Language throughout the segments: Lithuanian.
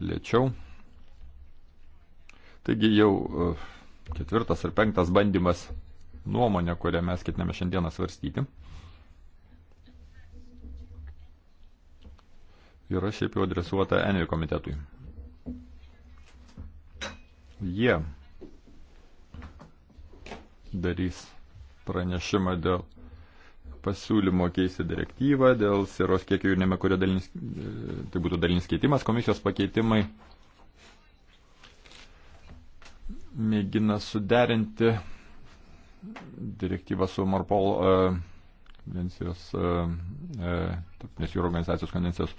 lėčiau. Taigi jau e, ketvirtas ar penktas bandymas nuomonę, kurią mes ketiname šiandieną svarstyti. Yra šiaip jau adresuota Envi komitetui. Jie darys pranešimą dėl pasiūlymo keisti direktyvą dėl siros kiekio jūrinėme, kurio dalinis, e, tai būtų dalinis keitimas, komisijos pakeitimai mėgina suderinti direktyvą su Marpol e, konvencijos, e, nes jūro organizacijos konvencijos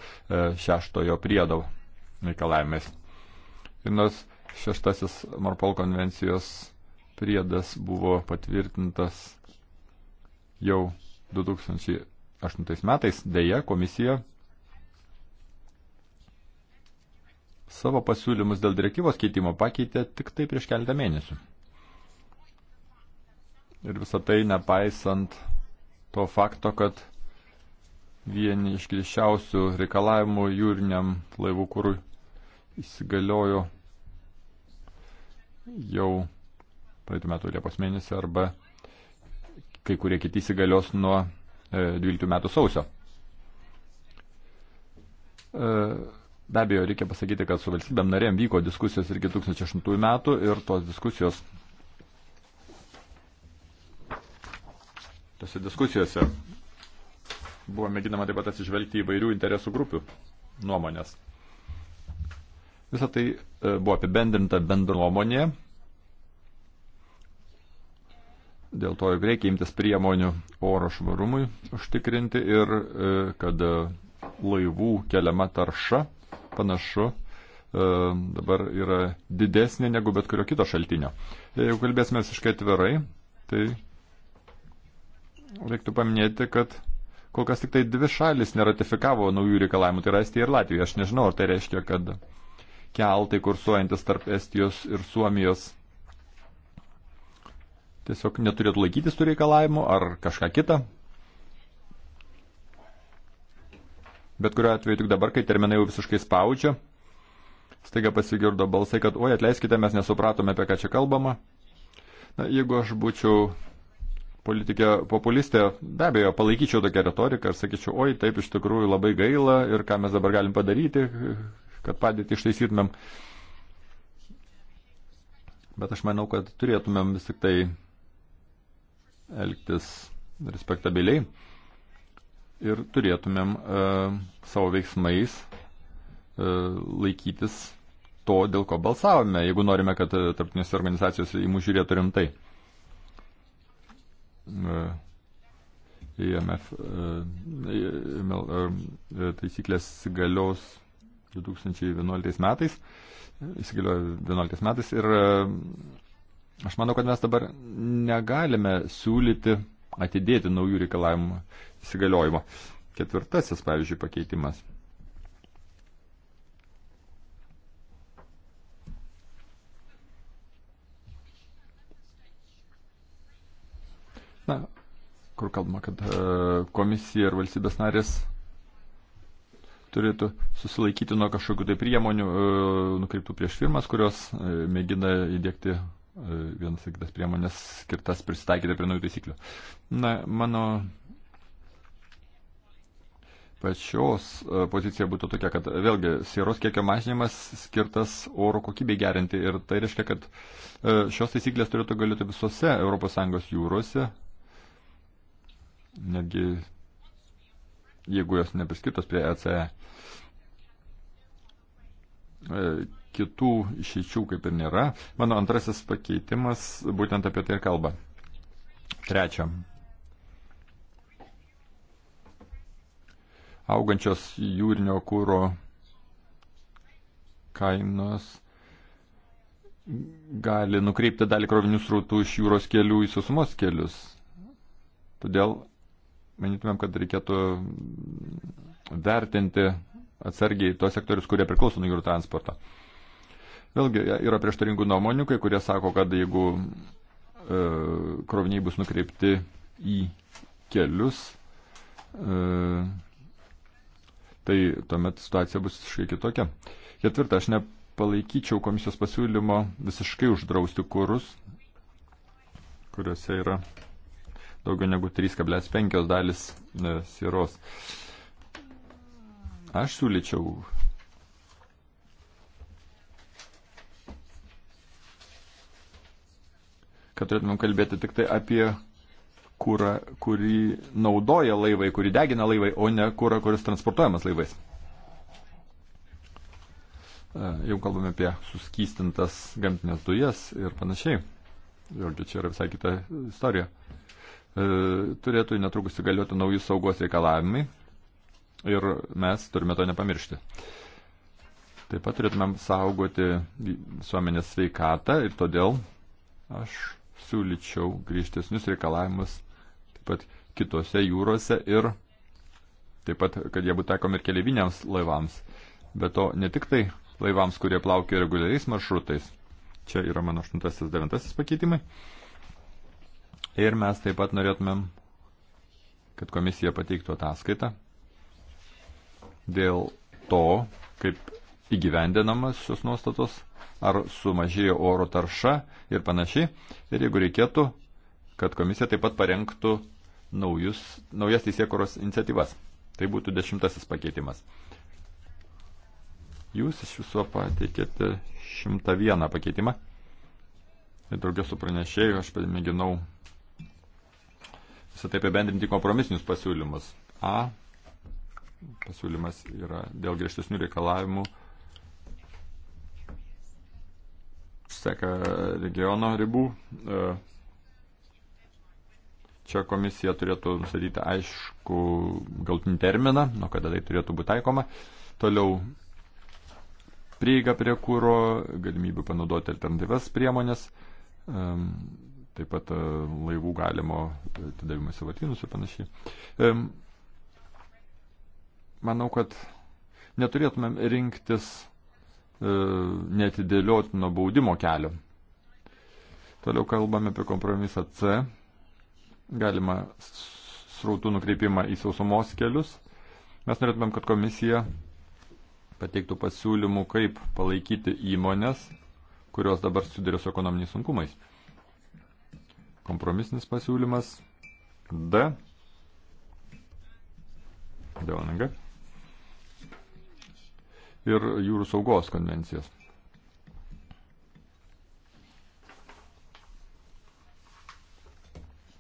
šeštojo priedo reikalavimais. Ir nors šeštasis Marpol konvencijos priedas buvo patvirtintas jau 2008 metais dėja komisija savo pasiūlymus dėl direktyvos keitimo pakeitė tik tai prieš keletą mėnesių. Ir visą tai nepaisant to fakto, kad vieni iš grįžčiausių reikalavimų jūriniam laivų kūrui įsigaliojo jau praeitų metų Liepos mėnesį arba kai kurie kiti įsigalios nuo 12 e, metų sausio. E, be abejo, reikia pasakyti, kad su valstybėm narėm vyko diskusijos irgi 2008 metų ir tos diskusijos Tose diskusijose buvo mėginama taip pat atsižvelgti įvairių interesų grupių nuomonės. Visą tai e, buvo apibendrinta bendruomonė Dėl to, jog reikia imtis priemonių oro švarumui užtikrinti ir e, kad laivų keliama tarša panašu e, dabar yra didesnė negu bet kurio kito šaltinio. Jeigu kalbėsime visiškai atvirai, tai reiktų paminėti, kad kol kas tik tai dvi šalis neratifikavo naujų reikalavimų, tai yra Estija ir Latvija. Aš nežinau, ar tai reiškia, kad keltai kursuojantis tarp Estijos ir Suomijos tiesiog neturėtų laikytis tų reikalavimų ar kažką kitą. Bet kuriuo atveju tik dabar, kai terminai jau visiškai spaudžia, staiga pasigirdo balsai, kad oi atleiskite, mes nesupratome, apie ką čia kalbama. Na, jeigu aš būčiau politikė populistė, be abejo, palaikyčiau tokią retoriką ir sakyčiau, oi taip iš tikrųjų labai gaila ir ką mes dabar galim padaryti, kad padėtį ištaisytumėm. Bet aš manau, kad turėtumėm vis tik tai elgtis respektabiliai ir turėtumėm e, savo veiksmais e, laikytis to, dėl ko balsavome, jeigu norime, kad e, tarptautinėse organizacijose į mus žiūrėtų rimtai. E, IMF e, e, taisyklės galios 2011 metais, įsigaliojo 2011 metais ir Aš manau, kad mes dabar negalime siūlyti atidėti naujų reikalavimų įsigaliojimo. Ketvirtasis, pavyzdžiui, pakeitimas. Na, kur kalbama, kad e, komisija ir valstybės narės turėtų susilaikyti nuo kažkokių tai priemonių e, nukreiptų prieš firmas, kurios e, mėgina įdėkti E, vienas ar kitas priemonės skirtas prisitaikyti prie naujų taisyklių. Na, mano pačios e, pozicija būtų tokia, kad vėlgi sieros kiekio mažinimas skirtas oro kokybei gerinti ir tai reiškia, kad e, šios taisyklės turėtų galėti visose ES jūrose, netgi jeigu jos nepriskirtos prie ECE kitų išeičių kaip ir nėra. Mano antrasis pakeitimas būtent apie tai ir kalba. Trečia. Augančios jūrinio kūro kainos gali nukreipti dalį krovinių srautų iš jūros kelių į susumos kelius. Todėl manytumėm, kad reikėtų vertinti atsargiai tos sektorius, kurie priklauso nuo jūrų transporto. Vėlgi e, yra prieštaringų nuomonių, kai kurie sako, kad jeigu e, kroviniai bus nukreipti į kelius, e, tai tuomet situacija bus visiškai kitokia. Ketvirta, aš nepalaikyčiau komisijos pasiūlymo visiškai uždrausti kurus, kuriuose yra daugiau negu 3,5 dalis e, siros. Aš siūlyčiau kad turėtumėm kalbėti tik tai apie kūrą, kurį naudoja laivai, kurį degina laivai, o ne kūrą, kuris transportuojamas laivais. E, jau kalbame apie suskystintas gamtinės dujas ir panašiai. Žodžiu, čia yra visai kita istorija. E, turėtų netrukus įgalioti nauji saugos reikalavimai ir mes turime to nepamiršti. Taip pat turėtumėm saugoti visuomenės sveikatą ir todėl aš siūlyčiau griežtesnius reikalavimus taip pat kitose jūrose ir taip pat, kad jie būtų taikomi ir keliaiviniams laivams. Be to, ne tik tai laivams, kurie plaukia reguliariais maršrutais. Čia yra mano 8-9 pakeitimai. Ir mes taip pat norėtumėm, kad komisija pateiktų ataskaitą dėl to, kaip įgyvendinamas šios nuostatos ar sumažėjo oro tarša ir panašiai. Ir jeigu reikėtų, kad komisija taip pat parengtų naujus, naujas teisėkuros iniciatyvas. Tai būtų dešimtasis pakeitimas. Jūs iš viso pateikėte 101 pakeitimą. Ir draugės su pranešėju aš mėginau visą tai apibendrinti kompromisinius pasiūlymus. A. Pasiūlymas yra dėl griežtesnių reikalavimų seka regiono ribų. E, čia komisija turėtų nustatyti aišku galtinį terminą, nuo kada tai turėtų būti taikoma. Toliau prieiga prie kūro, galimybių panaudoti alternatyvas priemonės, taip pat e, laivų galimo atidavimas į vartynus ir panašiai. Manau, kad neturėtumėm rinktis E, netidėliotino baudimo kelio. Toliau kalbame apie kompromisą C. Galima srautų nukreipimą į sausumos kelius. Mes norėtumėm, kad komisija pateiktų pasiūlymų, kaip palaikyti įmonės, kurios dabar susiduria su ekonominiais sunkumais. Kompromisinis pasiūlymas D. Dėl NG ir jūrų saugos konvencijas.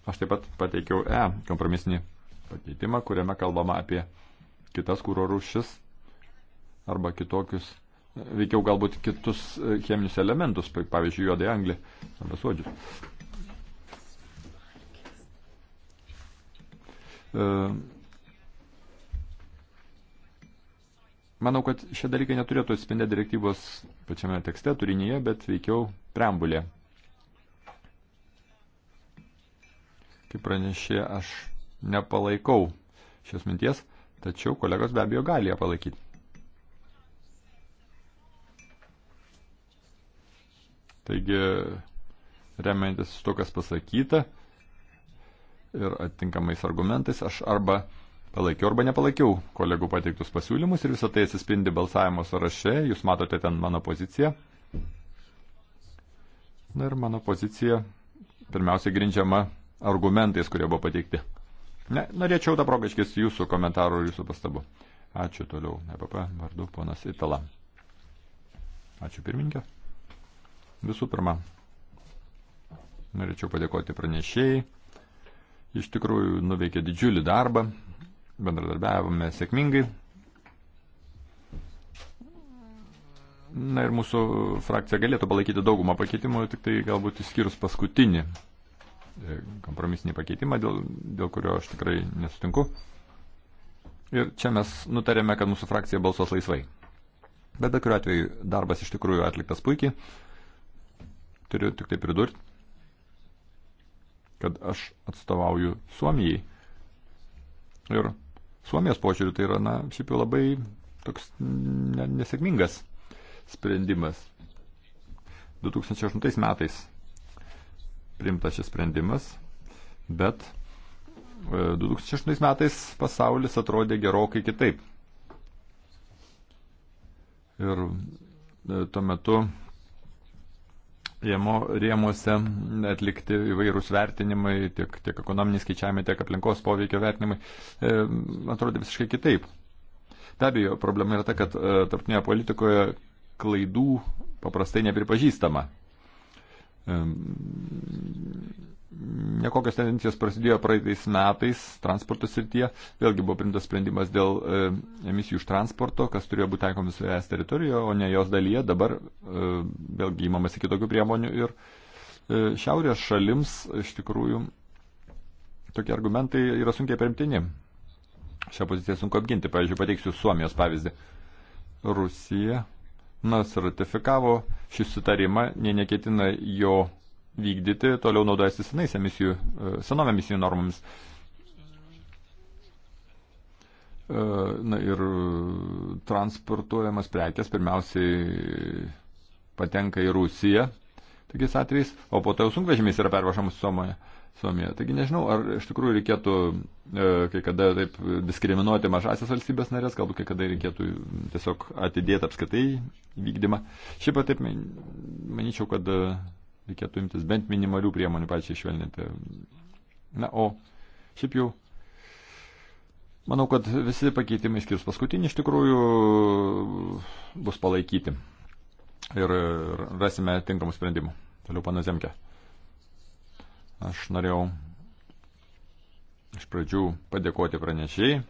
Aš taip pat pateikiau E kompromisinį pakeitimą, kuriame kalbama apie kitas kūro rūšis arba kitokius, veikiau galbūt kitus cheminius elementus, pavyzdžiui, juodai anglį arba suodžius. E, Manau, kad šie dalykai neturėtų atspindėti direktyvos pačiame tekste, turinyje, bet veikiau preambulė. Kaip pranešė, aš nepalaikau šios minties, tačiau kolegos be abejo gali ją palaikyti. Taigi, remiantis to, kas pasakyta ir atitinkamais argumentais, aš arba palaikiau arba nepalaikiau kolegų pateiktus pasiūlymus ir visą tai atsispindi balsavimo sąraše. Jūs matote ten mano poziciją. Na ir mano pozicija pirmiausia grindžiama argumentais, kurie buvo pateikti. Ne, norėčiau tą progą iškės jūsų komentarų ir jūsų pastabų. Ačiū toliau, EPP, vardu ponas Itala. Ačiū pirmininkė. Visų pirma, norėčiau padėkoti pranešėjai. Iš tikrųjų nuveikė didžiulį darbą, bendradarbiavome sėkmingai. Na ir mūsų frakcija galėtų palaikyti daugumą pakeitimų, tik tai galbūt išskyrus paskutinį e, kompromisinį pakeitimą, dėl, dėl kurio aš tikrai nesutinku. Ir čia mes nutarėme, kad mūsų frakcija balsuos laisvai. Bet bet kuriuo atveju darbas iš tikrųjų atliktas puikiai. Turiu tik tai pridurti, kad aš atstovauju Suomijai. Ir Suomijos požiūriu tai yra, na, šiaip jau labai toks nesėkmingas sprendimas. 2008 metais priimtas šis sprendimas, bet 2008 e, metais pasaulis atrodė gerokai kitaip. Ir e, tuo metu Jėmo rėmuose atlikti įvairūs vertinimai, tiek, tiek ekonominiai skaičiavimai, tiek aplinkos poveikio vertinimai, e, atrodo visiškai kitaip. Be abejo, problema yra ta, kad e, tarptinėje politikoje klaidų paprastai nepripažįstama. E, Nekokios tendencijos prasidėjo praeitais metais transporto srityje. Vėlgi buvo primtas sprendimas dėl e, emisijų iš transporto, kas turėjo būti taikomas ES teritorijoje, o ne jos dalyje. Dabar e, vėlgi įmamasi kitokių priemonių ir e, šiaurės šalims iš tikrųjų tokie argumentai yra sunkiai perimtini. Šią poziciją sunku apginti. Pavyzdžiui, pateiksiu Suomijos pavyzdį. Rusija nors ratifikavo šį sutarimą, jie neketina jo vykdyti, toliau naudojasi senais emisijų, e, senom emisijų normomis. E, na ir transportuojamas prekes pirmiausiai patenka į Rusiją, tokiais atvejais, o po to jau sunkvežimiais yra pervažamas Suomoje. Suomija. Taigi nežinau, ar iš tikrųjų reikėtų e, kai kada taip diskriminuoti mažasias valstybės narės, galbūt kai kada reikėtų tiesiog atidėti apskritai vykdymą. Šiaip taip manyčiau, kad e, reikėtų imtis bent minimalių priemonių pačiai švelninti. Na, o šiaip jau, manau, kad visi pakeitimai skirs paskutinį iš tikrųjų bus palaikyti ir rasime tinkamų sprendimų. Toliau pana Zemke. Aš norėjau iš pradžių padėkoti pranešiai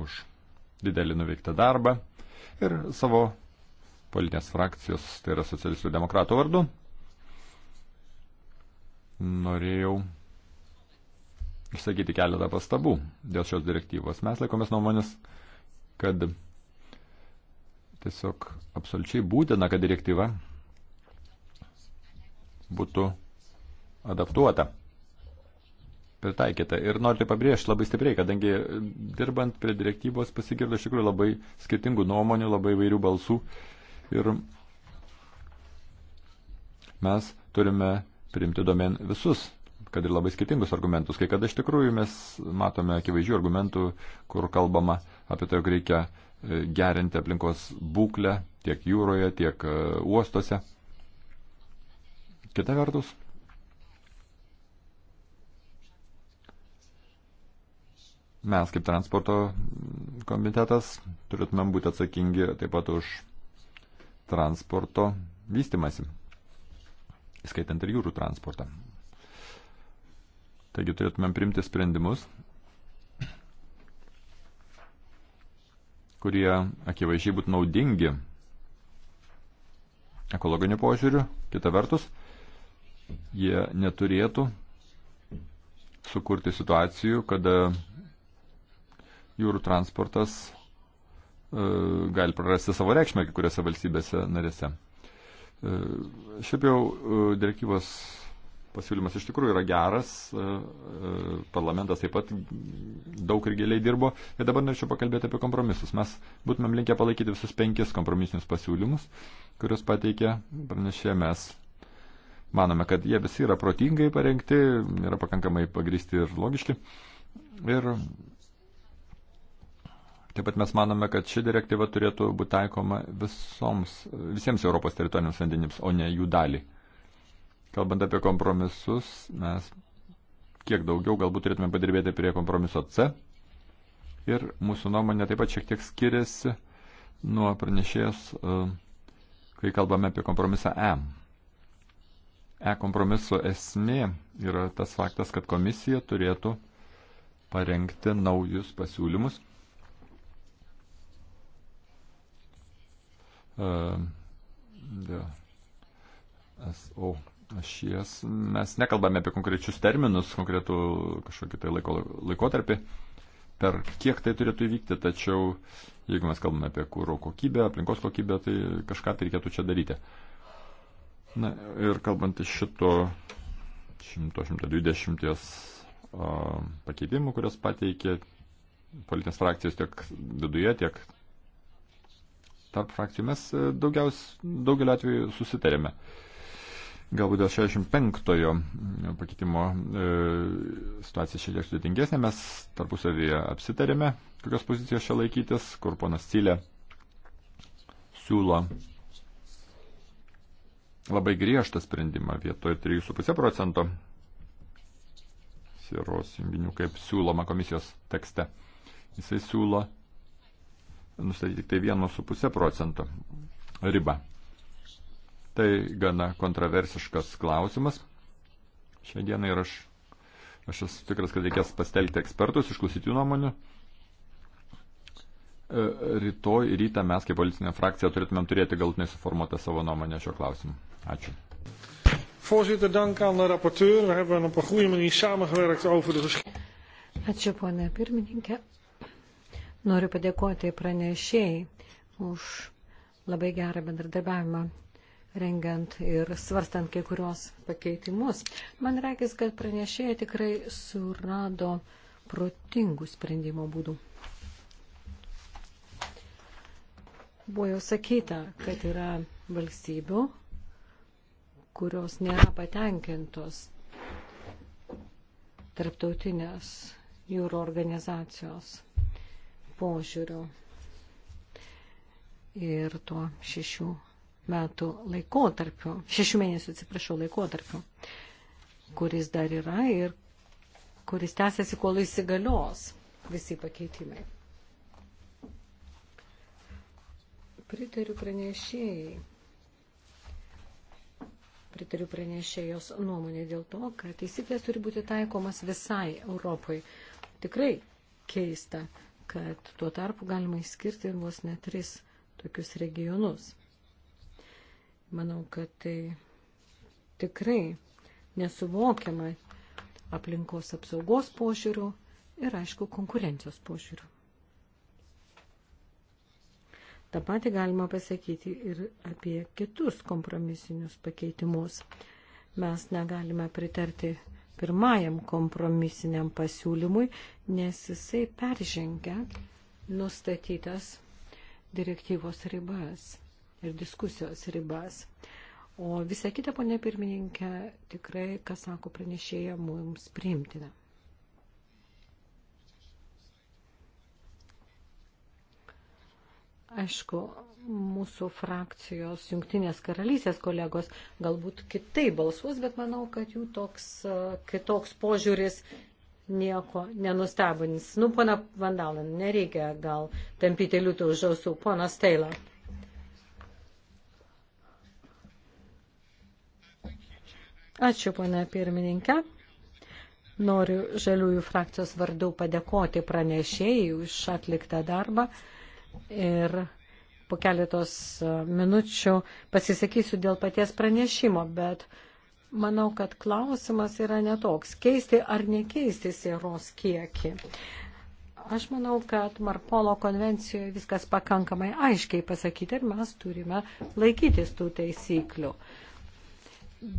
už didelį nuveiktą darbą ir savo politinės frakcijos, tai yra socialistų demokratų vardu, norėjau išsakyti keletą pastabų dėl šios direktyvos. Mes laikomės nuomonės, kad tiesiog absoliučiai būtina, kad direktyva būtų adaptuota, pritaikyta. Ir noriu tai pabrėžti labai stipriai, kadangi dirbant prie direktyvos pasigirdo iš tikrųjų labai skirtingų nuomonių, labai vairių balsų. Uh, Ir mes turime priimti domen visus, kad ir labai skirtingus argumentus. Kai kada iš tikrųjų mes matome akivaizdžių argumentų, kur kalbama apie tai, jog reikia e, gerinti aplinkos būklę tiek jūroje, tiek e, uostuose. Kita vertus, mes kaip transporto komitetas turėtumėm būti atsakingi taip pat už transporto vystimasi, skaitant ir jūrų transportą. Taigi turėtumėm primti sprendimus, kurie akivaizdžiai būtų naudingi ekologiniu požiūriu, kita vertus, jie neturėtų sukurti situacijų, kada jūrų transportas E, gali prarasti savo reikšmę kai kuriuose valstybėse narėse. E, šiaip jau e, direktyvos pasiūlymas iš tikrųjų yra geras, parlamentas taip pat daug ir giliai dirbo. Ir dabar norėčiau pakalbėti apie kompromisus. Mes būtumėm linkę palaikyti visus penkis kompromisinius pasiūlymus, kuriuos pateikė pranešė mes. Manome, kad jie visi yra protingai parengti, yra pakankamai pagristi ir logiški. Ir Taip pat mes manome, kad ši direktyva turėtų būti taikoma visoms, visiems Europos teritoriniams vandenims, o ne jų dalį. Kalbant apie kompromisus, mes kiek daugiau galbūt turėtume padirbėti prie kompromiso C. Ir mūsų nuomonė taip pat šiek tiek skiriasi nuo pranešėjos, e, kai kalbame apie kompromisą E. E kompromiso esmė yra tas faktas, kad komisija turėtų parengti naujus pasiūlymus dėl SO ašies. Mes nekalbame apie konkrečius terminus, konkretų kažkokį tai laiko, laikotarpį, per kiek tai turėtų įvykti, tačiau jeigu mes kalbame apie kūro kokybę, aplinkos kokybę, tai kažką tai reikėtų čia daryti. Na ir kalbant iš šito 100-120 pakeitimų, kurias pateikė politinės frakcijos tiek viduje, tiek tarp frakcijų mes e, daugiaus, daugelio atveju susitarėme. Galbūt dėl 65-ojo mm, pakeitimo e, situacija šiek tiek sudėtingesnė, mes tarpusavyje apsitarėme, kokios pozicijos čia laikytis, kur ponas Cilė siūlo labai griežtą sprendimą vietoj 3,5 procento sieros junginių, kaip siūloma komisijos tekste. Jisai siūlo nustatyti tik tai 1,5 procento ribą. Tai gana kontroversiškas klausimas. Šią dieną ir aš, aš esu tikras, kad reikės pastelgti ekspertus, išklausyti jų nuomonių. E, rytoj rytą mes kaip policinė frakcija turėtumėm turėti galtinai suformuotą savo nuomonę šio klausimu. Ačiū. Voorzitter, dank aan de rapporteur. We hebben op een goede manier samengewerkt over de geschiedenis. Ačiū, ponė pirmininkė. Noriu padėkoti pranešėjai už labai gerą bendradarbiavimą rengiant ir svarstant kai kurios pakeitimus. Man reikės, kad pranešėjai tikrai surado protingų sprendimo būdų. Buvo jau sakyta, kad yra valstybių, kurios nėra patenkintos tarptautinės jūro organizacijos požiūriu ir tuo šešių metų laikotarpiu, šešių mėnesių, atsiprašau, laikotarpiu, kuris dar yra ir kuris tęsiasi, kol įsigalios visi pakeitimai. Pritariu pranešėjai. Pritariu pranešėjos nuomonė dėl to, kad taisyklės turi būti taikomas visai Europai. Tikrai keista, kad tuo tarpu galima išskirti vos net tris tokius regionus. Manau, kad tai tikrai nesuvokiama aplinkos apsaugos požiūrių ir, aišku, konkurencijos požiūrių. Ta pati galima pasakyti ir apie kitus kompromisinius pakeitimus. Mes negalime pritarti pirmajam kompromisiniam pasiūlymui, nes jisai peržengia nustatytas direktyvos ribas ir diskusijos ribas. O visa kita, ponė pirmininkė, tikrai, kas sako pranešėja, mums priimtina. Aišku, mūsų frakcijos jungtinės karalystės kolegos galbūt kitai balsuos, bet manau, kad jų toks kitoks požiūris nieko nenustebins. Nu, pana Vandalan, nereikia gal tampyti liūtų už ausų. Ponas Taylor. Ačiū, pana pirmininkė. Noriu žaliųjų frakcijos vardu padėkoti pranešėjai už atliktą darbą. Uh, ir po keletos e, minučių pasisakysiu dėl paties pranešimo, bet manau, kad klausimas yra netoks. Keisti ar nekeisti sieros kiekį? Aš manau, kad Marpolo konvencijoje viskas pakankamai aiškiai pasakyti ir mes turime laikytis tų taisyklių.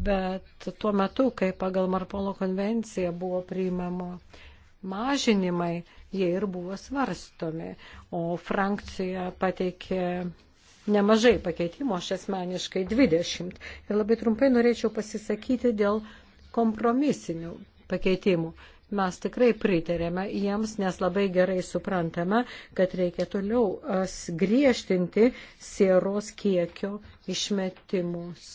Bet tuo metu, kai pagal Marpolo konvenciją buvo priimamo mažinimai, jie ir buvo svarstomi, o frakcija pateikė nemažai pakeitimo, aš asmeniškai 20. Ir labai trumpai norėčiau pasisakyti dėl kompromisinių pakeitimų. Mes tikrai pritarėme jiems, nes labai gerai suprantame, kad reikia toliau griežtinti sieros kiekio išmetimus.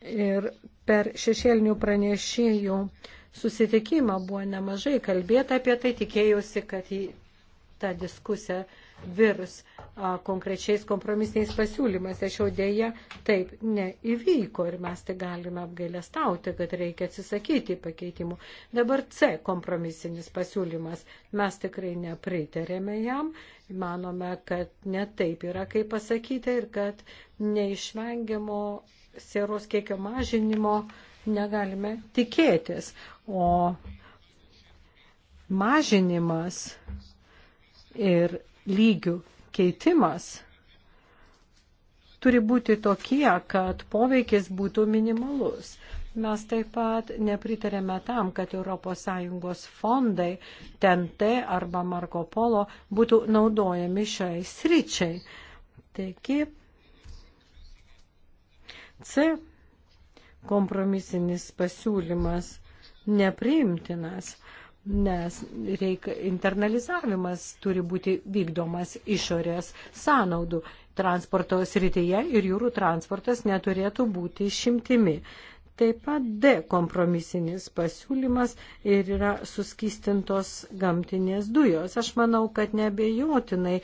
Ir per šešėlinių pranešėjų uh, susitikimą buvo nemažai kalbėta apie tai, tikėjausi, kad į tą diskusiją virs a, konkrečiais kompromisiniais pasiūlymais. Aš jau dėja taip neįvyko ir mes tai galime apgailestauti, kad reikia atsisakyti pakeitimų. Dabar C kompromisinis pasiūlymas. Mes tikrai nepritarėme jam, manome, kad netaip yra, kaip pasakyti, ir kad neišvengiamo sieros kiekio mažinimo a, negalime tikėtis. O mažinimas ir lygių keitimas turi būti tokie, kad poveikis būtų minimalus. Mes taip pat nepritarėme tam, kad ES fondai TNT arba Marko Polo būtų naudojami šiai sričiai. Taigi, C kompromisinis pasiūlymas nepriimtinas, nes reik, internalizavimas turi būti vykdomas išorės sąnaudų transporto srityje ir jūrų transportas neturėtų būti išimtimi. Taip pat D kompromisinis pasiūlymas ir yra suskistintos gamtinės dujos. Aš manau, kad nebejotinai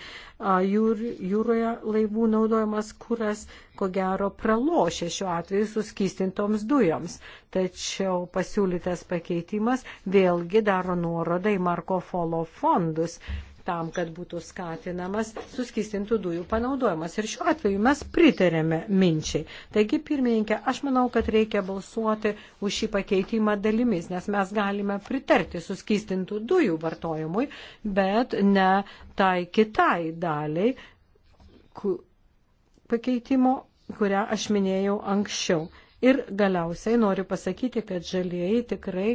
jūr, jūroje laivų naudojamas kuras, ko gero, pralošia šiuo atveju suskistintoms dujoms. Tačiau pasiūlytas pakeitimas vėlgi daro nuorodą į Marko Folo fondus tam, kad būtų skatinamas suskistintų dujų panaudojimas. Ir šiuo atveju mes pritarėme minčiai. Taigi, pirmininkė, aš manau, kad reikia balsuoti už šį pakeitimą dalimis, nes mes galime pritarti suskistintų dujų vartojimui, bet ne tai kitai daliai pakeitimo, kurią aš minėjau anksčiau. Ir galiausiai noriu pasakyti, kad žalieji tikrai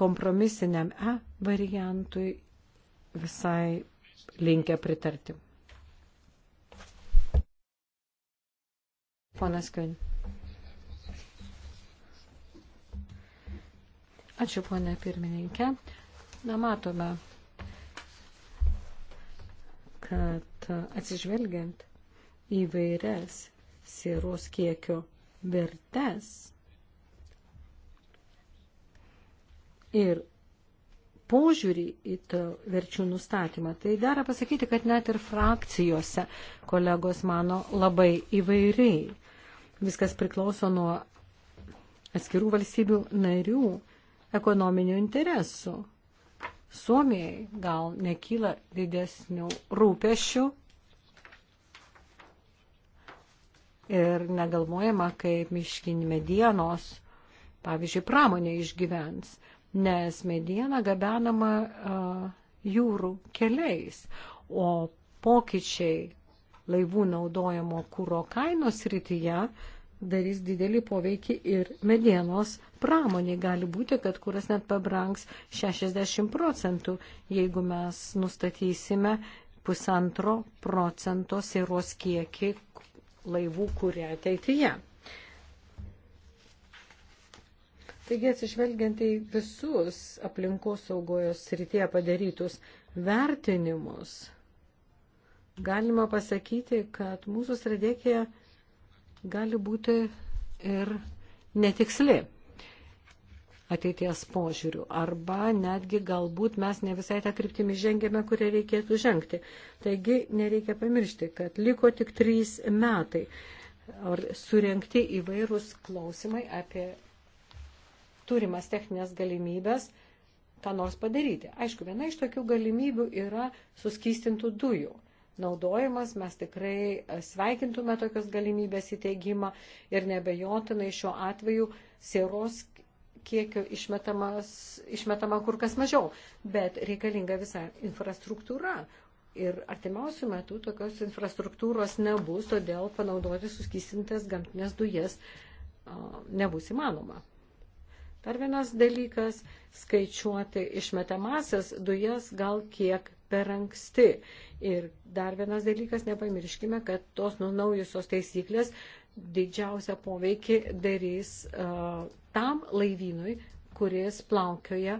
kompromisiniam E variantui visai linkę pritarti. Ponas Kain. Ačiū, ponė pirmininkė. Na, matome, kad atsižvelgiant į vairias sieros kiekio vertes ir požiūrį į verčių nustatymą. Tai dera pasakyti, kad net ir frakcijose kolegos mano labai įvairiai. Viskas priklauso nuo atskirų valstybių narių ekonominių interesų. Suomijai gal nekyla didesnių rūpešių ir negalvojama, kaip miškinime dienos, pavyzdžiui, pramonė išgyvens nes mediena gabenama jūrų keliais, o pokyčiai laivų naudojamo kūro kainos rytyje darys didelį poveikį ir medienos pramonė. Gali būti, kad kuras net pabranks 60 procentų, jeigu mes nustatysime pusantro procento sėros kiekį laivų kūrė ateityje. Taigi, atsižvelgiant į visus aplinkos saugojos srityje padarytus vertinimus, galima pasakyti, kad mūsų strategija gali būti ir netiksli ateities požiūrių, arba netgi galbūt mes ne visai tą kryptimį žengėme, kurią reikėtų žengti. Taigi nereikia pamiršti, kad liko tik trys metai. Ar surenkti įvairūs klausimai apie turimas techninės galimybės ką nors padaryti. Aišku, viena iš tokių galimybių yra suskystintų dujų naudojimas, mes tikrai e, sveikintume tokios galimybės įteigimą ir nebejotinai šiuo atveju sėros kiekio išmetama kur kas mažiau, bet reikalinga visa infrastruktūra. Ir artimiausių metų tokios infrastruktūros nebus, todėl panaudoti suskystintas gamtinės dujas nebus įmanoma. Dar vienas dalykas - skaičiuoti išmetamasias dujas gal kiek per anksti. Ir dar vienas dalykas - nepamirškime, kad tos nu naujusios taisyklės didžiausią poveikį darys uh, tam laivynui, kuris plaukioja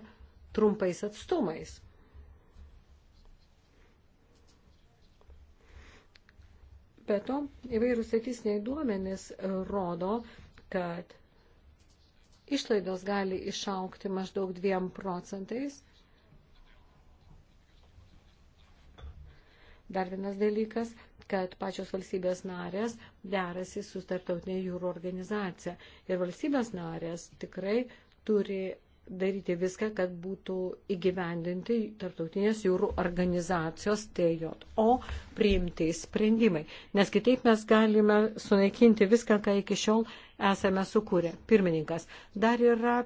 trumpais atstumais. Be to, įvairūs statistiniai duomenys rodo, kad išlaidos gali išaukti maždaug 2 procentais. Dar vienas dalykas, kad pačios valstybės narės derasi su tarptautinė jūrų organizacija. Ir valstybės narės tikrai turi daryti viską, kad būtų įgyvendinti tarptautinės jūrų organizacijos TJO priimti sprendimai. Nes kitaip mes galime sunaikinti viską, ką iki šiol esame sukūrę. Pirmininkas, dar yra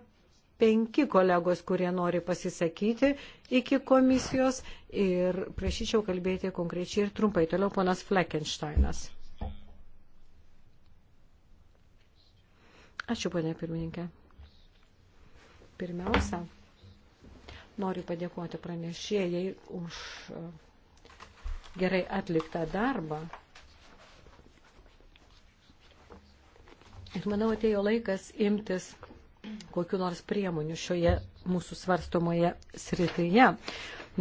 penki kolegos, kurie nori pasisakyti iki komisijos ir prašyčiau kalbėti konkrečiai ir trumpai. Toliau ponas Fleckensteinas. Ačiū, ponė pirmininkė. Pirmiausia, noriu padėkoti pranešėjai už e, gerai atliktą darbą. Ir manau, atėjo laikas imtis kokiu nors priemonių šioje mūsų svarstomoje srityje,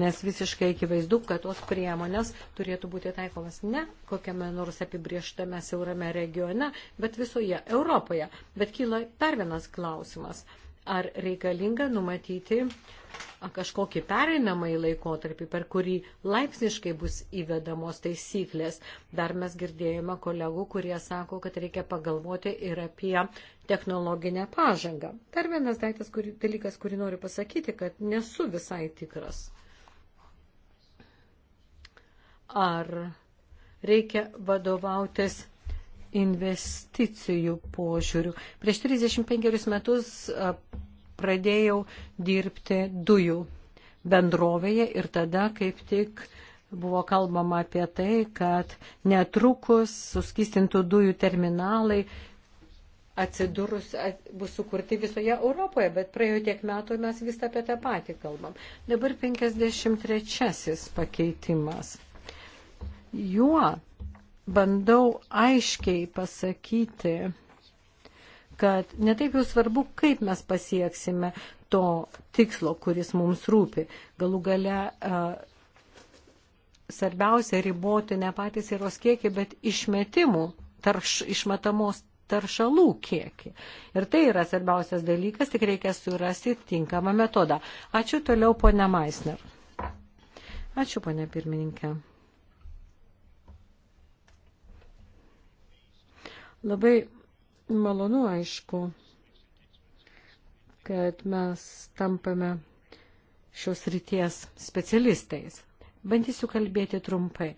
nes visiškai akivaizdu, kad tos priemonės turėtų būti taikomas ne kokiame nors apibrieštame siaurame regione, bet visoje Europoje. Bet kyla dar vienas klausimas – ar reikalinga numatyti kažkokį pereinamąjį laikotarpį, per kurį laipsniškai bus įvedamos taisyklės. Dar mes girdėjome kolegų, kurie sako, kad reikia pagalvoti ir apie technologinę pažangą. Dar vienas daiktas, kurį, dalykas, kurį noriu pasakyti, kad nesu visai tikras. Ar reikia vadovautis investicijų požiūrių. Prieš 35 metus pradėjau dirbti dujų bendrovėje ir tada kaip tik buvo kalbama apie tai, kad netrukus suskistintų dujų terminalai atsidūrus at, bus sukurti visoje Europoje, bet praėjo tiek metų mes vis apie tą patį kalbam. Dabar 53 pakeitimas. Juo bandau aiškiai pasakyti, kad netaip jau svarbu, kaip mes pasieksime to tikslo, kuris mums rūpi. Galų gale svarbiausia riboti ne patys įros kiekį, bet išmetimų, tarš, išmetamos taršalų kiekį. Ir tai yra svarbiausias dalykas, tik reikia surasti tinkamą metodą. Ačiū toliau, ponia Maisner. Ačiū, ponia pirmininkė. Labai malonu, aišku, kad mes tampame šios ryties specialistais. Bandysiu kalbėti trumpai.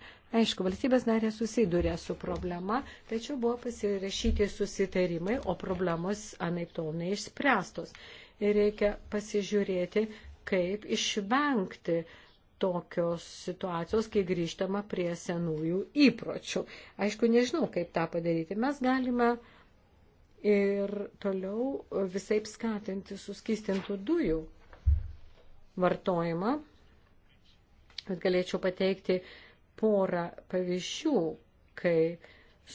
Aišku, valstybės narė susidūrė su problema, tačiau buvo pasirašyti susitarimai, o problemos anaip tol neišspręstos. Ir reikia pasižiūrėti, kaip išvengti uh, tokios situacijos, kai grįžtama prie senųjų įpročių. Aišku, nežinau, kaip tą padaryti. Mes galime ir toliau visai skatinti suskistintų dujų vartojimą. Bet galėčiau pateikti porą pavyzdžių, kai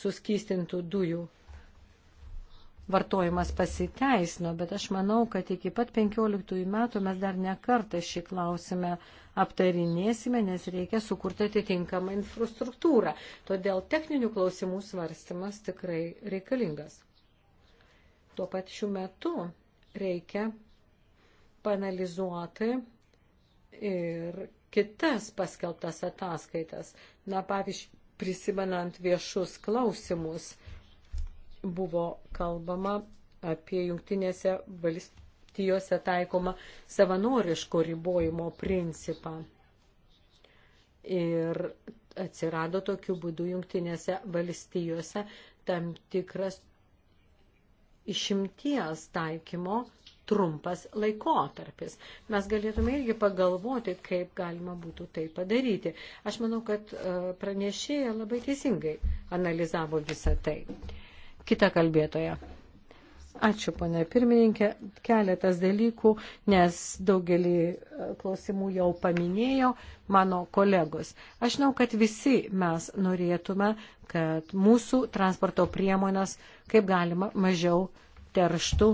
suskistintų dujų vartojimas pasiteisino, bet aš manau, kad iki pat 15 metų mes dar nekartą šį klausimą aptarinėsime, nes reikia sukurti atitinkamą infrastruktūrą. Todėl techninių klausimų svarstymas tikrai reikalingas. Tuo pat šiuo metu reikia panalizuoti ir kitas paskelbtas ataskaitas. Na, pavyzdžiui, prisimenant viešus klausimus, buvo kalbama apie jungtinėse valst valstijose taikoma savanoriško ribojimo principą. Ir atsirado tokiu būdu jungtinėse valstijose tam tikras išimties taikymo trumpas laikotarpis. Mes galėtume irgi pagalvoti, kaip galima būtų tai padaryti. Aš manau, kad e, pranešėja labai teisingai analizavo visą tai. Kita kalbėtoja. Ačiū, ponė pirmininkė. Keletas dalykų, nes daugelį e, klausimų jau paminėjo mano kolegos. Aš žinau, kad visi mes norėtume, kad mūsų transporto priemonės kaip galima mažiau terštų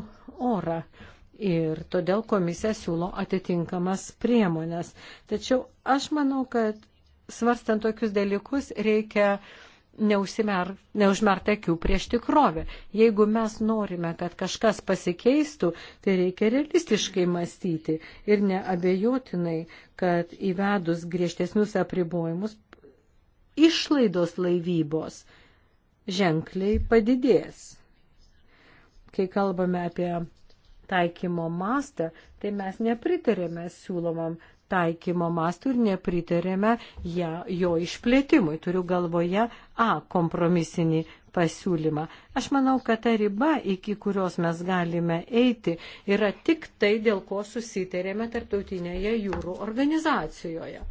orą. Ir todėl komisija siūlo atitinkamas priemonės. Tačiau aš manau, kad svarstant tokius dalykus reikia uh, neužsimer, neužmert akių prieš tikrovę. Jeigu mes norime, kad kažkas pasikeistų, tai reikia realistiškai mąstyti ir neabejotinai, kad įvedus griežtesnius apribojimus, išlaidos laivybos ženkliai padidės. Kai kalbame apie taikymo mastą, tai mes nepritarėme siūlomam taikymo mastų ir nepritarėme ją, jo išplėtimui. Turiu galvoje A kompromisinį pasiūlymą. Aš manau, kad ta riba, iki kurios mes galime eiti, yra tik tai, dėl ko susitarėme tarptautinėje jūrų organizacijoje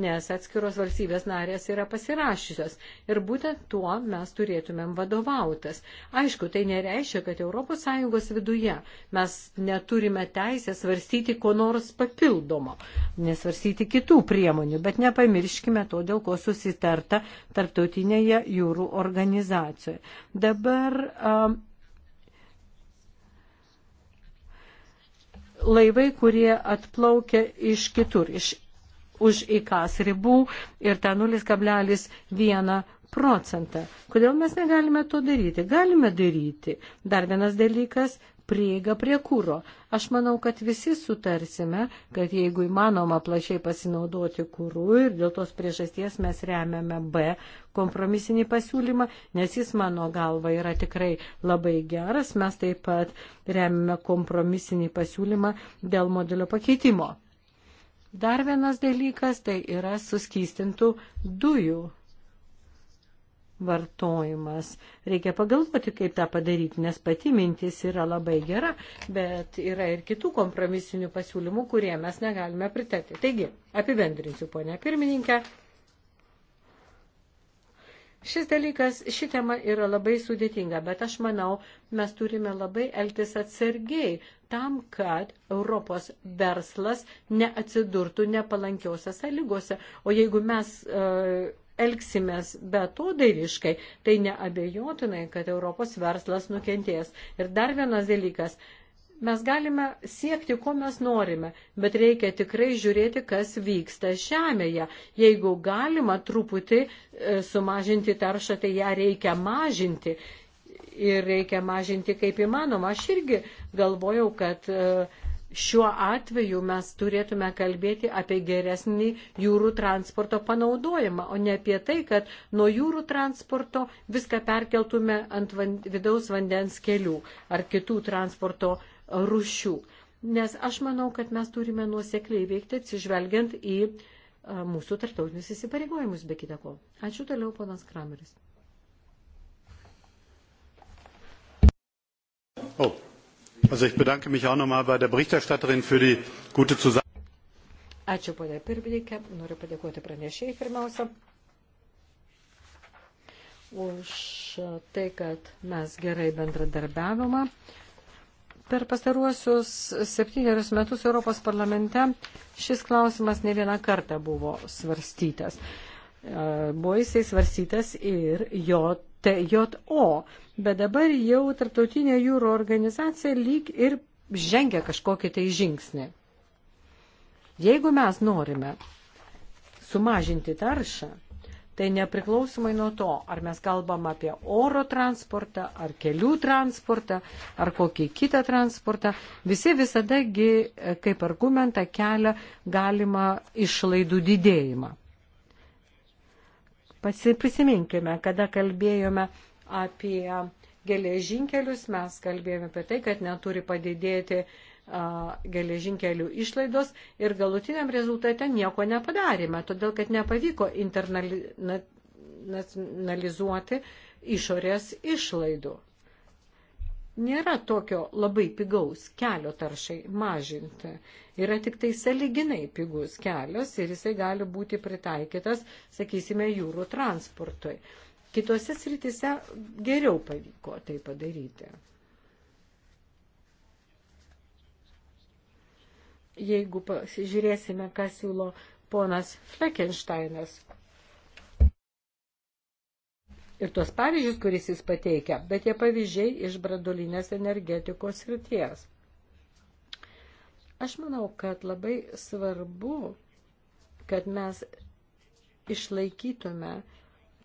nes atskiros valstybės narės yra pasirašysios. Ir būtent tuo mes turėtumėm vadovautas. Aišku, tai nereiškia, kad ES viduje mes neturime teisę svarstyti ko nors papildomo, nesvarstyti kitų priemonių, bet nepamirškime to, dėl ko susitarta tarptautinėje jūrų organizacijoje. Dabar um, laivai, kurie atplaukia iš kitur, iš už IKAS ribų ir tą 0,1 procentą. Kodėl mes negalime to daryti? Galime daryti. Dar vienas dalykas prieiga prie kūro. Aš manau, kad visi sutarsime, kad jeigu įmanoma plačiai pasinaudoti kūrų ir dėl tos priežasties mes remiame B kompromisinį pasiūlymą, nes jis mano galva yra tikrai labai geras, mes taip pat remiame kompromisinį pasiūlymą dėl modelio pakeitimo. Dar vienas dalykas tai yra suskystintų dujų vartojimas. Reikia pagalvoti, kaip tą padaryti, nes pati mintis yra labai gera, bet yra ir kitų kompromisinių pasiūlymų, kurie mes negalime pritarti. Taigi, apibendrinsiu, ponia pirmininkė, Šis dalykas, ši tema yra labai sudėtinga, bet aš manau, mes turime labai elgtis atsargiai tam, kad Europos verslas neatsidurtų nepalankiausias sąlygose. O jeigu mes uh, elgsimės be to dairiškai, tai neabejotinai, kad Europos verslas nukentės. Ir dar vienas dalykas, uh, Mes galime siekti, ko mes norime, bet reikia tikrai žiūrėti, kas vyksta žemėje. Jeigu galima truputį e, sumažinti taršą, tai ją reikia mažinti. Ir reikia mažinti kaip įmanoma. Aš irgi galvojau, kad e, šiuo atveju mes turėtume kalbėti apie geresnį jūrų transporto panaudojimą, o ne apie tai, kad nuo jūrų transporto viską perkeltume ant van, vidaus vandens kelių ar kitų transporto e, rušių. Nes aš manau, kad mes turime nuosekliai veikti atsižvelgiant į mūsų tartautinius įsipareigojimus, be kitako. Ačiū toliau, ponas Krameris. Oh. Also ich bedanke mich auch nochmal bei der Berichterstatterin für die gute Zusammenarbeit. Ačiū, ponė pirmininkė. Noriu padėkoti pranešėjai pirmiausia už tai, kad mes gerai bendradarbiavimą Per pastaruosius septynerius metus Europos parlamente šis klausimas ne vieną kartą buvo svarstytas. E, buvo jisai svarstytas ir JTO, bet dabar jau Tartautinė jūro organizacija lyg ir žengia kažkokį tai žingsnį. Jeigu mes norime sumažinti taršą, tai nepriklausomai nuo to, ar mes kalbam apie oro transportą, ar kelių transportą, ar kokį kitą transportą, visi visadagi e, kaip argumentą kelia galima išlaidų didėjimą. Pasiprisiminkime, kada kalbėjome apie geležinkelius, mes kalbėjome apie tai, kad neturi padidėti uh, geležinkelių išlaidos ir galutiniam rezultate nieko nepadarėme, todėl kad nepavyko internalizuoti išorės išlaidų. Nėra tokio labai pigaus kelio taršai mažinti. Yra tik tai saliginai pigus kelias ir jisai gali būti pritaikytas, sakysime, jūrų transportui. Kitose sritise geriau pavyko tai padaryti. jeigu pasižiūrėsime, ką siūlo ponas Fleckensteinas. Ir tuos pavyzdžius, kuris jis pateikia, bet tie pavyzdžiai iš bradolinės energetikos srities. Aš manau, kad labai svarbu, kad mes išlaikytume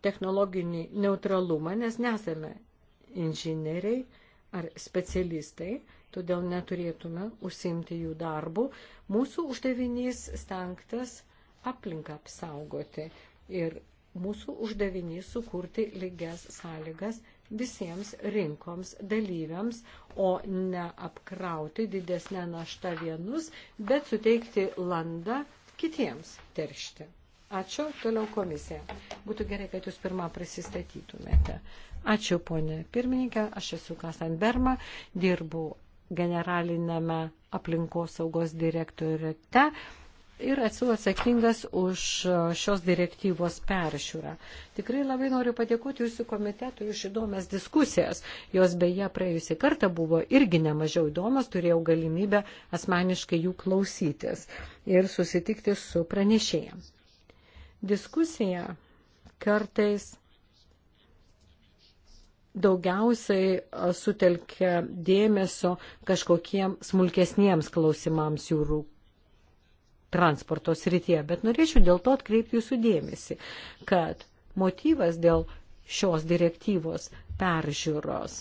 technologinį neutralumą, nes nesame inžinieriai ar specialistai, todėl neturėtume užsimti jų darbų. Mūsų uždavinys stengtas aplinką apsaugoti ir mūsų uždavinys sukurti lygias sąlygas visiems rinkoms dalyviams, o ne apkrauti didesnę naštą vienus, bet suteikti landą kitiems teršti. Ačiū, toliau komisija. Būtų gerai, kad jūs pirmą prisistatytumėte. Ačiū, ponė pirmininkė, aš esu Kasan Berma, dirbu generalinėme aplinkosaugos direktorate ir esu atsakingas už šios direktyvos peržiūrą. Tikrai labai noriu padėkoti jūsų komitetui už įdomias diskusijas. Jos beje praėjusį kartą buvo irgi nemažiau įdomas, turėjau galimybę asmeniškai jų klausytis ir susitikti su pranešėjams. Diskusija kartais daugiausiai sutelkia dėmesio kažkokiems smulkesniems klausimams jūrų transporto srityje. Bet norėčiau dėl to atkreipti jūsų dėmesį, kad motyvas dėl šios direktyvos peržiūros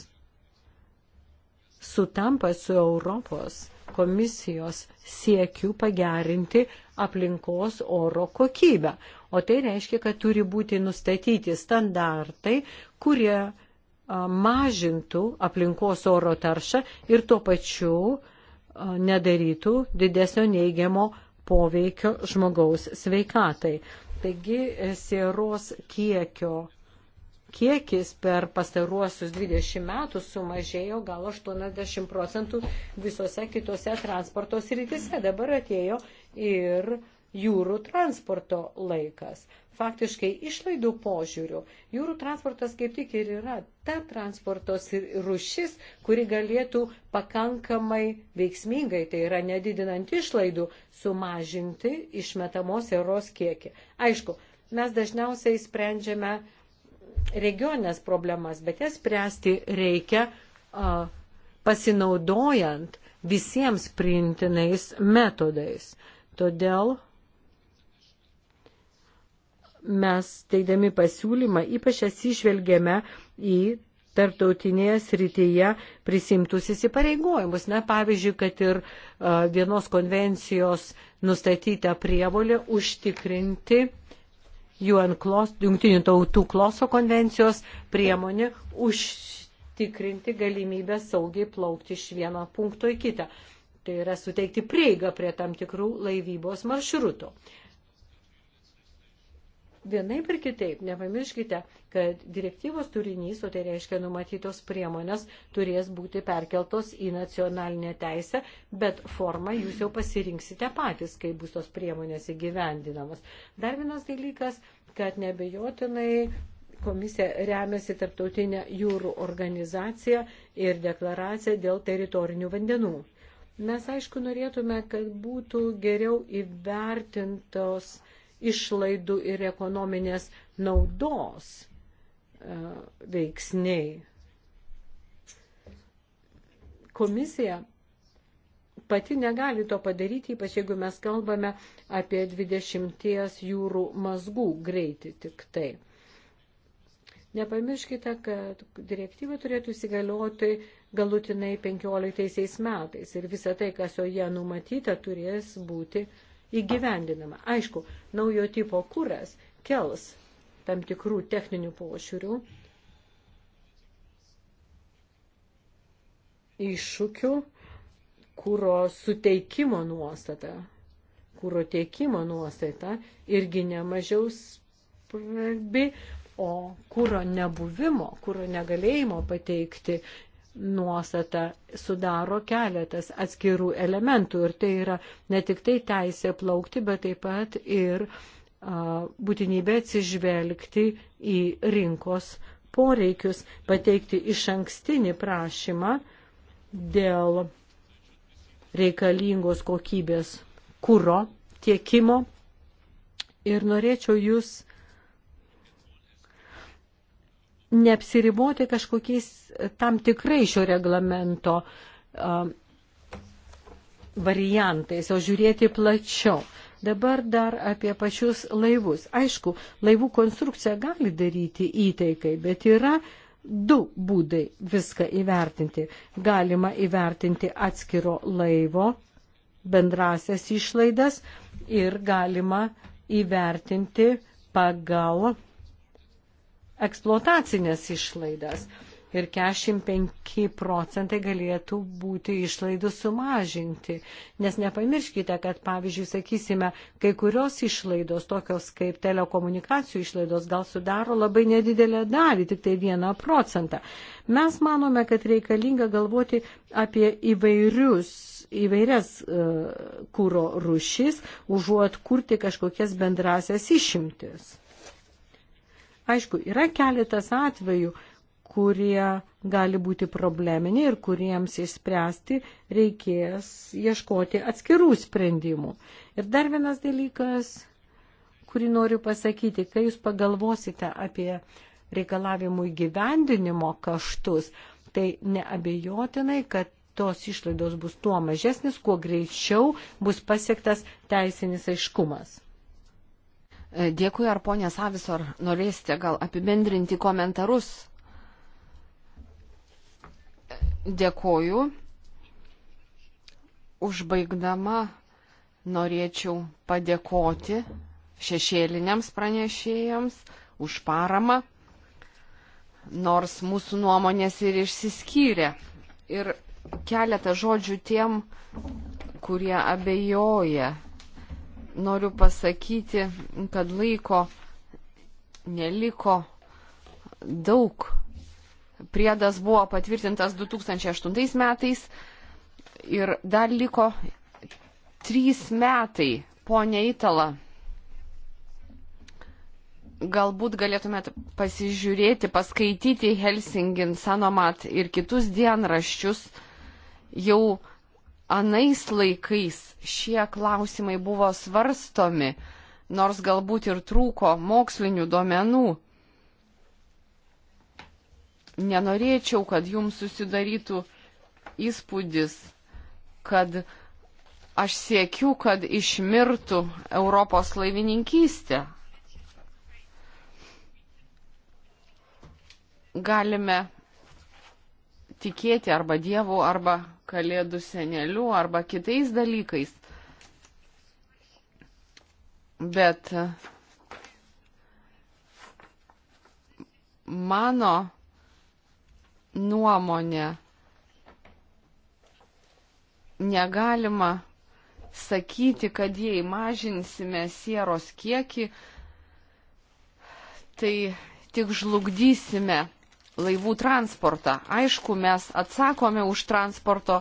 sutampa su Europos komisijos siekiu pagerinti aplinkos oro kokybę. O tai reiškia, kad turi būti nustatyti standartai, kurie mažintų aplinkos oro taršą ir tuo pačiu nedarytų didesnio neigiamo poveikio žmogaus sveikatai. Taigi e, sieros kiekio kiekis per pastaruosius 20 metų sumažėjo gal 80 procentų visose kitose transporto srityse. Dabar atėjo ir jūrų transporto laikas faktiškai išlaidų požiūrių, jūrų transportas kaip tik ir yra ta transportos rušis, kuri galėtų pakankamai veiksmingai, tai yra nedidinant išlaidų, sumažinti išmetamos eros kiekį. Aišku, mes dažniausiai sprendžiame regioninės problemas, bet jas spręsti reikia a, pasinaudojant visiems priimtinais metodais. Todėl mes teikdami pasiūlymą ypač atsižvelgėme į tarptautinėje srityje prisimtus įsipareigojimus. Na, pavyzdžiui, kad ir a, vienos konvencijos nustatyta prievolė užtikrinti Junktinių tautų kloso konvencijos priemonė užtikrinti galimybę saugiai plaukti iš vieno punkto į kitą. Tai yra suteikti prieigą prie tam tikrų laivybos maršrutų vienaip ir kitaip, nepamirškite, kad direktyvos turinys, o tai reiškia numatytos priemonės, turės būti perkeltos į nacionalinę teisę, bet formą jūs jau pasirinksite patys, kai bus tos priemonės įgyvendinamos. Dar vienas dalykas, kad nebejotinai komisija remiasi tarptautinę jūrų organizaciją ir deklaraciją dėl teritorinių vandenų. Mes aišku norėtume, kad būtų geriau įvertintos išlaidų ir ekonominės naudos e, veiksniai. Komisija pati negali to padaryti, ypač jeigu mes kalbame apie 20 jūrų mazgų greitį tik tai. Nepamirškite, kad direktyva turėtų įsigalioti galutinai 15 metais ir visa tai, kas joje numatyta, turės būti uh, įgyvendinama. Aišku, naujo tipo kuras kels tam tikrų techninių pošiūrių, iššūkių, kūro suteikimo nuostata, kūro tiekimo nuostata irgi nemažiau svarbi, o kūro nebuvimo, kūro negalėjimo pateikti nuostata sudaro keletas atskirų elementų ir tai yra ne tik tai teisė plaukti, bet taip pat ir a, būtinybė atsižvelgti į rinkos poreikius, pateikti iš ankstinį prašymą dėl reikalingos kokybės kūro tiekimo. Ir norėčiau jūs neapsiriboti kažkokiais e, tam tikrai šio reglamento uh, variantais, o žiūrėti plačiau. Dabar dar apie pačius laivus. Aišku, laivų konstrukcija gali daryti įtaikai, bet yra du būdai viską įvertinti. Galima įvertinti atskiro laivo bendrasias išlaidas ir galima įvertinti pagal eksploatacinės išlaidas ir 45 procentai galėtų būti išlaidų sumažinti. Nes nepamirškite, kad pavyzdžiui, sakysime, kai kurios išlaidos, tokios kaip telekomunikacijų išlaidos, gal sudaro labai nedidelę dalį, tik tai vieną procentą. Mes manome, kad reikalinga galvoti apie įvairius įvairias uh, kūro rušis, užuot kurti kažkokias bendrasias išimtis. Aišku, yra keletas atvejų, kurie gali būti probleminiai ir kuriems išspręsti reikės ieškoti atskirų sprendimų. Ir dar vienas dalykas, kurį noriu pasakyti, kai jūs pagalvosite apie reikalavimų įgyvendinimo kaštus, tai neabejotinai, kad tos išlaidos bus tuo mažesnis, kuo greičiau bus pasiektas teisinis aiškumas. Dėkui, ar ponė Savis, ar norėsite gal apibendrinti komentarus? Dėkoju. Užbaigdama norėčiau padėkoti šešėliniams pranešėjams už paramą, nors mūsų nuomonės ir išsiskyrė. Ir keletą žodžių tiem, kurie abejoja noriu pasakyti, kad laiko neliko daug. Priedas buvo patvirtintas 2008 metais ir dar liko trys metai, ponia Itala. Galbūt galėtumėte pasižiūrėti, paskaityti Helsingin, Sanomat ir kitus dienraščius jau anais laikais šie klausimai buvo svarstomi, nors galbūt ir trūko mokslinių duomenų. Nenorėčiau, kad jums susidarytų įspūdis, kad aš siekiu, kad išmirtų Europos laivininkystė. Galime tikėti arba Dievu, arba Kalėdų seneliu, arba kitais dalykais. Bet e, mano nuomonė negalima sakyti, kad jei mažinsime sieros kiekį, tai tik žlugdysime laivų transportą. Aišku, mes atsakome už transporto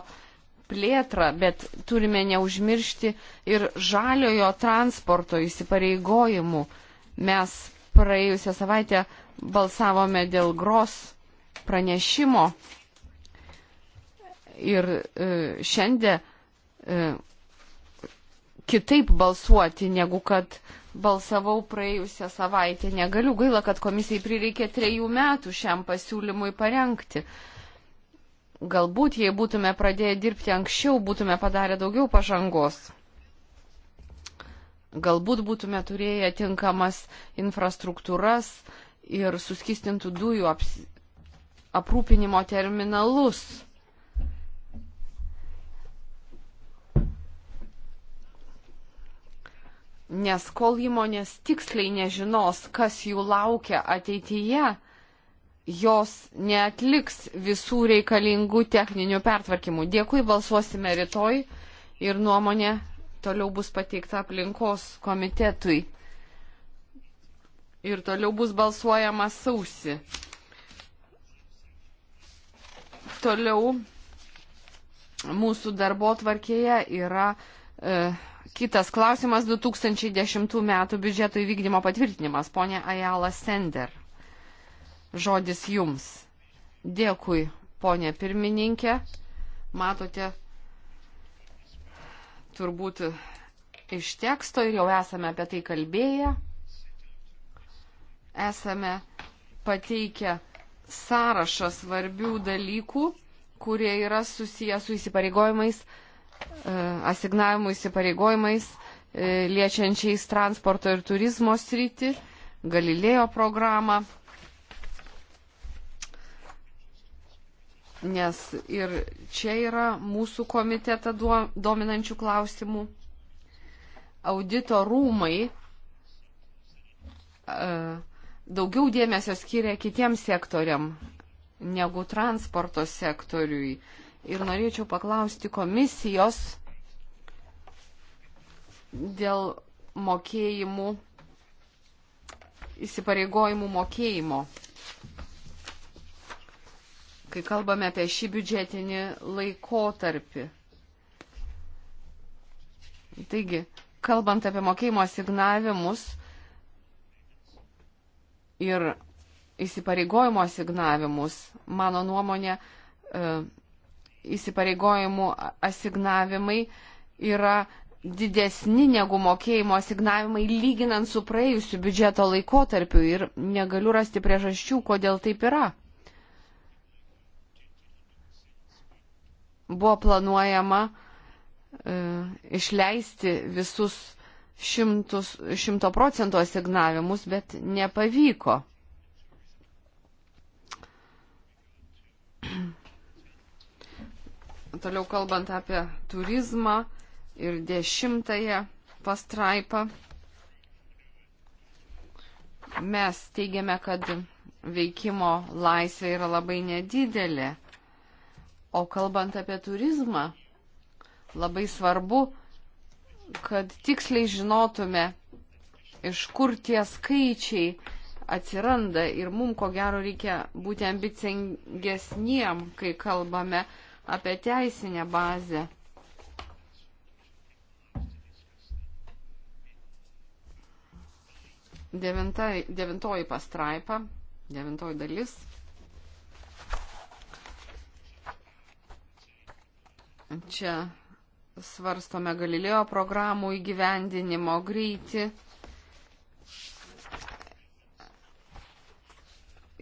plėtrą, bet turime neužmiršti ir žaliojo transporto įsipareigojimų. Mes praėjusią savaitę balsavome dėl gros pranešimo ir e, šiandien e, kitaip balsuoti, negu kad balsavau praėjusią savaitę. Negaliu gaila, kad komisijai prireikė trejų metų šiam pasiūlymui parengti. Galbūt, jei būtume pradėję dirbti anksčiau, būtume padarę daugiau pažangos. Galbūt būtume turėję tinkamas infrastruktūras ir suskistintų dujų aps... aprūpinimo terminalus Nes kol įmonės tiksliai nežinos, kas jų laukia ateityje, jos neatliks visų reikalingų techninių pertvarkymų. Dėkui, balsuosime rytoj ir nuomonė toliau bus pateikta aplinkos komitetui. Ir toliau bus balsuojama sausi. Toliau mūsų darbo tvarkėje yra. E, Kitas klausimas - 2010 metų biudžeto įvykdymo patvirtinimas. Pone Ajala Sender, žodis jums. Dėkui, ponė pirmininkė. Matote, turbūt iš teksto ir jau esame apie tai kalbėję. Esame pateikę sąrašą svarbių dalykų, kurie yra susijęs su įsipareigojimais E, asignavimų įsipareigojimais e, liečiančiais transporto ir turizmo sritį, Galilėjo programą, nes ir čia yra mūsų komitetą dominančių klausimų. Audito rūmai e, daugiau dėmesio skiria kitiem sektoriam negu transporto sektoriui ir norėčiau paklausti komisijos dėl mokėjimų, įsipareigojimų mokėjimo. Kai kalbame apie šį biudžetinį laikotarpį. Taigi, kalbant apie mokėjimo signavimus ir įsipareigojimo signavimus, mano nuomonė, e, įsipareigojimų asignavimai yra didesni negu mokėjimo asignavimai lyginant su praėjusiu biudžeto laikotarpiu ir negaliu rasti priežasčių, kodėl taip yra. Buvo planuojama e, išleisti visus šimtus, šimto procentų asignavimus, bet nepavyko. Toliau kalbant apie turizmą ir dešimtąją pastraipą, mes teigiame, kad veikimo laisvė yra labai nedidelė. O kalbant apie turizmą, labai svarbu, kad tiksliai žinotume, iš kur tie skaičiai atsiranda ir mums ko gero reikia būti ambicingesniem, kai kalbame apie teisinę bazę. Devinta, devintoji pastraipa, devintoji dalis. Čia svarstome Galilėjo programų įgyvendinimo greitį.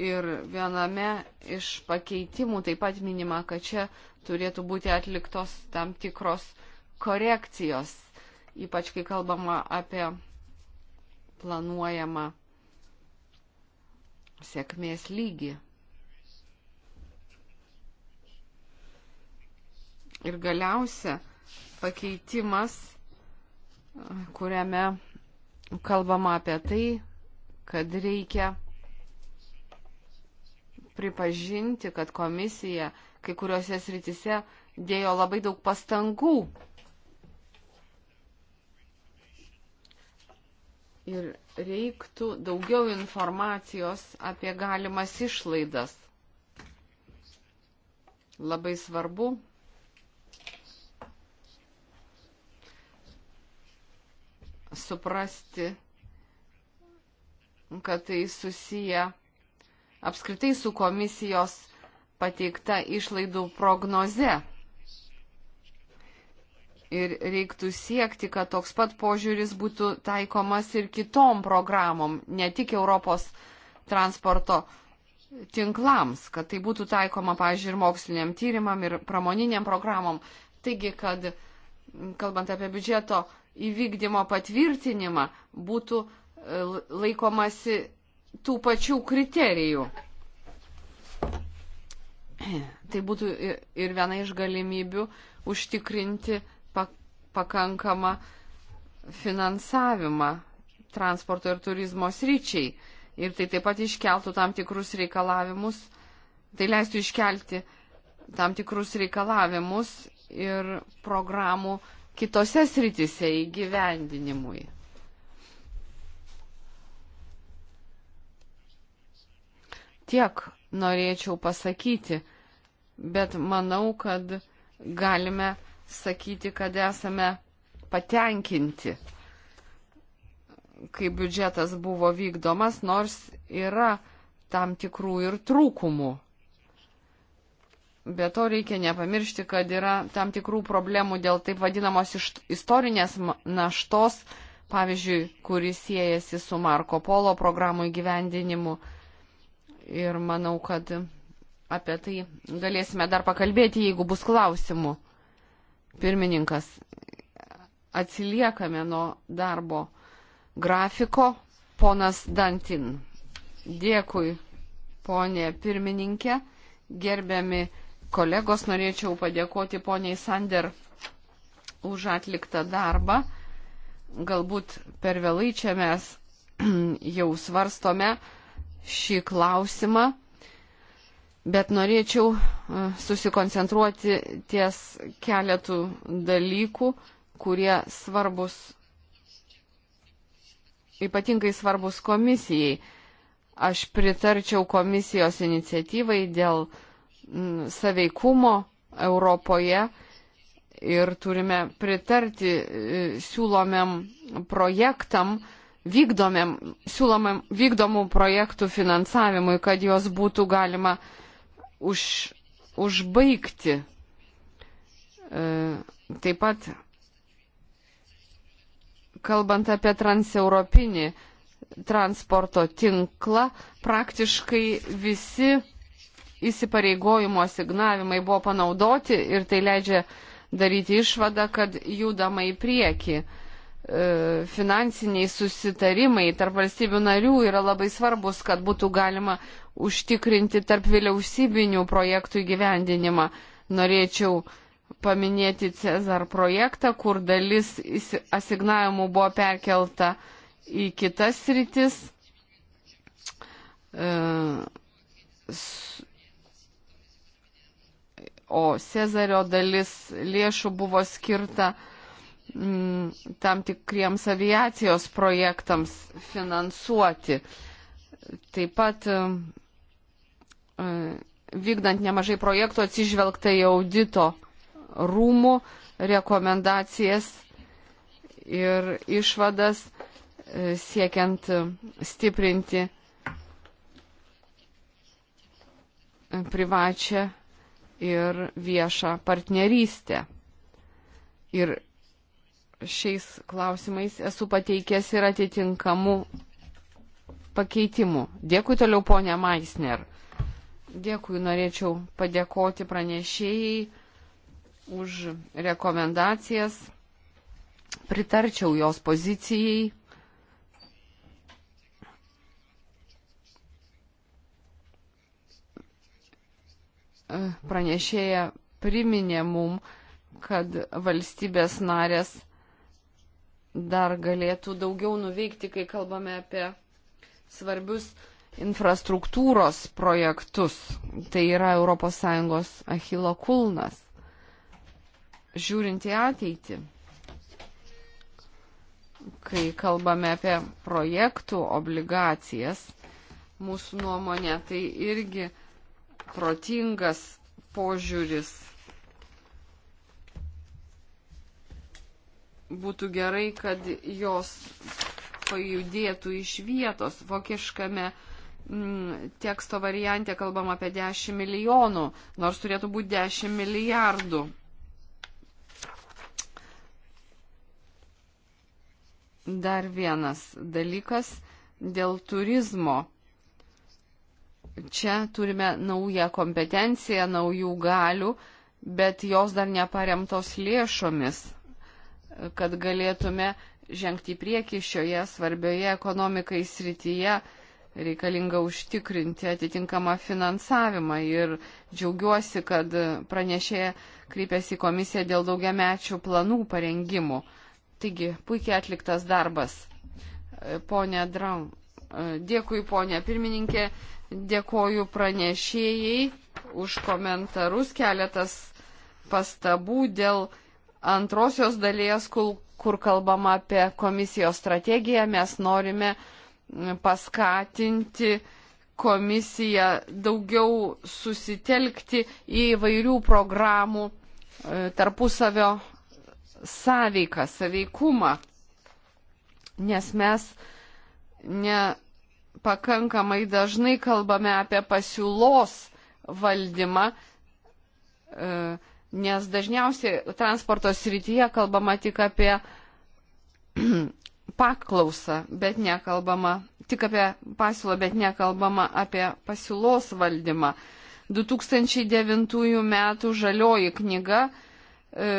Ir viename iš pakeitimų taip pat minima, kad čia turėtų būti atliktos tam tikros korekcijos, ypač kai kalbama apie planuojamą sėkmės lygį. Ir galiausia pakeitimas, kuriame kalbama apie tai, kad reikia pripažinti, kad komisija kai kuriuose srityse dėjo labai daug pastangų. Ir reiktų daugiau informacijos apie galimas išlaidas. Labai svarbu, suprasti, kad tai susiję apskritai su komisijos pateikta išlaidų prognoze. Ir reiktų siekti, kad toks pat požiūris būtų taikomas ir kitom programom, ne tik Europos transporto tinklams, kad tai būtų taikoma, pažiūrėjau, ir moksliniam tyrimam, ir pramoniniam programom. Taigi, kad, kalbant apie biudžeto įvykdymo patvirtinimą, būtų e, laikomasi tų pačių kriterijų. Tai būtų ir viena iš galimybių užtikrinti pakankamą finansavimą transporto ir turizmo sryčiai. Ir tai taip pat iškeltų tam tikrus reikalavimus, tai leistų iškelti tam tikrus reikalavimus ir programų kitose sritise įgyvendinimui. Tiek norėčiau pasakyti bet manau, kad galime sakyti, kad esame patenkinti, kai biudžetas buvo vykdomas, nors yra tam tikrų ir trūkumų. Be to reikia nepamiršti, kad yra tam tikrų problemų dėl taip vadinamos istorinės naštos, pavyzdžiui, kuris siejasi su Marko Polo programų įgyvendinimu. Ir manau, kad Apie tai galėsime dar pakalbėti, jeigu bus klausimų. Pirmininkas, atsiliekame nuo darbo grafiko. Ponas Dantin. Dėkui, ponė pirmininkė. Gerbiami kolegos, norėčiau padėkoti poniai Sander už atliktą darbą. Galbūt per vėlai čia mes jau svarstome šį klausimą bet norėčiau e, susikoncentruoti ties keletų dalykų, kurie svarbus, ypatingai svarbus komisijai. Aš pritarčiau komisijos iniciatyvai dėl saveikumo Europoje ir turime pritarti e, siūlomiam projektam, vykdomiam, siūlomam, vykdomų projektų finansavimui, kad juos būtų galima uh, už, užbaigti. E, taip pat, kalbant apie transeuropinį transporto tinklą, praktiškai visi įsipareigojimo signavimai buvo panaudoti ir tai leidžia daryti išvadą, kad judama į priekį. Uh, E, finansiniai susitarimai tarp valstybių narių yra labai svarbus, kad būtų galima užtikrinti tarp vėliausybinių projektų įgyvendinimą. Norėčiau paminėti Cezar projektą, kur dalis asignavimų buvo perkelta į kitas rytis. E, o Cezario dalis lėšų buvo skirta uh, Mm, tam tikriems aviacijos projektams finansuoti. Taip pat mm, e, vykdant nemažai projektų atsižvelgta į audito rūmų rekomendacijas ir išvadas e, siekiant stiprinti privačią ir viešą partnerystę. Ir šiais klausimais esu pateikęs ir atitinkamų pakeitimų. Dėkui toliau, ponė Maisner. Dėkui, norėčiau padėkoti pranešėjai už rekomendacijas. Pritarčiau jos pozicijai. Pranešėja priminė mum, kad valstybės narės dar galėtų daugiau nuveikti, kai kalbame apie svarbius infrastruktūros projektus. Tai yra ES Achilo kulnas. Žiūrint į ateitį, kai kalbame apie projektų obligacijas, mūsų nuomonė tai irgi protingas požiūris būtų gerai, kad jos pajudėtų iš vietos. Vokiškame m, mm, teksto variante kalbam apie 10 milijonų, nors turėtų būti 10 milijardų. Dar vienas dalykas dėl turizmo. Čia turime naują kompetenciją, naujų galių, bet jos dar neparemtos lėšomis kad galėtume žengti į priekį šioje svarbioje ekonomikai srityje reikalinga užtikrinti atitinkamą finansavimą ir džiaugiuosi, kad pranešėja kreipėsi į komisiją dėl daugiamečių planų parengimų. Taigi, puikiai atliktas darbas. Pone Dram, dėkui ponė pirmininkė, dėkoju pranešėjai už komentarus, keletas pastabų dėl antrosios dalies, kur, kur kalbama apie komisijos strategiją, mes norime paskatinti komisiją daugiau susitelkti į vairių programų e, tarpusavio sąveiką, saveikumą, nes mes nepakankamai dažnai kalbame apie pasiūlos valdymą, e, nes dažniausiai transporto srityje kalbama tik apie paklausą, bet nekalbama, tik apie pasiūlą, bet nekalbama apie pasiūlos valdymą. 2009 m. žalioji knyga, e,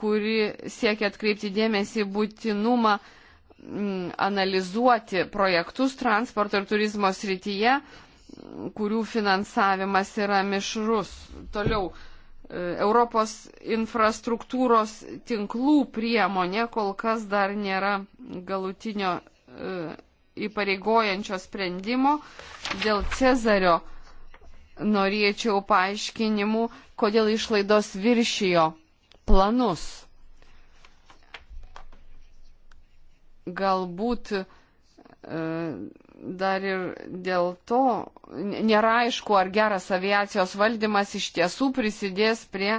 kuri siekia atkreipti dėmesį būtinumą analizuoti projektus transporto ir turizmo srityje, kurių finansavimas yra mišrus. Toliau E, Europos infrastruktūros tinklų priemonė kol kas dar nėra galutinio e, įpareigojančio sprendimo. Dėl Cezario norėčiau paaiškinimų, kodėl išlaidos viršijo planus. Galbūt e, dar ir dėl to nėra aišku, ar geras aviacijos valdymas iš tiesų prisidės prie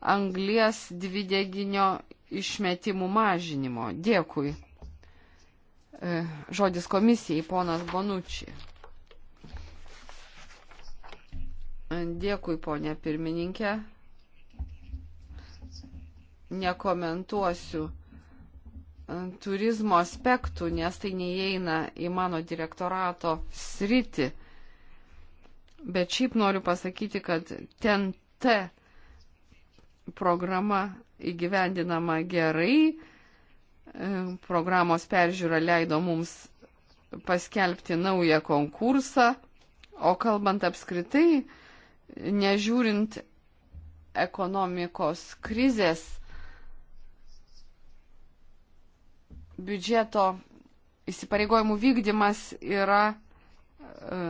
anglies dvideginio išmetimų mažinimo. Dėkui. E, žodis komisijai, ponas Bonučiai. Dėkui, ponė pirmininkė. Nekomentuosiu turizmo aspektų, nes tai neįeina į mano direktorato sritį. Bet šiaip noriu pasakyti, kad ten T programa įgyvendinama gerai, e, programos peržiūra leido mums paskelbti naują konkursą, o kalbant apskritai, nežiūrint ekonomikos krizės biudžeto įsipareigojimų vykdymas yra e,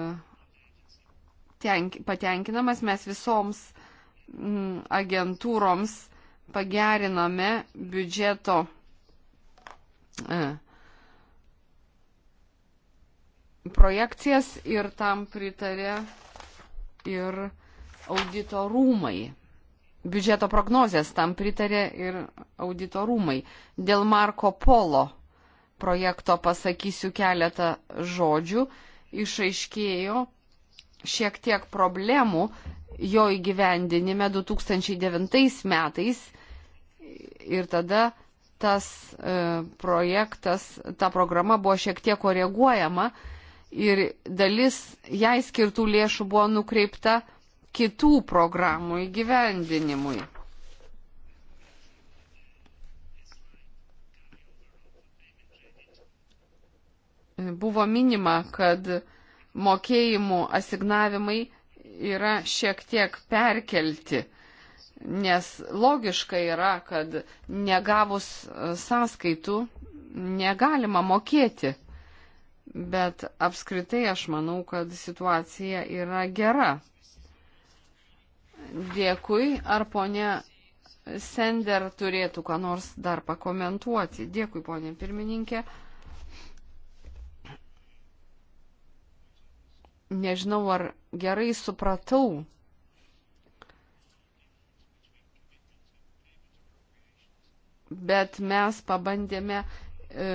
tenk, patenkinamas, mes visoms m, agentūroms pagerinome biudžeto e, projekcijas ir tam pritarė ir audito rūmai. Biudžeto prognozės tam pritarė ir audito rūmai. Dėl Marko Polo projekto pasakysiu keletą žodžių. Išaiškėjo šiek tiek problemų jo įgyvendinime 2009 metais ir tada tas e, projektas, ta programa buvo šiek tiek koreguojama ir dalis jai skirtų lėšų buvo nukreipta kitų programų įgyvendinimui. buvo minima, kad mokėjimų asignavimai yra šiek tiek perkelti, nes logiška yra, kad negavus sąskaitų negalima mokėti. Bet apskritai aš manau, kad situacija yra gera. Dėkui, ar ponia Sender turėtų ką nors dar pakomentuoti. Dėkui, ponė pirmininkė. Nežinau, ar gerai supratau. Bet mes pabandėme e,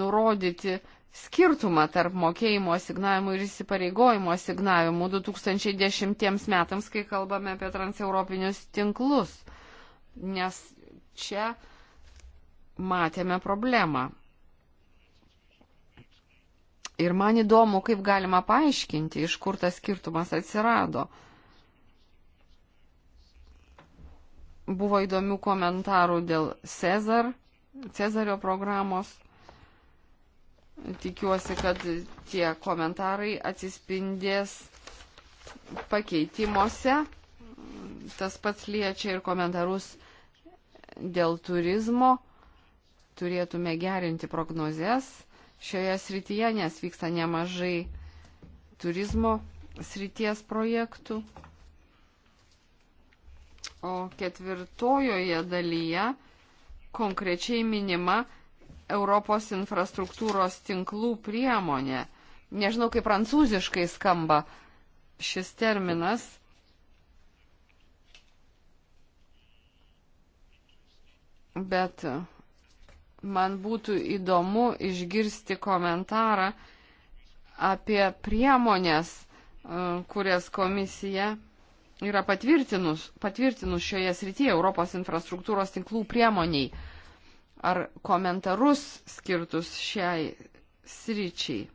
nurodyti skirtumą tarp mokėjimo asignavimų ir įsipareigojimo asignavimų 2010 metams, kai kalbame apie transeuropinius tinklus. Nes čia matėme problemą. Ir man įdomu, kaip galima paaiškinti, iš kur tas skirtumas atsirado. Buvo įdomių komentarų dėl Cezar, Cezario programos. Tikiuosi, kad tie komentarai atsispindės pakeitimuose. Tas pats liečia ir komentarus dėl turizmo. Turėtume gerinti prognozes šioje srityje, nes vyksta nemažai turizmo srities projektų. O ketvirtojoje dalyje konkrečiai minima Europos infrastruktūros tinklų priemonė. Nežinau, kaip prancūziškai skamba šis terminas. Bet man būtų įdomu išgirsti komentarą apie priemonės, e, kurias komisija yra patvirtinus, patvirtinus šioje srityje Europos infrastruktūros tinklų priemoniai. Ar komentarus skirtus šiai sričiai.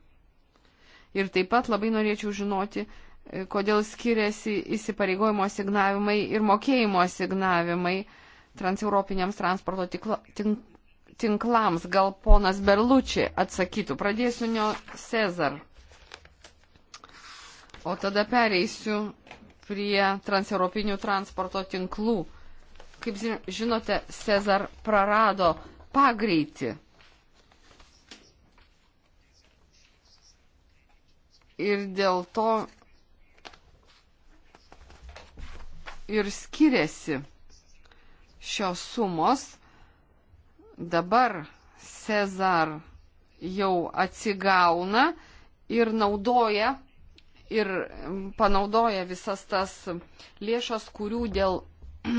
Ir taip pat labai norėčiau žinoti, e, kodėl skiriasi įsipareigojimo signavimai ir mokėjimo signavimai transeuropiniams transporto tinklams. Gal ponas Berlučiai atsakytų. Pradėsiu nuo Cezar. O tada pereisiu prie transeuropinių transporto tinklų. Kaip žinote, Cezar prarado pagreitį. Ir dėl to ir skiriasi šios sumos Dabar Cezar jau atsigauna ir naudoja ir panaudoja visas tas lėšas, kurių dėl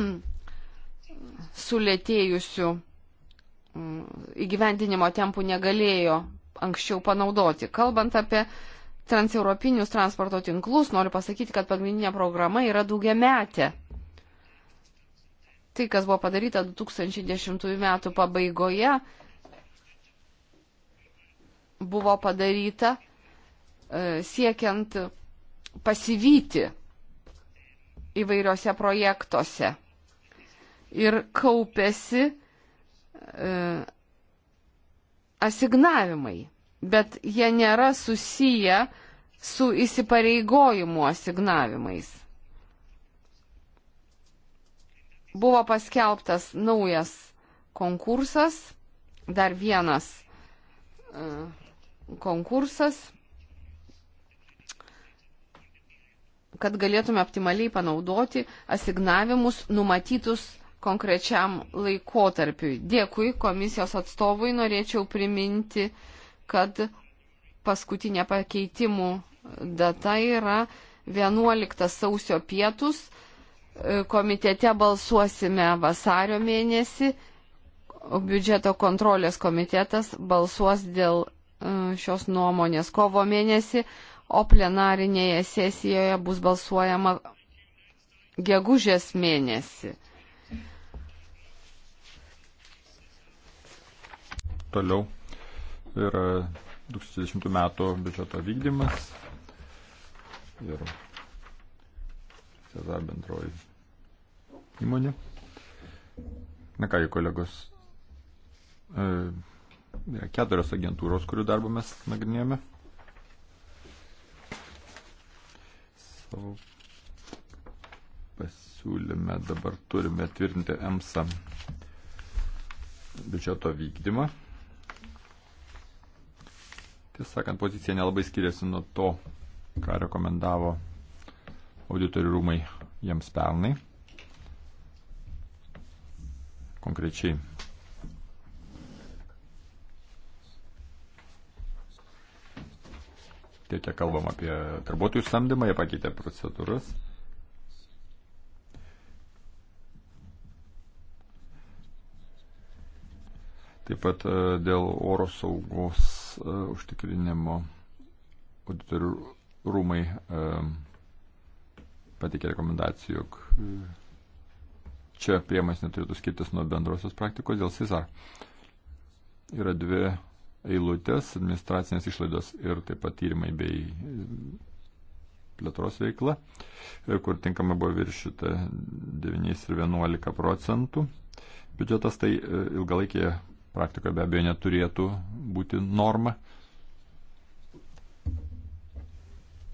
sulėtėjusių mm, įgyvendinimo tempų negalėjo anksčiau panaudoti. Kalbant apie transeuropinius transporto tinklus, noriu pasakyti, kad pagrindinė programa yra daugiametė tai, kas buvo padaryta 2010 metų pabaigoje, buvo padaryta e, siekiant pasivyti įvairiose projektuose. Ir kaupėsi e, asignavimai, bet jie nėra susiję su įsipareigojimu asignavimais. Buvo paskelbtas naujas konkursas, dar vienas e, konkursas, kad galėtume optimaliai panaudoti asignavimus numatytus konkrečiam laikotarpiui. Dėkui komisijos atstovui, norėčiau priminti, kad paskutinė pakeitimų data yra 11 sausio pietus komitete balsuosime vasario mėnesį, o biudžeto kontrolės komitetas balsuos dėl e, šios nuomonės kovo mėnesį, o plenarinėje sesijoje bus balsuojama gegužės mėnesį. Toliau yra 2010 metų biudžeto vykdymas ir Cezar tai bendroji įmonė. Na ką, jų kolegos, e, yra keturios agentūros, kurių darbą mes nagrinėjame. Savo pasiūlyme dabar turime tvirtinti EMSA biudžeto vykdymą. Tiesą sakant, pozicija nelabai skiriasi nuo to, ką rekomendavo auditorių rūmai jiems pernai konkrečiai. Tiek kalbam apie darbuotojų samdymą, jie pakeitė procedūras. Taip pat e, dėl oro saugos uh, užtikrinimo auditorių rūmai uh, e, patikė rekomendacijų, jog mm čia priemonės neturėtų skirtis nuo bendrosios praktikos dėl CISAR. Yra dvi eilutės - administracinės išlaidos ir taip pat tyrimai bei plėtros veikla, kur tinkama buvo viršita 9 ir 11 procentų biudžetas, tai e, ilgalaikėje praktikoje be abejo neturėtų būti norma.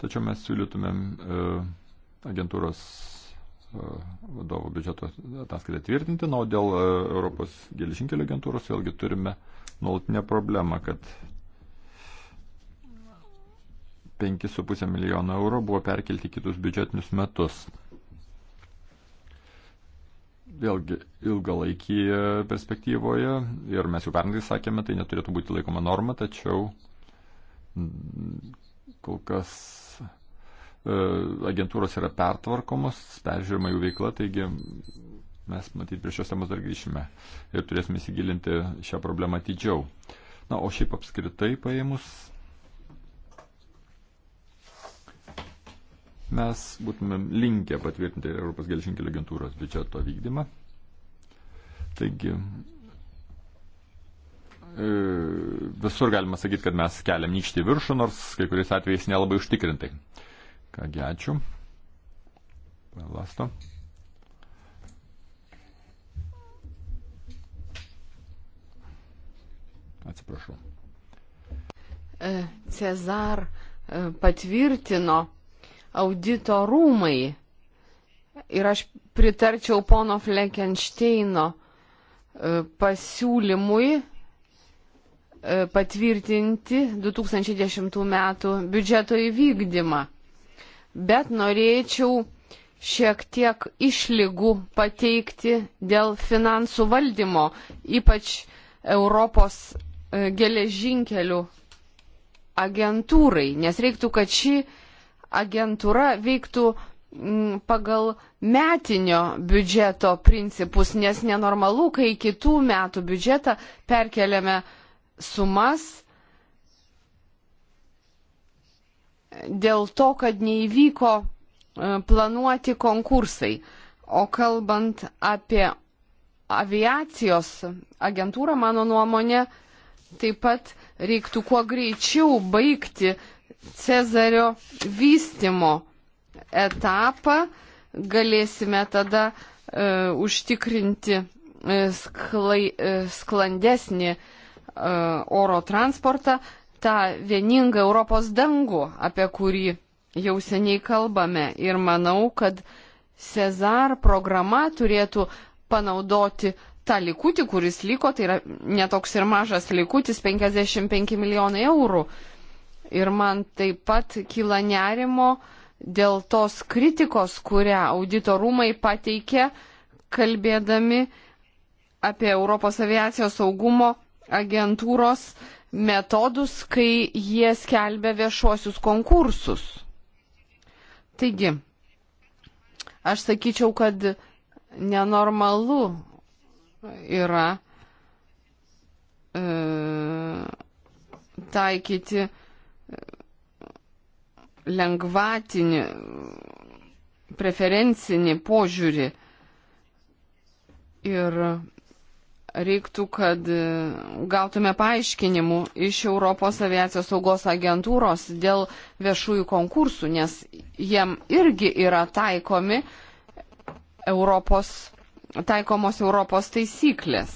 Tačiau mes siūlytumėm e, agentūros vadovo biudžeto ataskaitą tvirtinti, na, o dėl e, Europos geležinkelio agentūros vėlgi turime nuolatinę problemą, kad 5,5 milijono eurų buvo perkelti kitus biudžetinius metus. Vėlgi ilgalaikėje perspektyvoje, ir mes jau pernai sakėme, tai neturėtų būti laikoma norma, tačiau kol kas E, agentūros yra pertvarkomos, peržiūrima jų veikla, taigi mes matyt prie šios temos dar grįšime ir turėsime įsigilinti šią problemą atidžiau. Na, o šiaip apskritai paėmus, mes būtumėm linkę patvirtinti Europos gelžinkelio agentūros biudžeto vykdymą. Taigi, e, visur galima sakyti, kad mes keliam nykštį viršų, nors kai kuriais atvejais nelabai užtikrintai. Kągi ačiū. Lasto. Atsiprašau. E, Cezar e, patvirtino audito rūmai ir aš pritarčiau pono Fleckensteino e, pasiūlymui patvirtinti 2010 m. biudžeto įvykdymą bet norėčiau šiek tiek išlygų pateikti dėl finansų valdymo, ypač Europos e, geležinkelių agentūrai, nes reiktų, kad ši agentūra veiktų mm, pagal metinio biudžeto principus, nes nenormalu, kai kitų metų biudžetą perkeliame sumas dėl to, kad neįvyko e, planuoti konkursai. O kalbant apie aviacijos agentūrą, mano nuomonė, taip pat reiktų kuo greičiau baigti Cezario vystimo etapą. Galėsime tada e, užtikrinti e, sklai, e, sklandesnį e, oro transportą, tą vieningą Europos dangų, apie kurį jau seniai kalbame. Ir manau, kad Cezar programa turėtų panaudoti tą likutį, kuris liko, tai yra netoks ir mažas likutis, 55 milijonai eurų. Ir man taip pat kyla nerimo dėl tos kritikos, kurią auditorumai pateikė, kalbėdami apie Europos aviacijos saugumo agentūros metodus, kai jie skelbia viešuosius konkursus. Taigi, aš sakyčiau, kad nenormalu yra e, taikyti e, lengvatinį, preferencinį požiūrį. Ir reiktų, kad e, gautume paaiškinimų iš Europos aviacijos saugos agentūros dėl viešųjų konkursų, nes jiem irgi yra taikomi Europos, taikomos Europos taisyklės.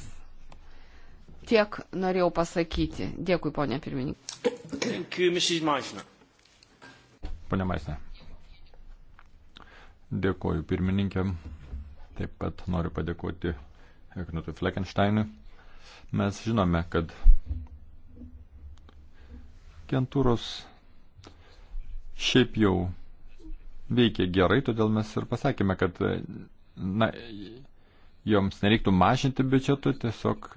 Tiek norėjau pasakyti. Dėkui, ponė pirmininkė. Pone Maisne. Dėkuoju pirmininkėm. Taip pat noriu padėkoti Knutui Fleckensteinui. Mes žinome, kad agentūros šiaip jau veikia gerai, todėl mes ir pasakėme, kad na, joms nereiktų mažinti biudžetų, tiesiog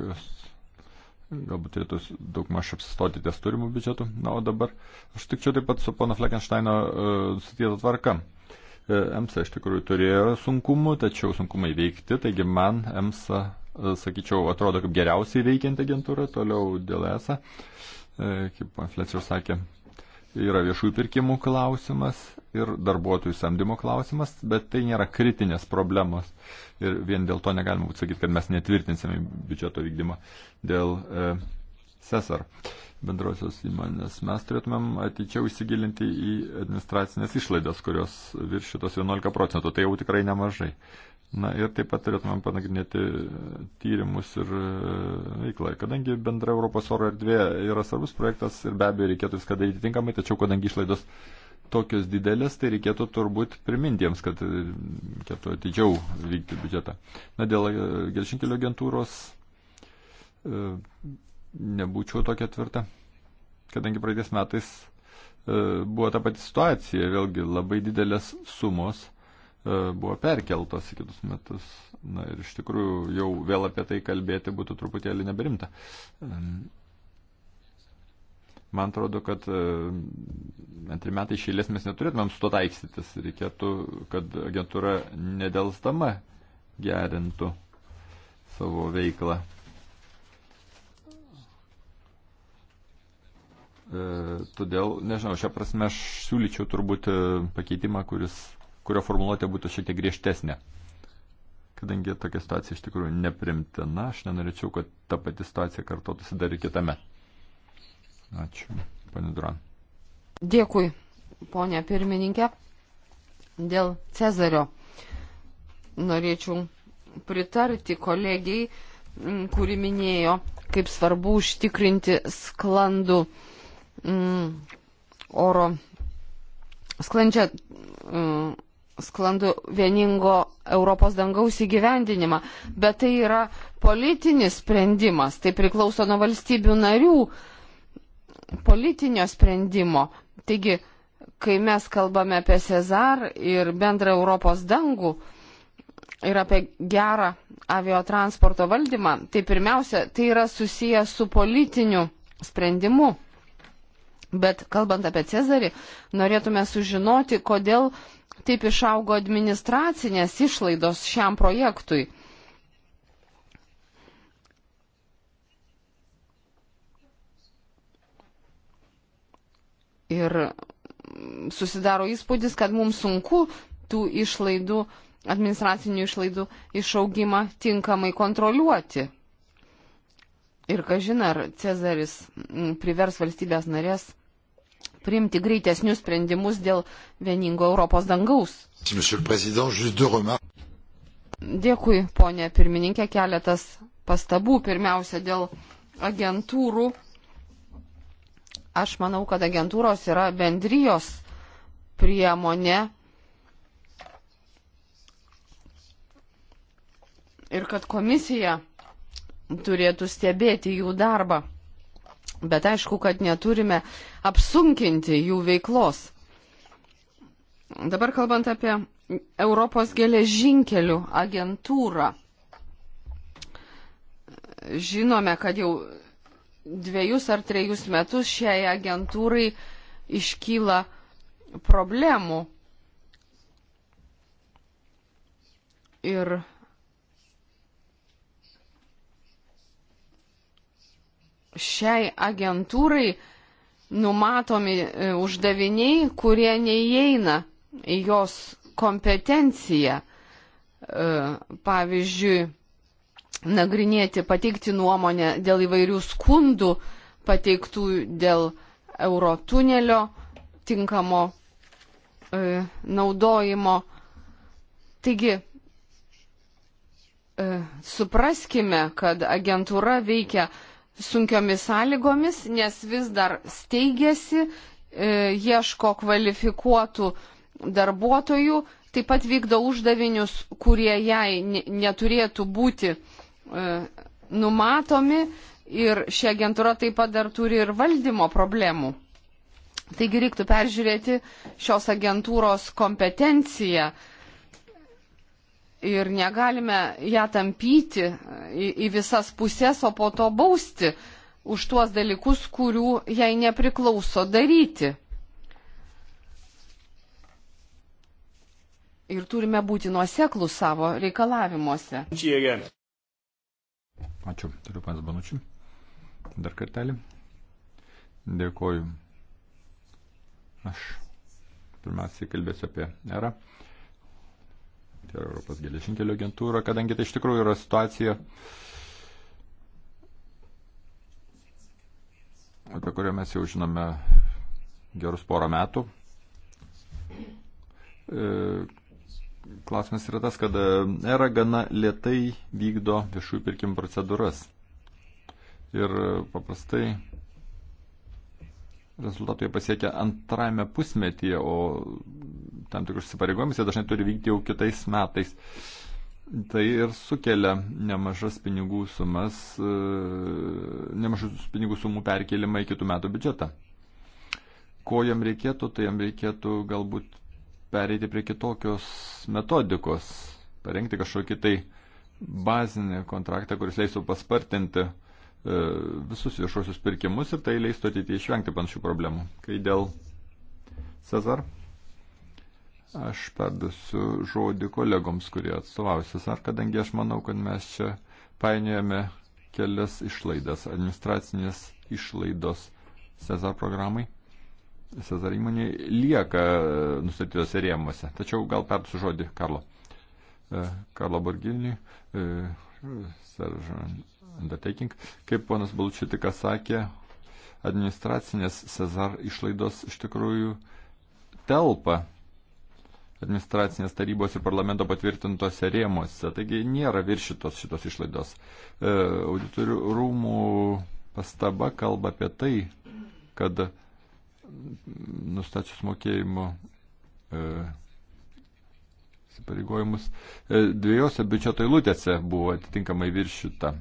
galbūt turėtų daug maž apsistoti ties turimų biudžetų. Na, o dabar aš tikčiau taip pat su pono Fleckensteino uh, e, sutėto tvarka. Uh, E, EMSA iš tikrųjų turėjo sunkumų, tačiau sunkumai veikti, taigi man EMSA, e, sakyčiau, atrodo kaip geriausiai veikianti agentūra, toliau dėl ESA, e, kaip Fletcher sakė, yra viešųjų pirkimų klausimas ir darbuotojų samdymo klausimas, bet tai nėra kritinės problemos. Ir vien dėl to negalima būtų sakyti, kad mes netvirtinsime biudžeto vykdymo dėl e, Cesar bendrosios įmonės, mes turėtumėm ateičiau įsigilinti į administracinės išlaidas, kurios virš šitos 11 procentų, tai jau tikrai nemažai. Na ir taip pat turėtumėm panagrinėti tyrimus ir e, veiklą. Kadangi bendra Europos oro erdvė yra svarbus projektas ir be abejo reikėtų viską daryti tinkamai, tačiau kadangi išlaidos tokios didelės, tai reikėtų turbūt priminti jiems, kad reikėtų atidžiau vykti biudžetą. Na dėl e, gelšinkelio agentūros e, nebūčiau tokia tvirta, kadangi praeitais metais e, buvo ta pati situacija, vėlgi labai didelės sumos e, buvo perkeltos į kitus metus. Na ir iš tikrųjų jau vėl apie tai kalbėti būtų truputėlį neberimta. E, man atrodo, kad antrį metai išėlės mes neturėtumėm su to taikstytis. Reikėtų, kad agentūra nedelsdama gerintų savo veiklą. E, todėl, nežinau, šią prasme aš siūlyčiau turbūt e, pakeitimą, kuris, kurio formuluotė būtų šiek tiek griežtesnė. Kadangi tokia situacija iš tikrųjų neprimtina, aš nenorėčiau, kad ta pati situacija kartotųsi dar ir kitame. Ačiū, ponė Duran. Dėkui, ponė pirmininkė. Dėl Cezario norėčiau pritarti kolegiai, kuri minėjo, kaip svarbu užtikrinti sklandų uh, mm, oro sklandžią, mm, sklandų vieningo Europos dangaus įgyvendinimą. Bet tai yra politinis sprendimas, tai priklauso nuo valstybių narių politinio sprendimo. Taigi, kai mes kalbame apie Cezar ir bendrą Europos dangų ir apie gerą aviotransporto valdymą, tai pirmiausia, tai yra susijęs su politiniu sprendimu. Bet kalbant apie Cezarį, norėtume sužinoti, kodėl taip išaugo administracinės išlaidos šiam projektui. Ir susidaro įspūdis, kad mums sunku tų išlaidų, administracinių išlaidų išaugimą tinkamai kontroliuoti. Ir kažin ar Cezaris privers valstybės narės priimti greitesnius sprendimus dėl vieningo Europos dangaus. Dėkui, ponė pirmininkė, keletas pastabų. Pirmiausia, dėl agentūrų. Aš manau, kad agentūros yra bendrijos priemonė ir kad komisija turėtų stebėti jų darbą. Bet aišku, kad neturime apsunkinti jų veiklos. Dabar kalbant apie Europos geležinkelių agentūrą. Žinome, kad jau dviejus ar trejus metus šiai agentūrai iškyla problemų. Ir šiai agentūrai numatomi e, uždaviniai, kurie neįeina į jos kompetenciją. E, pavyzdžiui, nagrinėti, pateikti nuomonę dėl įvairių skundų, pateiktų dėl eurotunelio tinkamo e, naudojimo. Taigi, e, supraskime, kad agentūra veikia sunkiomis sąlygomis, nes vis dar steigėsi, e, ieško kvalifikuotų darbuotojų, taip pat vykdo uždavinius, kurie jai neturėtų būti e, numatomi ir ši agentūra taip pat dar turi ir valdymo problemų. Taigi reiktų peržiūrėti šios agentūros kompetenciją, uh, ir negalime ją tampyti į, į visas pusės, o po to bausti už tuos dalykus, kurių jai nepriklauso daryti. Ir turime būti nuoseklų savo reikalavimuose. Ačiū, turiu pats Banučių. Dar kartelį. Dėkoju. Aš pirmiausiai kalbėsiu apie erą tai yra Europos geležinkelio agentūra, kadangi tai iš tikrųjų yra situacija, apie kurią mes jau žinome gerus porą metų. E, klausimas yra tas, kad ERA gana lietai vykdo viešųjų pirkimų procedūras. Ir paprastai rezultatų jie pasiekia antrajame pusmetyje, o tam tikrus įsipareigojimus jie dažnai turi vykti jau kitais metais. Tai ir sukelia nemažas pinigų sumas, e, nemažas pinigų sumų perkelimą į kitų metų biudžetą. Ko jam reikėtų, tai jam reikėtų galbūt pereiti prie kitokios metodikos, parengti kažkokį tai bazinį kontraktą, kuris leisų paspartinti uh, E, visus viešuosius pirkimus ir tai leistų ateityje išvengti panašių problemų. Kai dėl Cezar, aš perdusiu žodį kolegoms, kurie atstovauja Cezar, kadangi aš manau, kad mes čia painiojame kelias išlaidas, administracinės išlaidos Cezar programai. Cezar įmonė lieka e, nustatytose rėmuose. Tačiau gal perdusiu žodį Karlo. E, Karlo Borgilniui, Seržan undertaking. Kaip ponas Balčitikas sakė, administracinės Cezar išlaidos iš tikrųjų telpa administracinės tarybos ir parlamento patvirtintose rėmose. Taigi nėra viršytos šitos išlaidos. E, auditorių rūmų pastaba kalba apie tai, kad nustačius mokėjimo e, įsipareigojimus e, dviejose biudžeto eilutėse buvo atitinkamai viršyta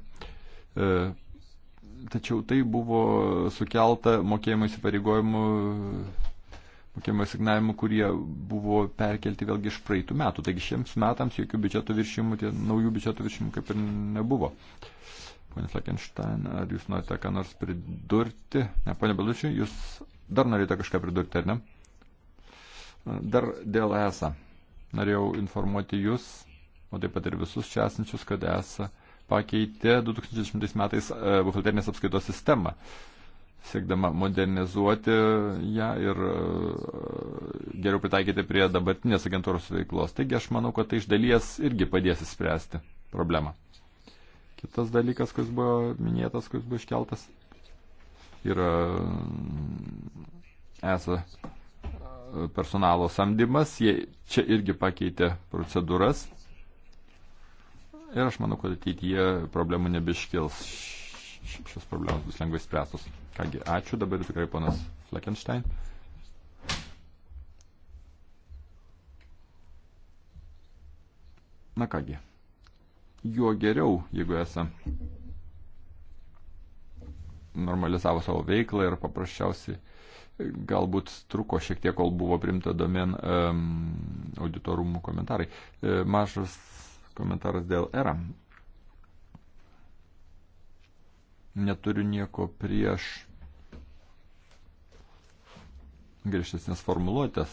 E, tačiau tai buvo sukelta mokėjimo įsipareigojimų, mokėjimo signavimų, kurie buvo perkelti vėlgi iš praeitų metų. Taigi šiems metams jokių biudžeto viršimų, tie naujų biudžeto viršimų kaip ir nebuvo. Pane Fleckenstein, ar jūs norite ką nors pridurti? Ne, pane Belučiu, jūs dar norite kažką pridurti, ar ne? Dar dėl ESA. Norėjau informuoti jūs, o taip pat ir visus čia esančius, kad ESA pakeitė 2010 metais e, buhalterinės apskaitos sistemą, siekdama modernizuoti ją ir e, geriau pritaikyti prie dabartinės agentūros veiklos. Taigi aš manau, kad tai iš dalies irgi padės įspręsti problemą. Kitas dalykas, kuris buvo minėtas, kuris buvo iškeltas, yra e, esą personalo samdymas. Jie čia irgi pakeitė procedūras Ir aš manau, kad ateityje problemų nebeiškils. Šios problemos bus lengvai spręstos. Kągi, ačiū dabar tikrai ponas Fleckenstein. Na kągi, juo geriau, jeigu esą normalizavo savo veiklą ir paprasčiausiai galbūt truko šiek tiek, kol buvo primta domen um, auditorumų komentarai. E, mažas Komentaras dėl ERA. Neturiu nieko prieš griežtesnės formuluotės.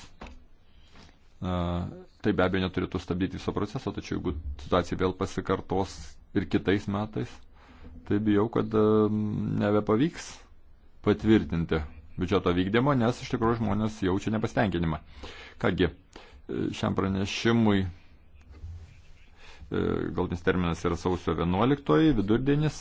Tai be abejo neturėtų stabdyti viso proceso, tačiau jeigu situacija vėl pasikartos ir kitais metais, tai bijau, kad nebepavyks patvirtinti biudžeto vykdymo, nes iš tikrųjų žmonės jaučia nepasitenkinimą. Kągi, šiam pranešimui E, galtinis terminas yra sausio 11 vidurdienis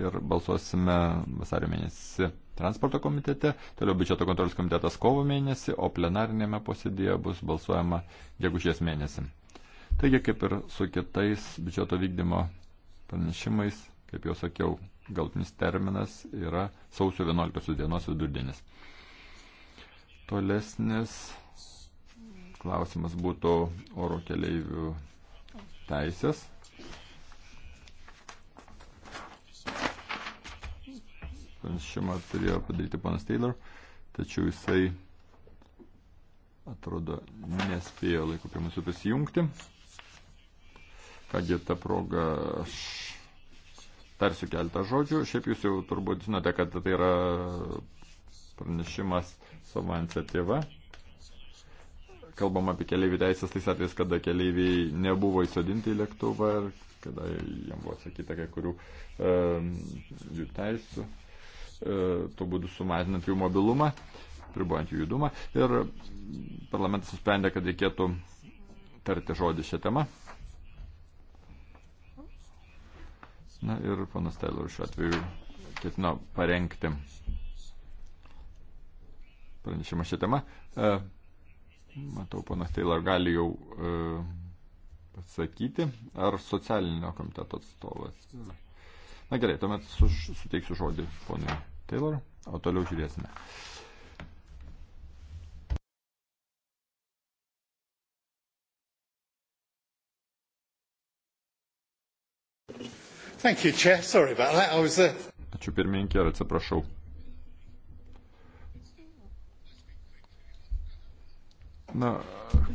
ir balsuosime vasario mėnesį transporto komitete, toliau biudžeto kontrolės komitetas kovo mėnesį, o plenarinėme posėdėje bus balsuojama gegužės mėnesį. Taigi, kaip ir su kitais biudžeto vykdymo pranešimais, kaip jau sakiau, galtinis terminas yra sausio 11 dienos vidurdienis. Tolesnis klausimas būtų oro keleivių teisės. Pranešimą turėjo padaryti panas Taylor, tačiau jisai atrodo nespėjo laiku prie mūsų prisijungti. Kągi tą progą aš tarsiu keletą žodžių. Šiaip jūs jau turbūt žinote, kad tai yra pranešimas savo iniciatyva kalbam apie keliaivių teisės, tais atvejais, kada keliaiviai nebuvo įsodinti į lėktuvą ir kada jam buvo sakyta kai kurių e, jų teisų, e, tuo būdu sumažinant jų mobilumą, pribuojant jų judumą. Ir parlamentas nusprendė, kad reikėtų tarti žodį šią temą. Na ir panas Taylor šiuo atveju ketino parengti pranešimą šią temą. E, Matau, panas Taylor gali jau e, pasakyti, ar socialinio komiteto atstovas. Na gerai, tuomet su, suteiksiu žodį ponui Taylor, o toliau žiūrėsime. Thank you, Chair. Sorry about that. I was there. Uh, Ačiū pirmininkė ir atsiprašau. Na,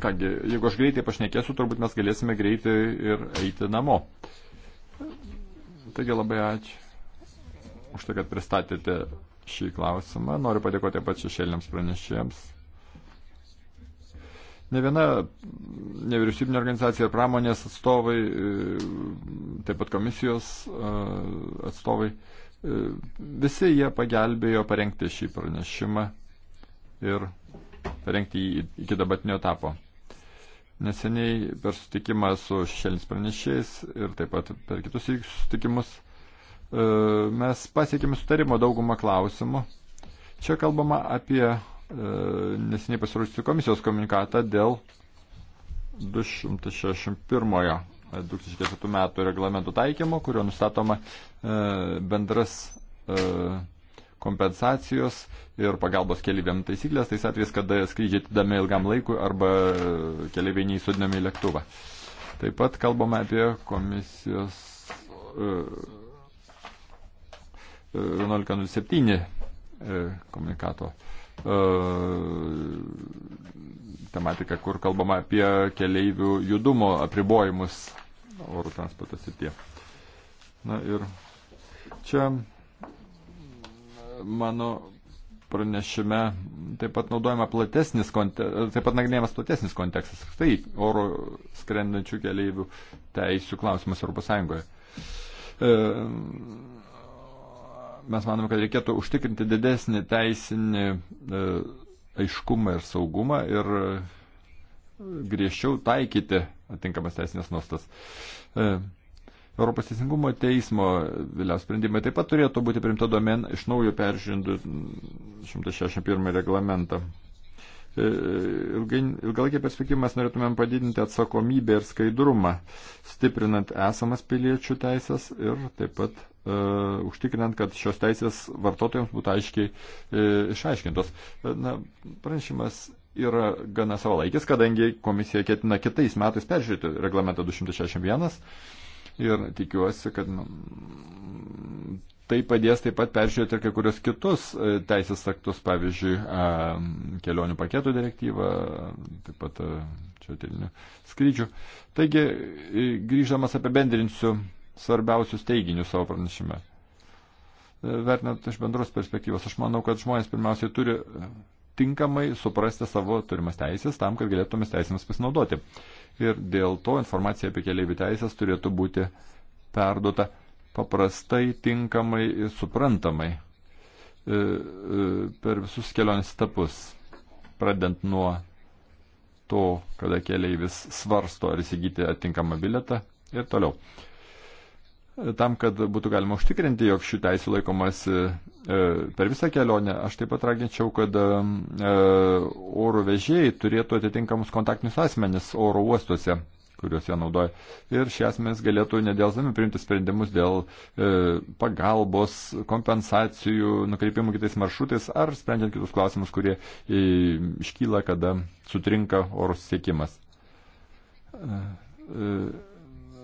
kągi, jeigu aš greitai pašnekėsiu, turbūt mes galėsime greitai ir eiti namo. Taigi labai ačiū už tai, kad pristatėte šį klausimą. Noriu padėkoti pat šešėliniams pranešėjams. Ne viena nevyriausybinė organizacija ir pramonės atstovai, e, taip pat komisijos e, atstovai, e, visi jie pagelbėjo parengti šį pranešimą ir parengti iki dabartinio etapo. Neseniai per sutikimą su šešėlis pranešėjais ir taip pat per kitus sutikimus e, mes pasiekėme sutarimo daugumą klausimų. Čia kalbama apie e, neseniai pasirūstį komisijos komunikatą dėl 261 2004 e, metų reglamento taikymo, kurio nustatoma bendras kompensacijos ir pagalbos keliaiviam taisyklės, tais atvejais, kada skrydžiai atidami ilgam laikui arba keliaiviai neįsudinami į lėktuvą. Taip pat kalbame apie komisijos 1107 e, e, e, komunikato tematika, kur kalbama apie keleivių judumo apribojimus oro transporto srityje. Na ir čia mano pranešime taip pat naudojama platesnis, taip pat nagrinėjamas platesnis kontekstas, tai oro skrendančių keleivių teisų klausimas Europos Sąjungoje. E, mes manome, kad reikėtų užtikrinti didesnį teisinį e, aiškumą ir saugumą ir griežčiau taikyti atinkamas teisinės nuostas. E, Europos teisingumo teismo vėliau sprendimai taip pat turėtų būti primta domen iš naujo peržiūrintų 161 reglamentą. E, ilgalaikė perspektyva mes norėtumėm padidinti atsakomybę ir skaidrumą, stiprinant esamas piliečių teisės ir taip pat uh, užtikrinant, kad šios teisės vartotojams būtų aiškiai uh, išaiškintos. Na, pranešimas yra gana savalaikis, kadangi komisija ketina kitais metais peržiūrėti reglamentą 261 ir tikiuosi, kad nu, tai padės taip pat peržiūrėti ir kai kurios kitus e, teisės aktus, pavyzdžiui, e, kelionių paketų direktyvą, taip pat e, čiatelinių skrydžių. Taigi, grįždamas apibendrinsiu svarbiausius teiginius savo pranešime. Vertinant iš bendros perspektyvos, aš manau, kad žmonės pirmiausiai turi tinkamai suprasti savo turimas teisės tam, kad galėtumis teisėmis pasinaudoti. Ir dėl to informacija apie keliaivių teisės turėtų būti perduota paprastai, tinkamai ir suprantamai e, e, per visus kelionės etapus, pradant nuo to, kada keleivis svarsto ar įsigyti atinkamą biletą ir toliau tam, kad būtų galima užtikrinti, jog šių teisų laikomasi e, e, per visą kelionę, aš taip pat raginčiau, kad e, oro vežėjai turėtų atitinkamus kontaktinius asmenis oro uostuose kuriuos jie naudoja. Ir šie asmenys galėtų nedėlzami priimti sprendimus dėl e, pagalbos, kompensacijų, nukreipimų kitais maršrutais ar sprendžiant kitus klausimus, kurie e, iškyla, kada sutrinka oro susiekimas. E, e,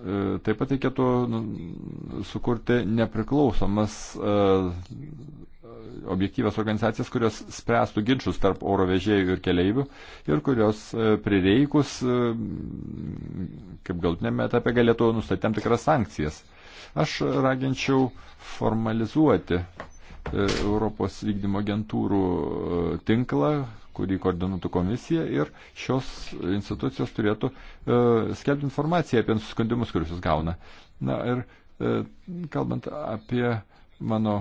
E, taip pat reikėtų nu, sukurti nepriklausomas e, objektyvės organizacijas, kurios spręstų ginčius tarp oro vežėjų ir keleivių ir kurios e, prireikus, kaip galtinėme etape, galėtų nustatyti tam tikras sankcijas. Aš raginčiau formalizuoti Europos vykdymo agentūrų tinklą, kurį koordinuotų komisija ir šios institucijos turėtų e, skelbti informaciją apie nusiskundimus, kuriuos jis gauna. Na ir e, kalbant apie mano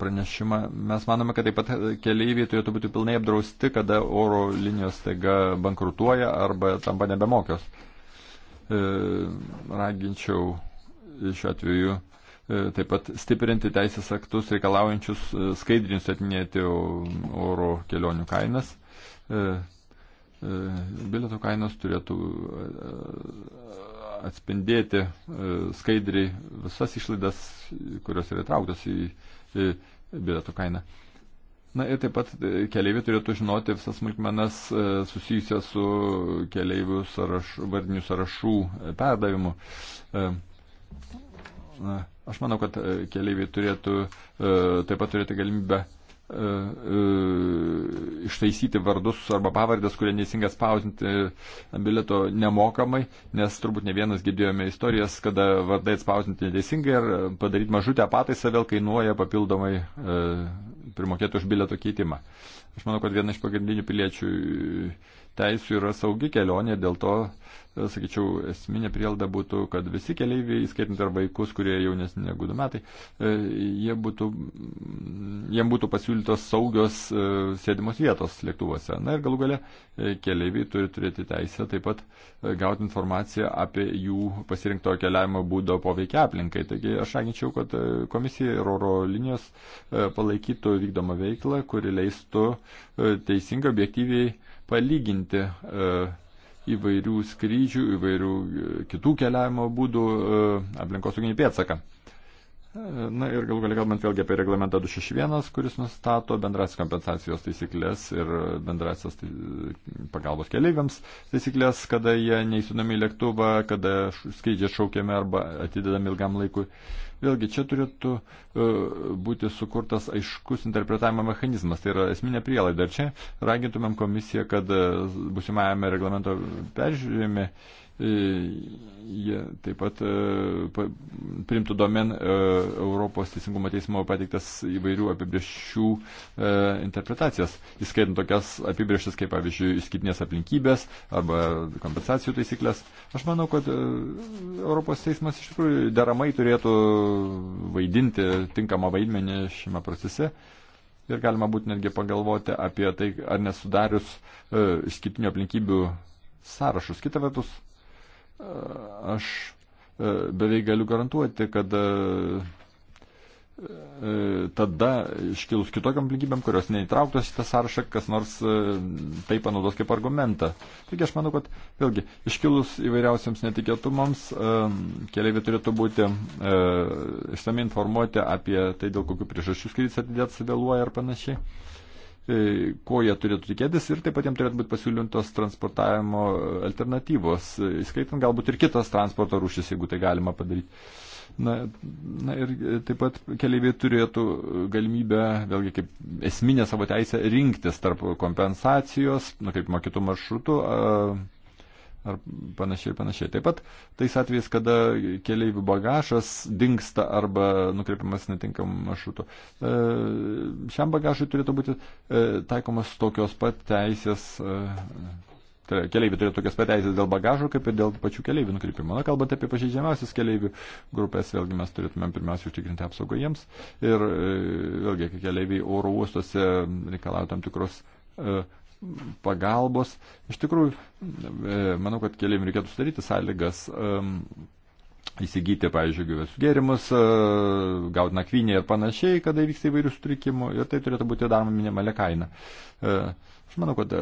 pranešimą, mes manome, kad taip pat keleiviai turėtų būti pilnai apdrausti, kada oro linijos taiga bankrutuoja arba tampa nebemokios. E, raginčiau šiuo atveju E, taip pat stiprinti teisės aktus reikalaujančius e, skaidrinus atminėti oro kelionių kainas. E, bilietų kainos turėtų atspindėti skaidriai visas išlaidas, kurios yra įtrauktos į bilietų kainą. Na ir taip pat keliaiviai turėtų žinoti visas smulkmenas susijusias su keliaivių sąraš, vardinių sąrašų perdavimu. Na, Aš manau, kad e, keliaiviai turėtų e, taip pat turėti galimybę e, ištaisyti vardus arba pavardės, kurie neįsinga spausinti ant bilieto nemokamai, nes turbūt ne vienas girdėjome istorijas, kada vardai atspausinti neteisingai ir padaryti mažutę pataisą vėl kainuoja papildomai e, primokėti už bilieto keitimą. Aš manau, kad viena iš pagrindinių piliečių teisų yra saugi kelionė, dėl to, e, sakyčiau, esminė prielda būtų, kad visi keleiviai, įskaitant ir vaikus, kurie jaunesni negu 2 metai, e, jie būtų, jiem būtų pasiūlytos saugios e, sėdimos vietos lėktuvuose. Na ir galų gale keleiviai turi turėti teisę taip pat gauti informaciją apie jų pasirinkto keliavimo būdo poveikia aplinkai. Taigi aš sakyčiau, kad komisija ir oro linijos palaikytų vykdomą veiklą, kuri leistų teisingai, objektyviai palyginti e, įvairių skrydžių, įvairių e, kitų keliavimo būdų e, aplinkosauginį pėdsaką. Na ir galų galia kalbant vėlgi apie reglamentą 261, kuris nustato bendras kompensacijos taisyklės ir bendrasios tai, pagalbos keleiviams taisyklės, kada jie neįsinami į lėktuvą, kada skrydžiai atšaukiami arba atidedami ilgam laikui. Vėlgi, čia turėtų e, būti sukurtas aiškus interpretavimo mechanizmas. Tai yra esminė prielaida. Ir čia ragintumėm komisiją, kad e, busimajame reglamento peržiūrėjime E, jie taip pat e, primtų domen e, Europos Teisingumo teismo pateiktas įvairių apibrieščių interpretacijas, įskaitant tokias apibrieštis kaip, pavyzdžiui, išskirtinės aplinkybės arba kompensacijų taisyklės. Aš manau, kad Europos teismas iš tikrųjų deramai turėtų vaidinti tinkamą vaidmenį šiame procese. Ir galima būtų netgi pagalvoti apie tai, ar nesudarius e, išskirtinių aplinkybių sąrašus. Kita vertus, Aš e, beveik galiu garantuoti, kad e, e, tada iškilus kitokiam lygybėm, kurios neįtrauktos į tą sąrašą, kas nors tai panaudos kaip argumentą. Taigi aš manau, kad vėlgi iškilus įvairiausiams netikėtumams keliaiviai turėtų būti išsamei informuoti apie tai, dėl kokių priežasčių skrydis atidėtas vėluoja ir panašiai. E, ko jie turėtų tikėtis ir taip pat jiems turėtų būti pasiūlintos transportavimo alternatyvos, e, įskaitant galbūt ir kitas transporto rūšis, jeigu tai galima padaryti. Na, na ir e, taip pat keliaiviai turėtų galimybę, vėlgi kaip esminę savo teisę, rinktis tarp kompensacijos, nukreipimo kitų maršrutų, ar panašiai, panašiai. Taip pat tais atvejais, kada keliaivių bagažas dinksta arba nukreipiamas netinkam maršrutu. E, šiam bagažui turėtų būti e, taikomas tokios pat teisės. E, Tai keliaiviai turi tokias pateisės dėl bagažo, kaip ir dėl pačių keliaivių nukreipimo. Na, kalbant apie pažeidžiamiausias keliaivių grupės, vėlgi mes turėtumėm pirmiausia užtikrinti apsaugą jiems. Ir e, vėlgi, kai keliaiviai oro uostuose reikalauja tam tikros uh, pagalbos. Iš tikrųjų, e, manau, kad keliam reikėtų sudaryti sąlygas įsigyti, pavyzdžiui, gyvės gėrimus, e, gauti nakvynį ir panašiai, kada įvyksta įvairių sutrikimų ir tai turėtų būti daroma minimalia kaina. E, Aš manau, kad e,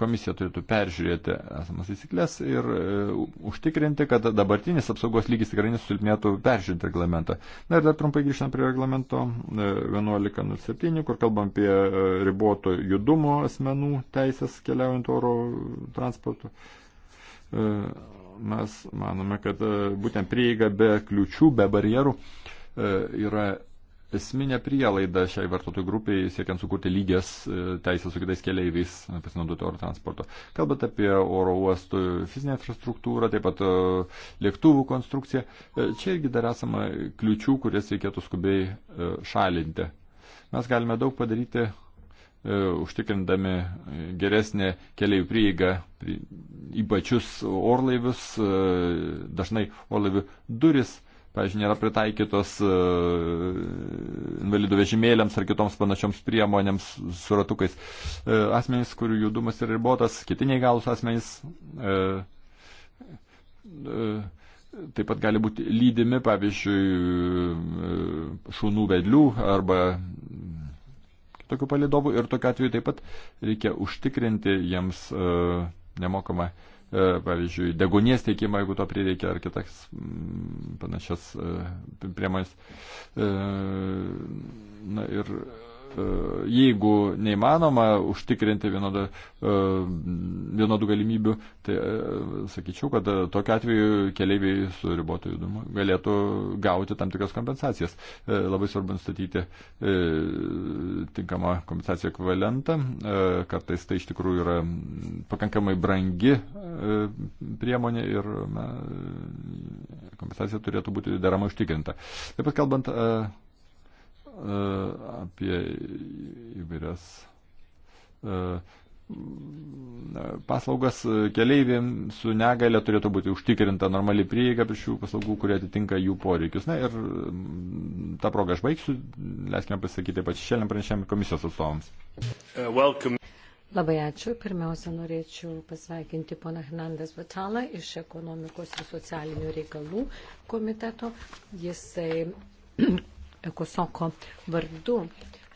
komisija turėtų peržiūrėti esamas įsiklės ir e, užtikrinti, kad dabartinis apsaugos lygis tikrai nesulpnėtų peržiūrėti reglamentą. Na ir dar trumpai grįžtam prie reglamento 1107, e, kur kalbam apie riboto judumo asmenų teisės keliaujant oro transportu. Mes manome, kad būtent prieiga be kliučių, be barjerų yra esminė prielaida šiai vartotojų grupiai, siekiant sukurti lygias e, teisės su kitais keleiviais, pasinaudoti oro transporto. Kalbant apie oro uostų fizinę infrastruktūrą, taip pat e, lėktuvų konstrukciją, e, čia irgi dar esama kliučių, kurias reikėtų skubiai šalinti. Mes galime daug padaryti užtikrindami geresnę keliaivių prieigą į pačius orlaivius, dažnai orlaivių duris pavyzdžiui, nėra pritaikytos e, invalidų vežimėliams ar kitoms panašioms priemonėms su ratukais. E, asmenys, kurių judumas yra ribotas, kiti neįgalus asmenys e, taip pat gali būti lydimi, pavyzdžiui, šunų vedlių arba kitokių palidovų ir tokiu atveju taip pat reikia užtikrinti jiems nemokamą E, pavyzdžiui, degonės teikimą, jeigu to prireikia, ar kitas mm, panašias e, priemonės. E, na ir E, jeigu neįmanoma užtikrinti vienodų, e, vienodų galimybių, tai e, sakyčiau, kad tokiu atveju keliaiviai su ribotu judumu galėtų gauti tam tikras kompensacijas. Labai svarbu nustatyti tinkamą kompensaciją ekvivalentą. Kartais tai iš tikrųjų yra pakankamai brangi priemonė ir na, kompensacija turėtų būti deramai užtikrinta. Taip pat kalbant E, apie įvairias e, paslaugas keleiviam su negale turėtų būti užtikrinta normali prieiga prie šių paslaugų, kurie atitinka jų poreikius. Na ir mm, tą progą aš baigsiu, leiskime pasakyti pačiu šiandien pranešėm komisijos atstovams. Uh, welcome. Labai ačiū. Pirmiausia, norėčiau pasveikinti poną Hernandas Vatalą iš ekonomikos ir socialinių reikalų komiteto. Jisai Ekosoko vardu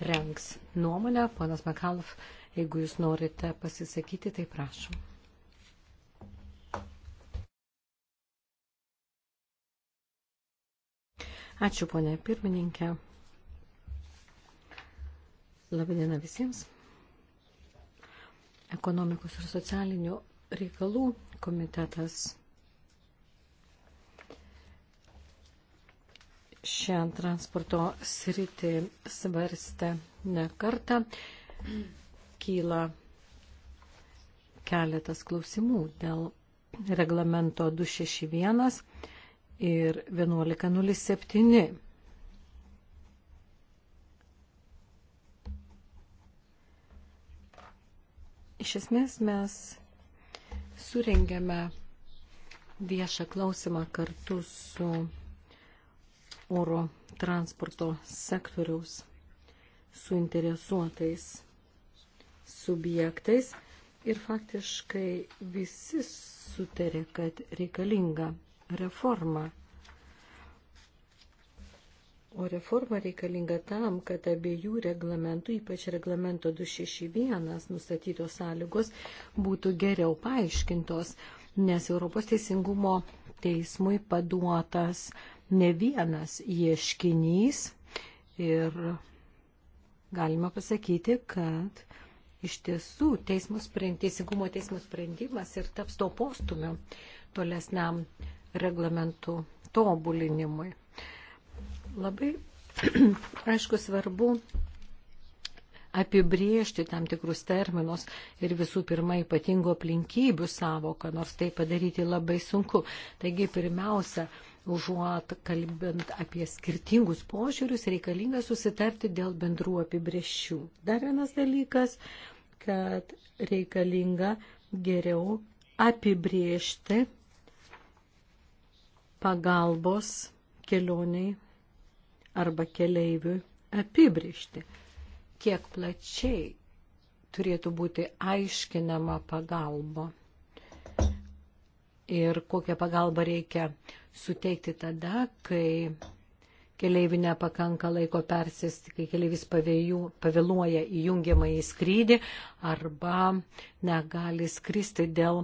rengs nuomonę. Ponas Makalov, jeigu jūs norite pasisakyti, tai prašom. Ačiū, ponė pirmininkė. Labadiena visiems. Ekonomikos ir socialinių reikalų komitetas šią transporto sritį svarstę ne kartą, kyla keletas klausimų dėl reglamento 261 ir 1107. Iš esmės mes surengėme viešą klausimą kartu su oro transporto sektoriaus suinteresuotais subjektais ir faktiškai visi sutarė, kad reikalinga reforma. O reforma reikalinga tam, kad abiejų reglamentų, ypač reglamento 261 nustatytos sąlygos, būtų geriau paaiškintos, nes Europos teisingumo teismui paduotas ne vienas ieškinys ir galima pasakyti, kad iš tiesų teismo sprend, teisingumo teismo sprendimas ir taps to postumiu tolesniam reglamentų tobulinimui. Labai, aišku, svarbu apibriežti tam tikrus terminus ir visų pirma ypatingų aplinkybių savoką, nors tai padaryti labai sunku. Taigi, pirmiausia, užuot kalbant apie skirtingus požiūrius, reikalinga susitarti dėl bendrų apibrėžčių. Dar vienas dalykas, kad reikalinga geriau apibriežti pagalbos kelioniai arba keleiviui apibriežti, kiek plačiai turėtų būti aiškinama pagalba ir kokią pagalbą reikia suteikti tada, kai keleivių nepakanka laiko persėsti, kai keleivis pavėjų, pavėluoja į jungiamą į skrydį arba negali skristi dėl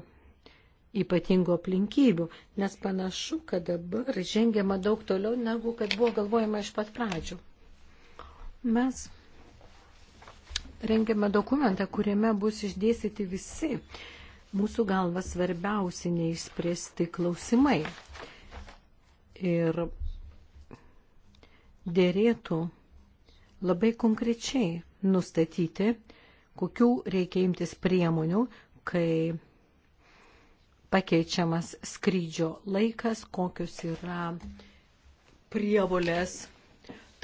ypatingų aplinkybių, nes panašu, kad dabar žengiama daug toliau, negu kad buvo galvojama iš pat pradžių. Mes rengiame dokumentą, kuriame bus išdėstyti visi mūsų galva svarbiausi neišspręsti klausimai. Ir dėrėtų labai konkrečiai nustatyti, kokių reikia imtis priemonių, kai pakeičiamas skrydžio laikas, kokius yra prievolės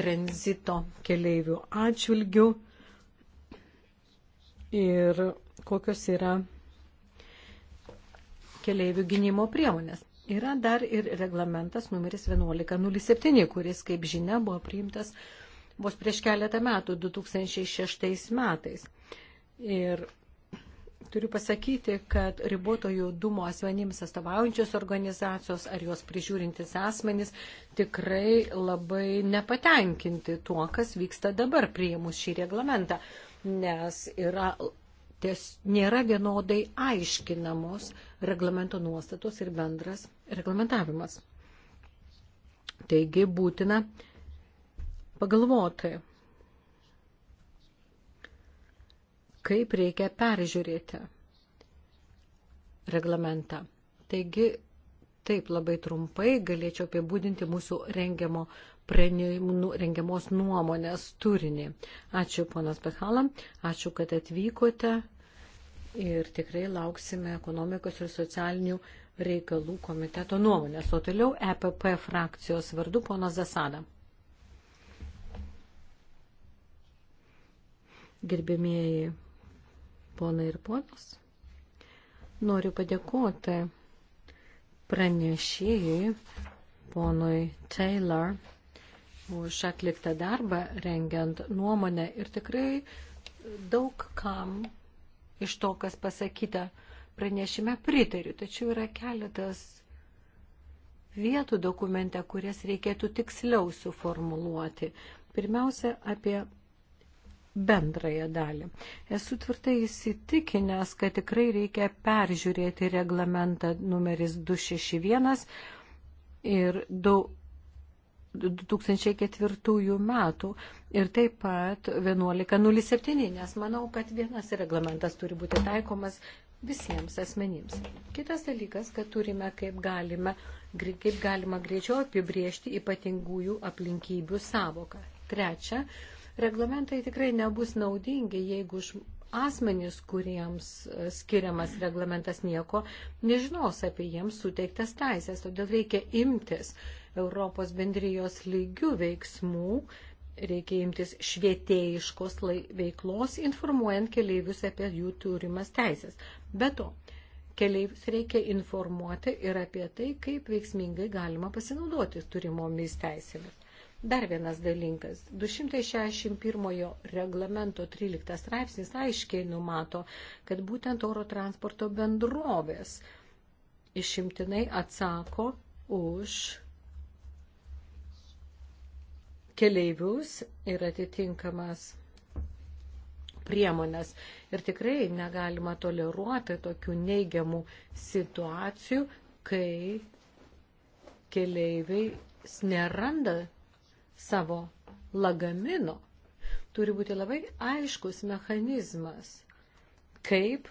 tranzito keleivių atžvilgių ir kokios yra keleivių gynimo priemonės. Yra dar ir reglamentas numeris 1107, kuris, kaip žinia, buvo priimtas vos prieš keletą metų, 2006 metais. Ir turiu pasakyti, kad riboto judumo asmenims atstovaujančios organizacijos ar jos prižiūrintis asmenys tikrai labai nepatenkinti tuo, kas vyksta dabar prieimus šį reglamentą, nes yra ties nėra vienodai aiškinamos reglamento nuostatos ir bendras reglamentavimas. Taigi būtina pagalvoti, kaip reikia peržiūrėti reglamentą. Taigi, taip labai trumpai galėčiau apibūdinti mūsų rengiamo rengiamos nuomonės turinį. Ačiū, ponas Pehalam, ačiū, kad atvykote ir tikrai lauksime ekonomikos ir socialinių reikalų komiteto nuomonės. O toliau EPP frakcijos vardu ponas Zasada. Gerbėmieji ponai ir ponos, noriu padėkoti pranešėjui ponui Taylor už atliktą darbą rengiant nuomonę ir tikrai daug kam iš to, kas pasakyta pranešime, pritariu. Tačiau yra keletas vietų dokumente, kurias reikėtų tiksliau suformuluoti. Pirmiausia, apie bendrąją dalį. Esu tvirtai įsitikinęs, kad tikrai reikia peržiūrėti reglamentą numeris 261 ir 2 2004 metų ir taip pat 1107, nes manau, kad vienas reglamentas turi būti taikomas visiems asmenims. Kitas dalykas, kad turime kaip, galime, kaip galima greičiau apibriežti ypatingųjų aplinkybių savoką. Trečia, reglamentai tikrai nebus naudingi, jeigu asmenys, kuriems e, skiriamas reglamentas nieko, nežinos apie jiems suteiktas teisės, todėl reikia imtis Europos bendrijos lygių veiksmų, reikia imtis švietėjiškos veiklos, informuojant keleivius apie jų turimas teisės. Be to, keleivius reikia informuoti ir apie tai, kaip veiksmingai galima pasinaudoti turimomis teisėmis. Dar vienas dalykas. 261 reglamento 13 straipsnis aiškiai numato, kad būtent oro transporto bendrovės išimtinai atsako už keleivius ir atitinkamas priemonės. Ir tikrai negalima toleruoti tokių neigiamų situacijų, kai keleiviai neranda savo lagamino. Turi būti labai aiškus mechanizmas, kaip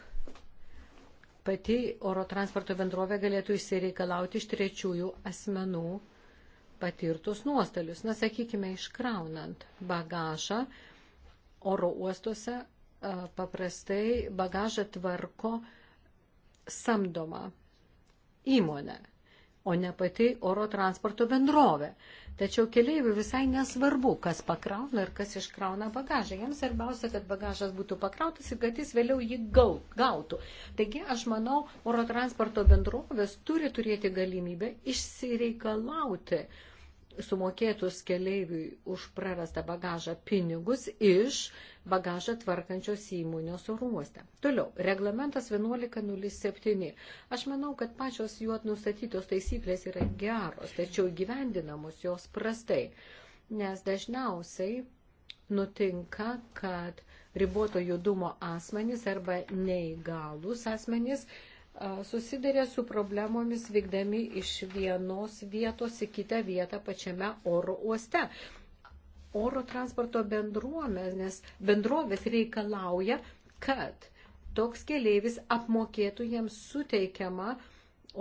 pati oro transporto bendrovė galėtų išsireikalauti iš trečiųjų asmenų patirtus nuostolius. Na, sakykime, iškraunant bagažą oro uostuose paprastai bagažą tvarko samdoma įmonė, o ne pati oro transporto bendrovė. Tačiau keliaivių visai nesvarbu, kas pakrauna ir kas iškrauna bagažą. Jiems svarbiausia, kad bagažas būtų pakrautas ir kad jis vėliau jį gautų. Taigi, aš manau, oro transporto bendrovės turi turėti galimybę išsireikalauti uh, sumokėtus keleiviui už prarastą bagažą pinigus iš bagažą tvarkančios įmonės oruoste. Toliau, reglamentas 1107. Aš manau, kad pačios juo nustatytos taisyklės yra geros, tačiau gyvendinamos jos prastai, nes dažniausiai nutinka, kad riboto judumo asmenys arba neįgalus asmenys susidarė su problemomis vykdami iš vienos vietos į kitą vietą pačiame oro uoste. Oro transporto bendruomenės bendrovės reikalauja, kad toks keleivis apmokėtų jiems suteikiamą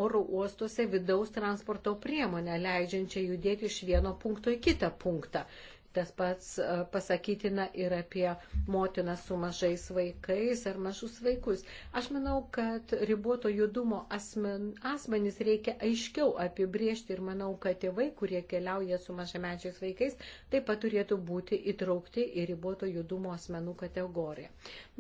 oro uostuose vidaus transporto priemonę, leidžiančią judėti iš vieno punkto į kitą punktą. Tas pats e, pasakytina ir apie motiną su mažais vaikais ar mažus vaikus. Aš manau, kad riboto judumo asmen, asmenys reikia aiškiau apibriežti ir manau, kad tėvai, kurie keliauja su mažamečiais vaikais, taip pat turėtų būti įtraukti į riboto judumo asmenų kategoriją.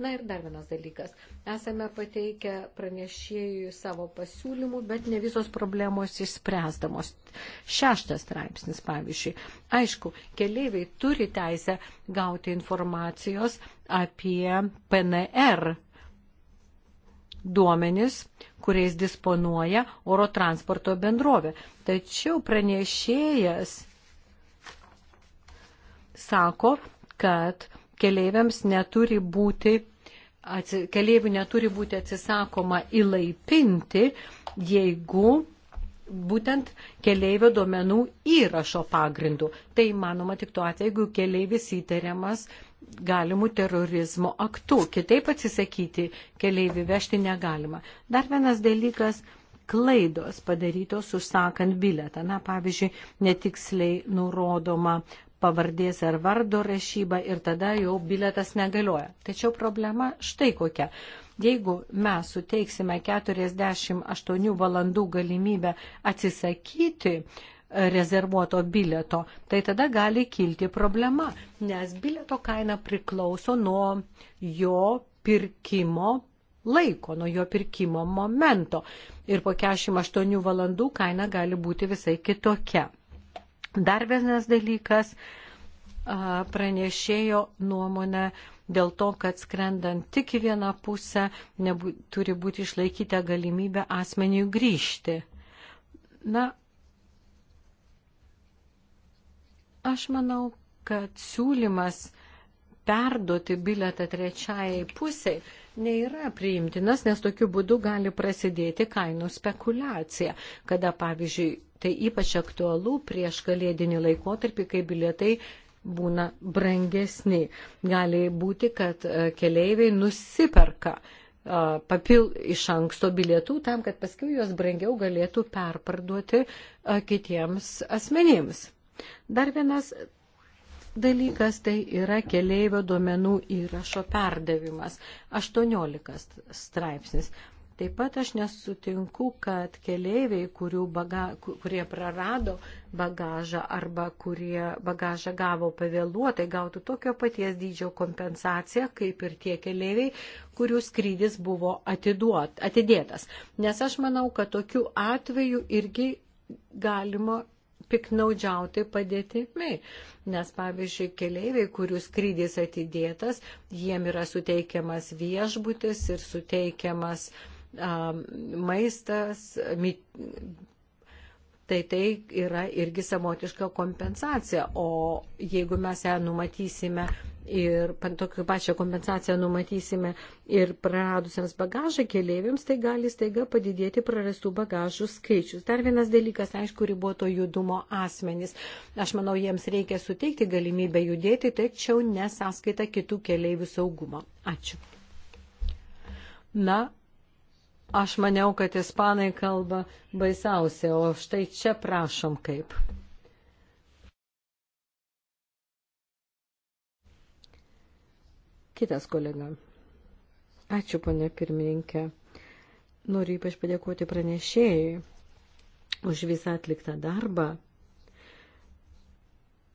Na ir dar vienas dalykas. Esame pateikę pranešėjų savo pasiūlymų, bet ne visos problemos išspręsdamos šeštas straipsnis, pavyzdžiui. Aišku, keleiviai turi teisę gauti informacijos apie PNR duomenis, kuriais disponuoja oro transporto bendrovė. Tačiau pranešėjas sako, kad keleiviams neturi būti, keleivių neturi būti atsisakoma įlaipinti, jeigu būtent keleivio duomenų įrašo pagrindu. Tai manoma tik tuo atveju, jeigu keleivis įtariamas galimų terorizmo aktų. Kitaip atsisakyti keleivį vežti negalima. Dar vienas dalykas - klaidos padarytos užsakant biletą. Na, pavyzdžiui, netiksliai nurodoma pavardės ar vardo rašyba ir tada jau biletas negalioja. Tačiau problema štai kokia. Jeigu mes suteiksime 48 valandų galimybę atsisakyti e, rezervuoto bileto, tai tada gali kilti problema, nes bileto kaina priklauso nuo jo pirkimo laiko, nuo jo pirkimo momento. Ir po 48 valandų kaina gali būti visai kitokia. Dar vienas dalykas pranešėjo nuomonę dėl to, kad skrendant tik į vieną pusę nebu, turi būti išlaikyta galimybė asmeniui grįžti. Na, aš manau, kad siūlymas perduoti biletą trečiajai pusiai nėra priimtinas, nes tokiu būdu gali prasidėti kainų spekulacija, kada, pavyzdžiui, tai ypač aktualu prieš kalėdinį laikotarpį, kai biletai būna brangesni. Gali būti, kad e, keleiviai nusiperka e, papil iš anksto bilietų tam, kad paskui juos brangiau galėtų perparduoti e, kitiems asmenims. Dar vienas dalykas tai yra keleivio duomenų įrašo perdavimas. 18 straipsnis. Taip pat aš nesutinku, kad keleiviai, baga, kurie prarado bagažą arba kurie bagažą gavo pavėluotai, gautų tokio paties dydžio kompensaciją, kaip ir tie keleiviai, kurių skrydis buvo atiduot, atidėtas. Nes aš manau, kad tokiu atveju irgi galima piknaudžiauti padėtimi. Nes, pavyzdžiui, keleiviai, kurių skrydis atidėtas, jiem yra suteikiamas viešbutis ir suteikiamas uh, maistas, tai tai yra irgi samotiška kompensacija. O jeigu mes ją numatysime ir tokią pačią kompensaciją numatysime ir praradusiems bagažą keliaiviams, tai gali staiga padidėti prarastų bagažų skaičius. Dar vienas dalykas, aišku, riboto judumo asmenys. Aš manau, jiems reikia suteikti galimybę judėti, tačiau nesaskaita kitų keliaivių saugumo. Ačiū. Na, Aš maniau, kad ispanai kalba baisiausia, o štai čia prašom kaip. Kitas kolega. Ačiū, ponė pirmininkė. Noriu ypač padėkoti pranešėjai už visą atliktą darbą.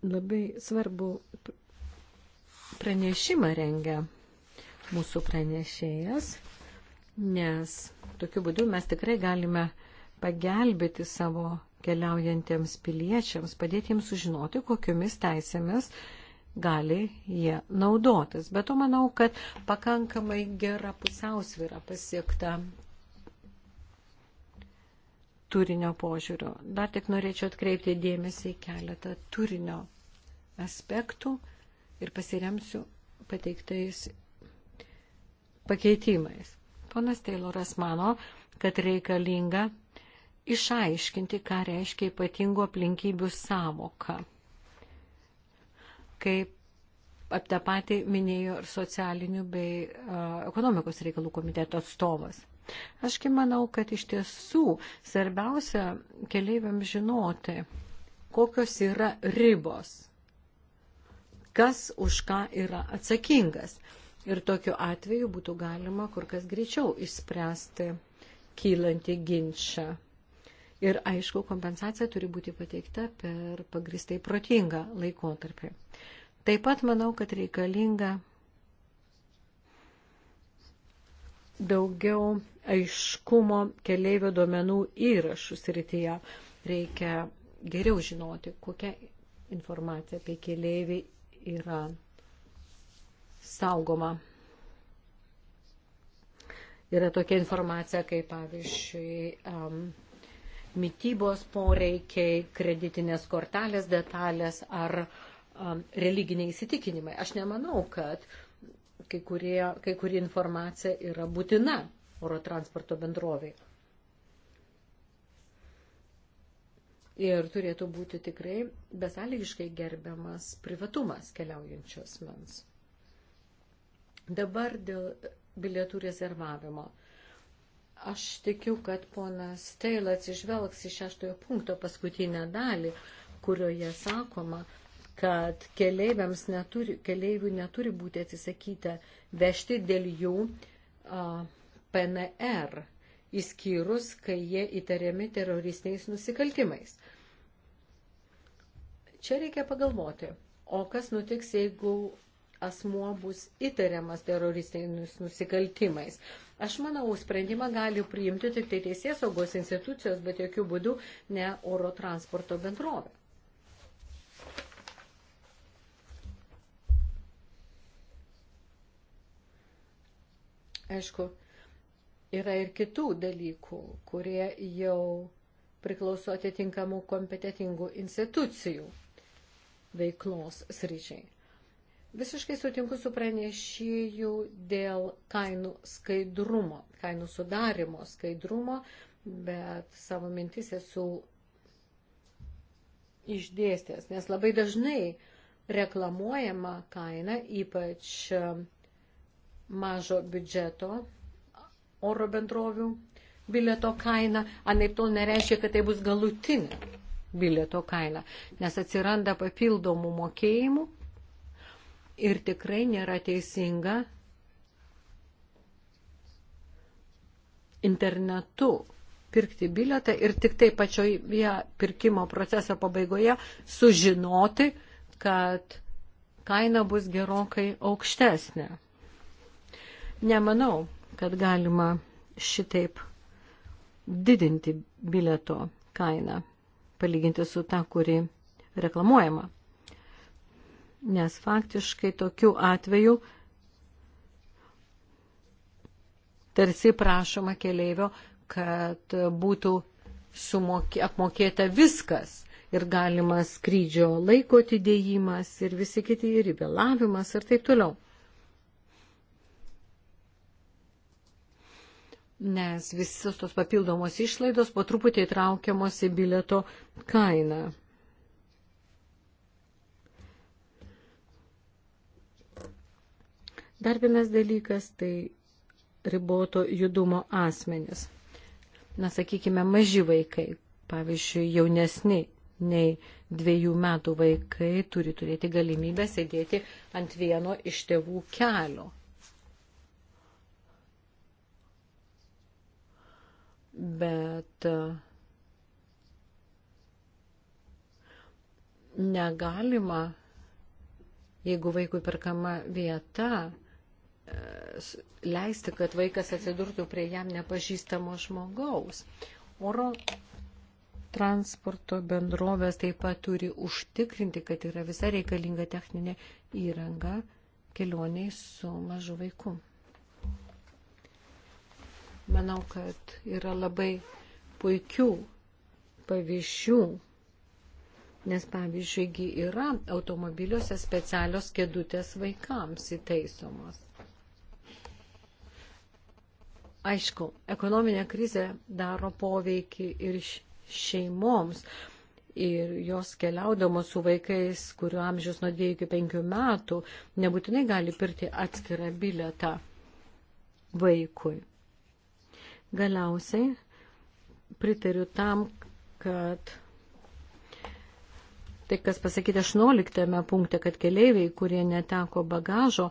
Labai svarbu pranešimą rengia mūsų pranešėjas, nes Tokiu būdu mes tikrai galime pagelbėti savo keliaujantiems piliečiams, padėti jiems sužinoti, kokiomis teisėmis gali jie naudotis. Bet to manau, kad pakankamai gera pusiausvyra pasiekta turinio požiūriu. Dar tik norėčiau atkreipti dėmesį į keletą turinio aspektų ir pasiremsiu pateiktais pakeitimais. Ponas Tayloras mano, kad reikalinga išaiškinti, ką reiškia ypatingų aplinkybių savoka. Kaip apie tą patį minėjo ir socialinių bei uh, ekonomikos reikalų komiteto atstovas. Ašgi manau, kad iš tiesų svarbiausia keliaiviams žinoti, kokios yra ribos, kas už ką yra atsakingas. Ir tokiu atveju būtų galima kur kas greičiau išspręsti kylantį ginčą. Ir aišku, kompensacija turi būti pateikta per pagristai protingą laikotarpį. Taip pat manau, kad reikalinga daugiau aiškumo keleivio duomenų įrašų srityje. Reikia geriau žinoti, kokia informacija apie keleivį yra saugoma. Yra tokia informacija, kaip pavyzdžiui, um, mytybos poreikiai, kreditinės kortelės detalės ar um, religiniai įsitikinimai. Aš nemanau, kad kai, kurie, kai kuri informacija yra būtina oro transporto bendroviai. ir turėtų būti tikrai besąlygiškai gerbiamas privatumas keliaujančios mens. Dabar dėl bilietų rezervavimo. Aš tikiu, kad ponas Teilą atsižvelgs į šeštojo punkto paskutinę dalį, kurioje sakoma, kad keleiviams neturi, keleivių neturi būti atsisakyta vežti dėl jų a, PNR, įskyrus, kai jie įtariami teroristiniais nusikaltimais. Čia reikia pagalvoti, o kas nutiks, jeigu asmuo bus įtariamas teroristiniais nusikaltimais. Aš manau, sprendimą gali priimti tik tai teisės saugos institucijos, bet jokių būdų ne oro transporto bendrovė. Aišku, yra ir kitų dalykų, kurie jau priklauso atitinkamų kompetitingų institucijų veiklos sryčiai. Visiškai sutinku su pranešėju dėl kainų skaidrumo, kainų sudarimo skaidrumo, bet savo mintis esu išdėstęs, nes labai dažnai reklamuojama kaina, ypač e, mažo biudžeto oro bendrovių bilieto kaina, anaip tol nereiškia, kad tai bus galutinė bilieto kaina, nes atsiranda papildomų mokėjimų ir tikrai nėra teisinga internetu pirkti biletą ir tik tai pačioje pirkimo proceso pabaigoje sužinoti, kad kaina bus gerokai aukštesnė. Nemanau, kad galima šitaip didinti bileto kainą, palyginti su ta, kuri reklamuojama nes faktiškai tokiu atveju tarsi prašoma keleivio, kad būtų sumokė, apmokėta viskas ir galimas skrydžio laiko atidėjimas ir visi kiti ir įvėlavimas ir taip toliau. Nes visos tos papildomos išlaidos po truputį įtraukiamos į bileto kainą. Dar vienas dalykas tai riboto judumo asmenis. Na, sakykime, maži vaikai, pavyzdžiui, jaunesni nei dviejų metų vaikai turi turėti galimybę sėdėti ant vieno iš tėvų kelio. Bet negalima, jeigu vaikui perkama vieta, leisti, kad vaikas atsidurtų prie jam nepažįstamo žmogaus. Oro transporto bendrovės taip pat turi užtikrinti, kad yra visa reikalinga techninė įranga kelioniai su mažu vaiku. Manau, kad yra labai puikių pavyzdžių, nes pavyzdžiui, yra automobiliuose specialios kėdutės vaikams įtaisomos. Aišku, ekonominė krizė daro poveikį ir šeimoms. Ir jos keliaudamos su vaikais, kurių amžius nuo 2 iki 5 metų, nebūtinai gali pirkti atskirą biletą vaikui. Galiausiai pritariu tam, kad tai, kas pasakyti 18 punkte, kad keleiviai, kurie neteko bagažo,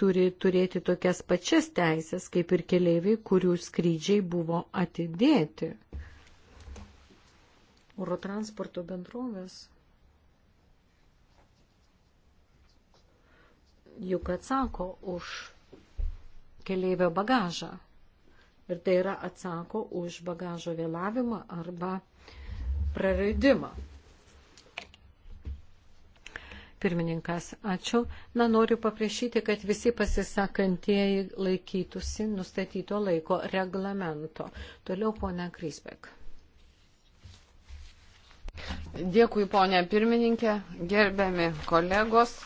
turi turėti tokias pačias teisės, kaip ir keleiviai, kurių skrydžiai buvo atidėti. Oro transporto bendrovės juk atsako už keleivio bagažą. Ir tai yra atsako už bagažo vėlavimą arba praradimą. Pirmininkas, ačiū. Na, noriu paprašyti, kad visi pasisakantieji laikytųsi nustatyto laiko reglamento. Toliau ponia Krisbek. Dėkui, ponia pirmininkė, gerbiami kolegos.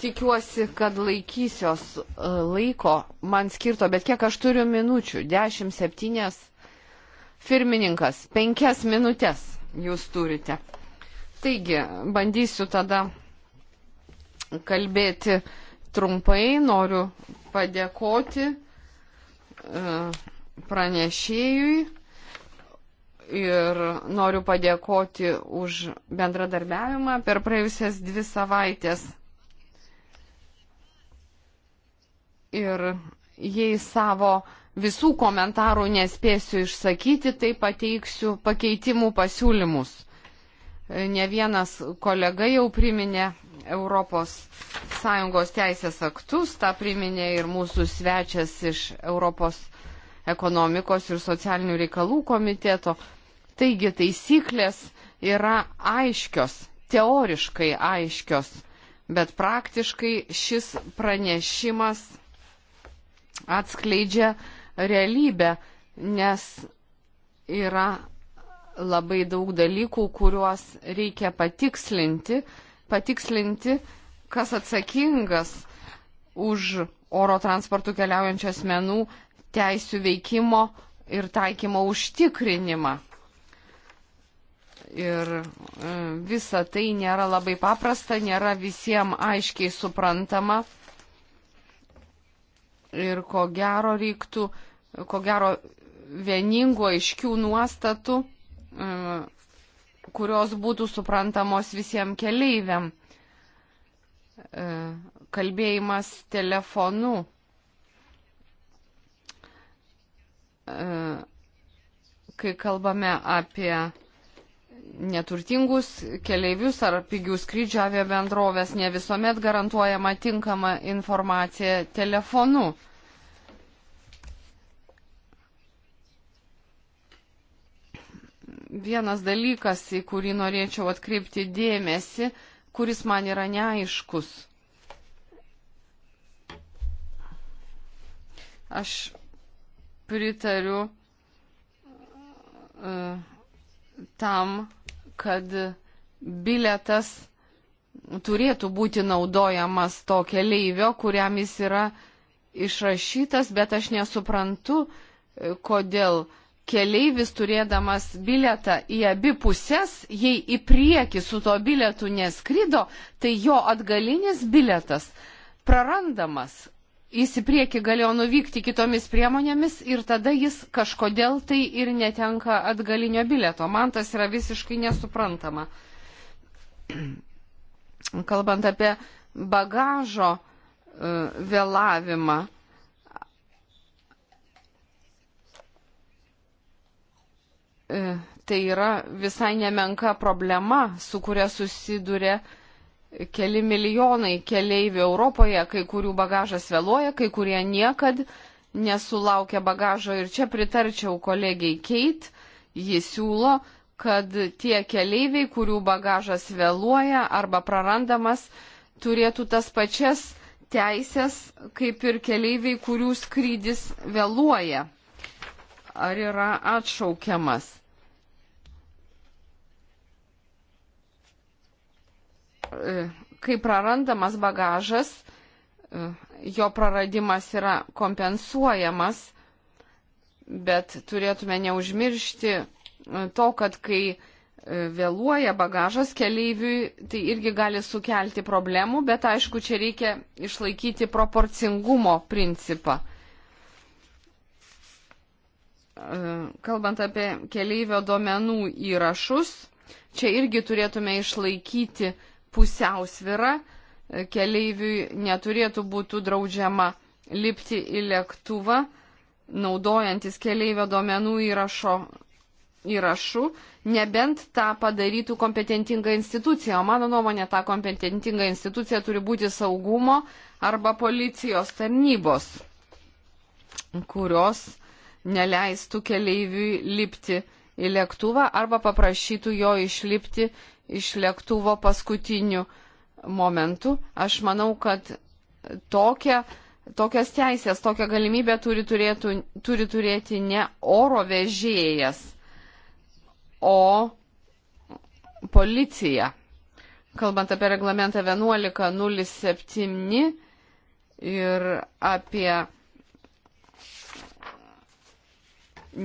Tikiuosi, kad laikysios e, laiko man skirto, bet kiek aš turiu minučių? 10, 7. Pirmininkas, 5 minutės jūs turite. Taigi, bandysiu tada kalbėti trumpai, noriu padėkoti e, pranešėjui ir noriu padėkoti už bendradarbiavimą per praėjusias dvi savaitės. Ir jei savo visų komentarų nespėsiu išsakyti, tai pateiksiu pakeitimų pasiūlymus ne vienas kolega jau priminė ES teisės aktus, tą priminė ir mūsų svečias iš Europos ekonomikos ir socialinių reikalų komiteto. Taigi taisyklės yra aiškios, teoriškai aiškios, bet praktiškai šis pranešimas atskleidžia realybę, nes yra labai daug dalykų, kuriuos reikia patikslinti, patikslinti, kas atsakingas už oro transportų keliaujančių asmenų teisų veikimo ir taikymo užtikrinimą. Ir e, visa tai nėra labai paprasta, nėra visiems aiškiai suprantama. Ir ko gero reiktų, ko gero vieningo aiškių nuostatų E, kurios būtų suprantamos visiems keleiviam. E, kalbėjimas telefonu. E, kai kalbame apie neturtingus keleivius ar pigių skrydžių avio bendrovės, ne visuomet garantuojama tinkama informacija telefonu. vienas dalykas, į kurį norėčiau atkreipti dėmesį, kuris man yra neaiškus. Aš pritariu uh, tam, kad biletas turėtų būti naudojamas to keleivio, kuriam jis yra išrašytas, bet aš nesuprantu, e, kodėl uh, keleivis turėdamas bilietą į abi pusės, jei į priekį su tuo bilietu neskrydo, tai jo atgalinis bilietas prarandamas. Jis į priekį galėjo nuvykti kitomis priemonėmis ir tada jis kažkodėl tai ir netenka atgalinio bilieto. Man tas yra visiškai nesuprantama. Kalbant apie bagažo e, vėlavimą, E, tai yra visai nemenka problema, su kuria susiduria keli milijonai keleivių Europoje, kai kurių bagažas vėluoja, kai kurie niekad nesulaukia bagažo. Ir čia pritarčiau kolegiai Keit, jis siūlo, kad tie keleiviai, kurių bagažas vėluoja arba prarandamas, turėtų tas pačias teisės kaip ir keleiviai, kurių skrydis vėluoja ar yra atšaukiamas. E, kai prarandamas bagažas, e, jo praradimas yra kompensuojamas, bet turėtume neužmiršti e, to, kad kai vėluoja bagažas keleiviui, tai irgi gali sukelti problemų, bet aišku, čia reikia išlaikyti proporcingumo principą kalbant apie keleivio duomenų įrašus, čia irgi turėtume išlaikyti pusiausvirą. Keleiviui neturėtų būti draudžiama lipti į lėktuvą, naudojantis keleivio duomenų įrašo, įrašu, nebent tą padarytų kompetentinga institucija. O mano nuomonė, ta kompetentinga institucija turi būti saugumo arba policijos tarnybos, kurios uh, neleistų keleiviui lipti į lėktuvą arba paprašytų jo išlipti iš lėktuvo paskutiniu momentu. Aš manau, kad tokia, tokias teisės, tokią galimybę turi, turėtų, turi turėti ne oro vežėjas, o policija. Kalbant apie reglamentą 1107 ir apie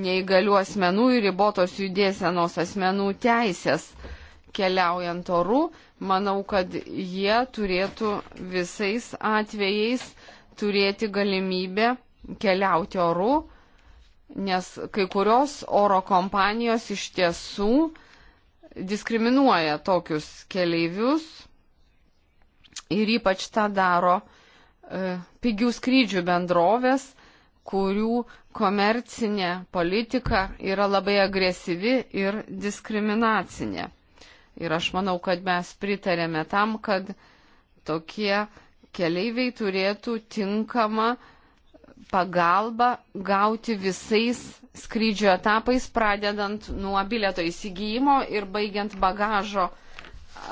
neįgalių asmenų ir ribotos judėsenos asmenų teisės keliaujant orų. Manau, kad jie turėtų visais atvejais turėti galimybę keliauti orų, nes kai kurios oro kompanijos iš tiesų diskriminuoja tokius keleivius ir ypač tą daro e, pigių skrydžių bendrovės, kurių komercinė politika yra labai agresyvi ir diskriminacinė. Ir aš manau, kad mes pritarėme tam, kad tokie keleiviai turėtų tinkamą pagalbą gauti visais skrydžio etapais, pradedant nuo bilieto įsigijimo ir baigiant bagažo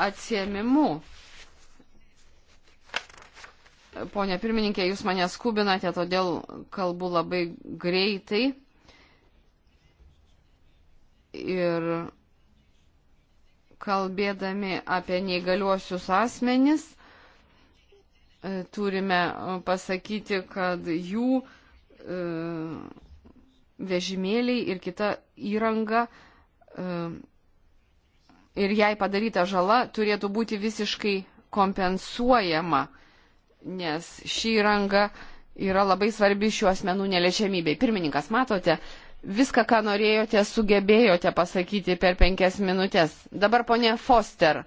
atsiemimu. Pone pirmininkė, jūs mane skubinate, todėl kalbu labai greitai. Ir kalbėdami apie neįgaliuosius asmenis, e, turime pasakyti, kad jų e, vežimėliai ir kita įranga e, ir jai padaryta žala turėtų būti visiškai kompensuojama nes ši įranga yra labai svarbi šių asmenų neliečiamybei. Pirmininkas, matote, viską, ką norėjote, sugebėjote pasakyti per penkias minutės. Dabar ponė Foster,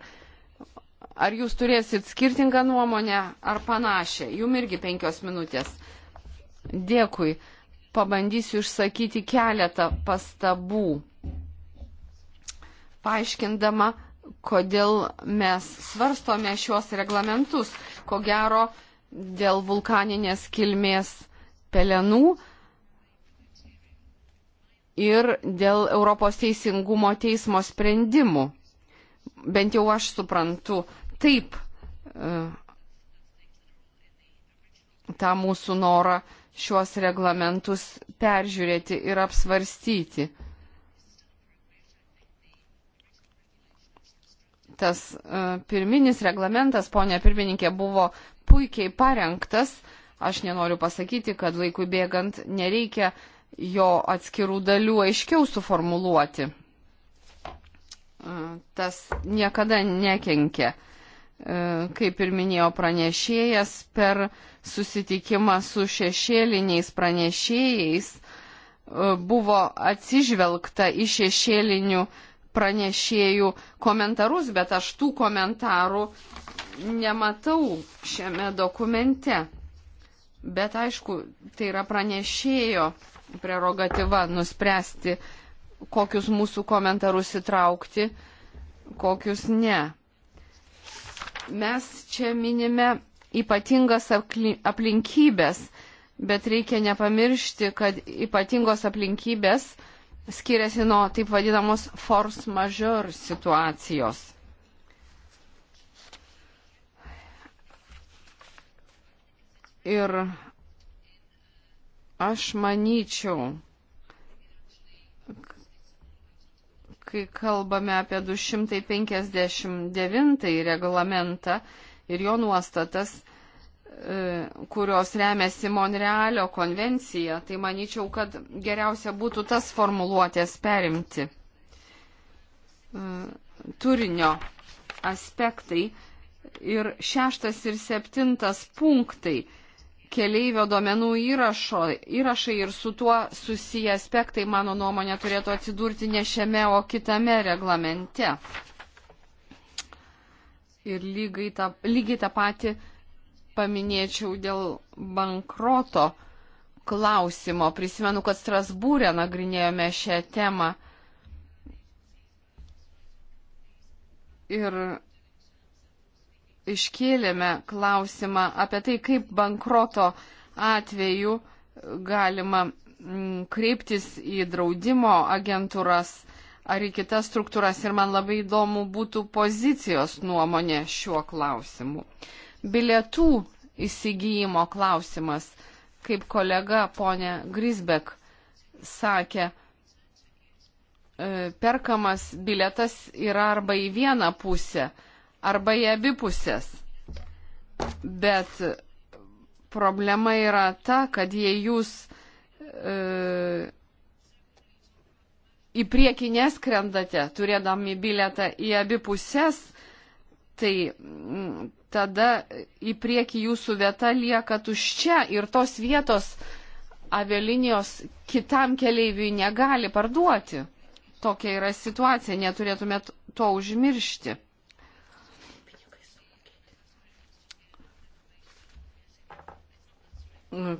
ar jūs turėsit skirtingą nuomonę ar panašią? Jum irgi penkios minutės. Dėkui. Pabandysiu išsakyti keletą pastabų, paaiškindama, kodėl mes svarstome šios reglamentus ko gero dėl vulkaninės kilmės pelenų ir dėl Europos teisingumo teismo sprendimų. Bent jau aš suprantu taip e, tą mūsų norą šiuos reglamentus peržiūrėti ir apsvarstyti. parengtas e, pirminis reglamentas, ponė pirmininkė, buvo puikiai parengtas. Aš nenoriu pasakyti, kad laikui bėgant nereikia jo atskirų dalių aiškiau suformuluoti. E, tas niekada nekenkia e, kaip ir minėjo pranešėjas, per susitikimą su šešėliniais pranešėjais buvo atsižvelgta į šešėlinių pranešėjų komentarus, bet aš tų komentarų nematau šiame dokumente. Bet aišku, tai yra pranešėjo prerogatyva nuspręsti, kokius mūsų komentarus įtraukti, kokius ne. Mes čia minime ypatingas aplinkybės, bet reikia nepamiršti, kad ypatingos aplinkybės skiriasi nuo taip vadinamos force majeure situacijos. Ir aš manyčiau, kai kalbame apie 259 reglamentą ir jo nuostatas, E, kurios remiasi Monrealio konvencija, tai manyčiau, kad geriausia būtų tas formuluotės perimti. E, turinio aspektai ir šeštas ir septintas punktai keleivio domenų įrašo, įrašai ir su tuo susiję aspektai, mano nuomonė, turėtų atsidurti ne šiame, o kitame reglamente. Ir lygiai tą, lygiai tą patį uh, paminėčiau dėl bankroto klausimo. Prisimenu, kad Strasbūrė nagrinėjome šią temą. Ir iškėlėme klausimą apie tai, kaip bankroto atveju galima mm, kreiptis į draudimo agentūras ar į kitas struktūras ir man labai įdomu būtų pozicijos nuomonė šiuo klausimu bilietų įsigijimo klausimas, kaip kolega ponė Grisbek sakė, e, perkamas bilietas yra arba į vieną pusę, arba į abi pusės. Bet problema yra ta, kad jei jūs e, į priekį neskrendate, turėdami bilietą į abi pusės, tai mm, tada į priekį jūsų vieta lieka tuščia ir tos vietos avialinijos kitam keleiviui negali parduoti. Tokia yra situacija, neturėtumėt to užmiršti.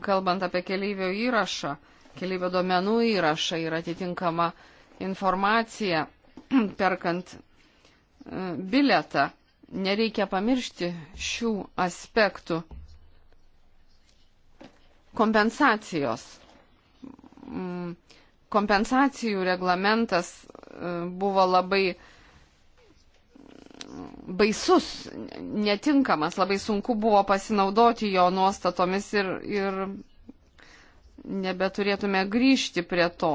Kalbant apie keleivio įrašą, keleivio duomenų įrašą ir atitinkama informacija, perkant e, biletą, nereikia pamiršti šių aspektų. Kompensacijos. Mm, kompensacijų reglamentas e, buvo labai baisus, netinkamas, labai sunku buvo pasinaudoti jo nuostatomis ir, ir nebeturėtume grįžti prie to.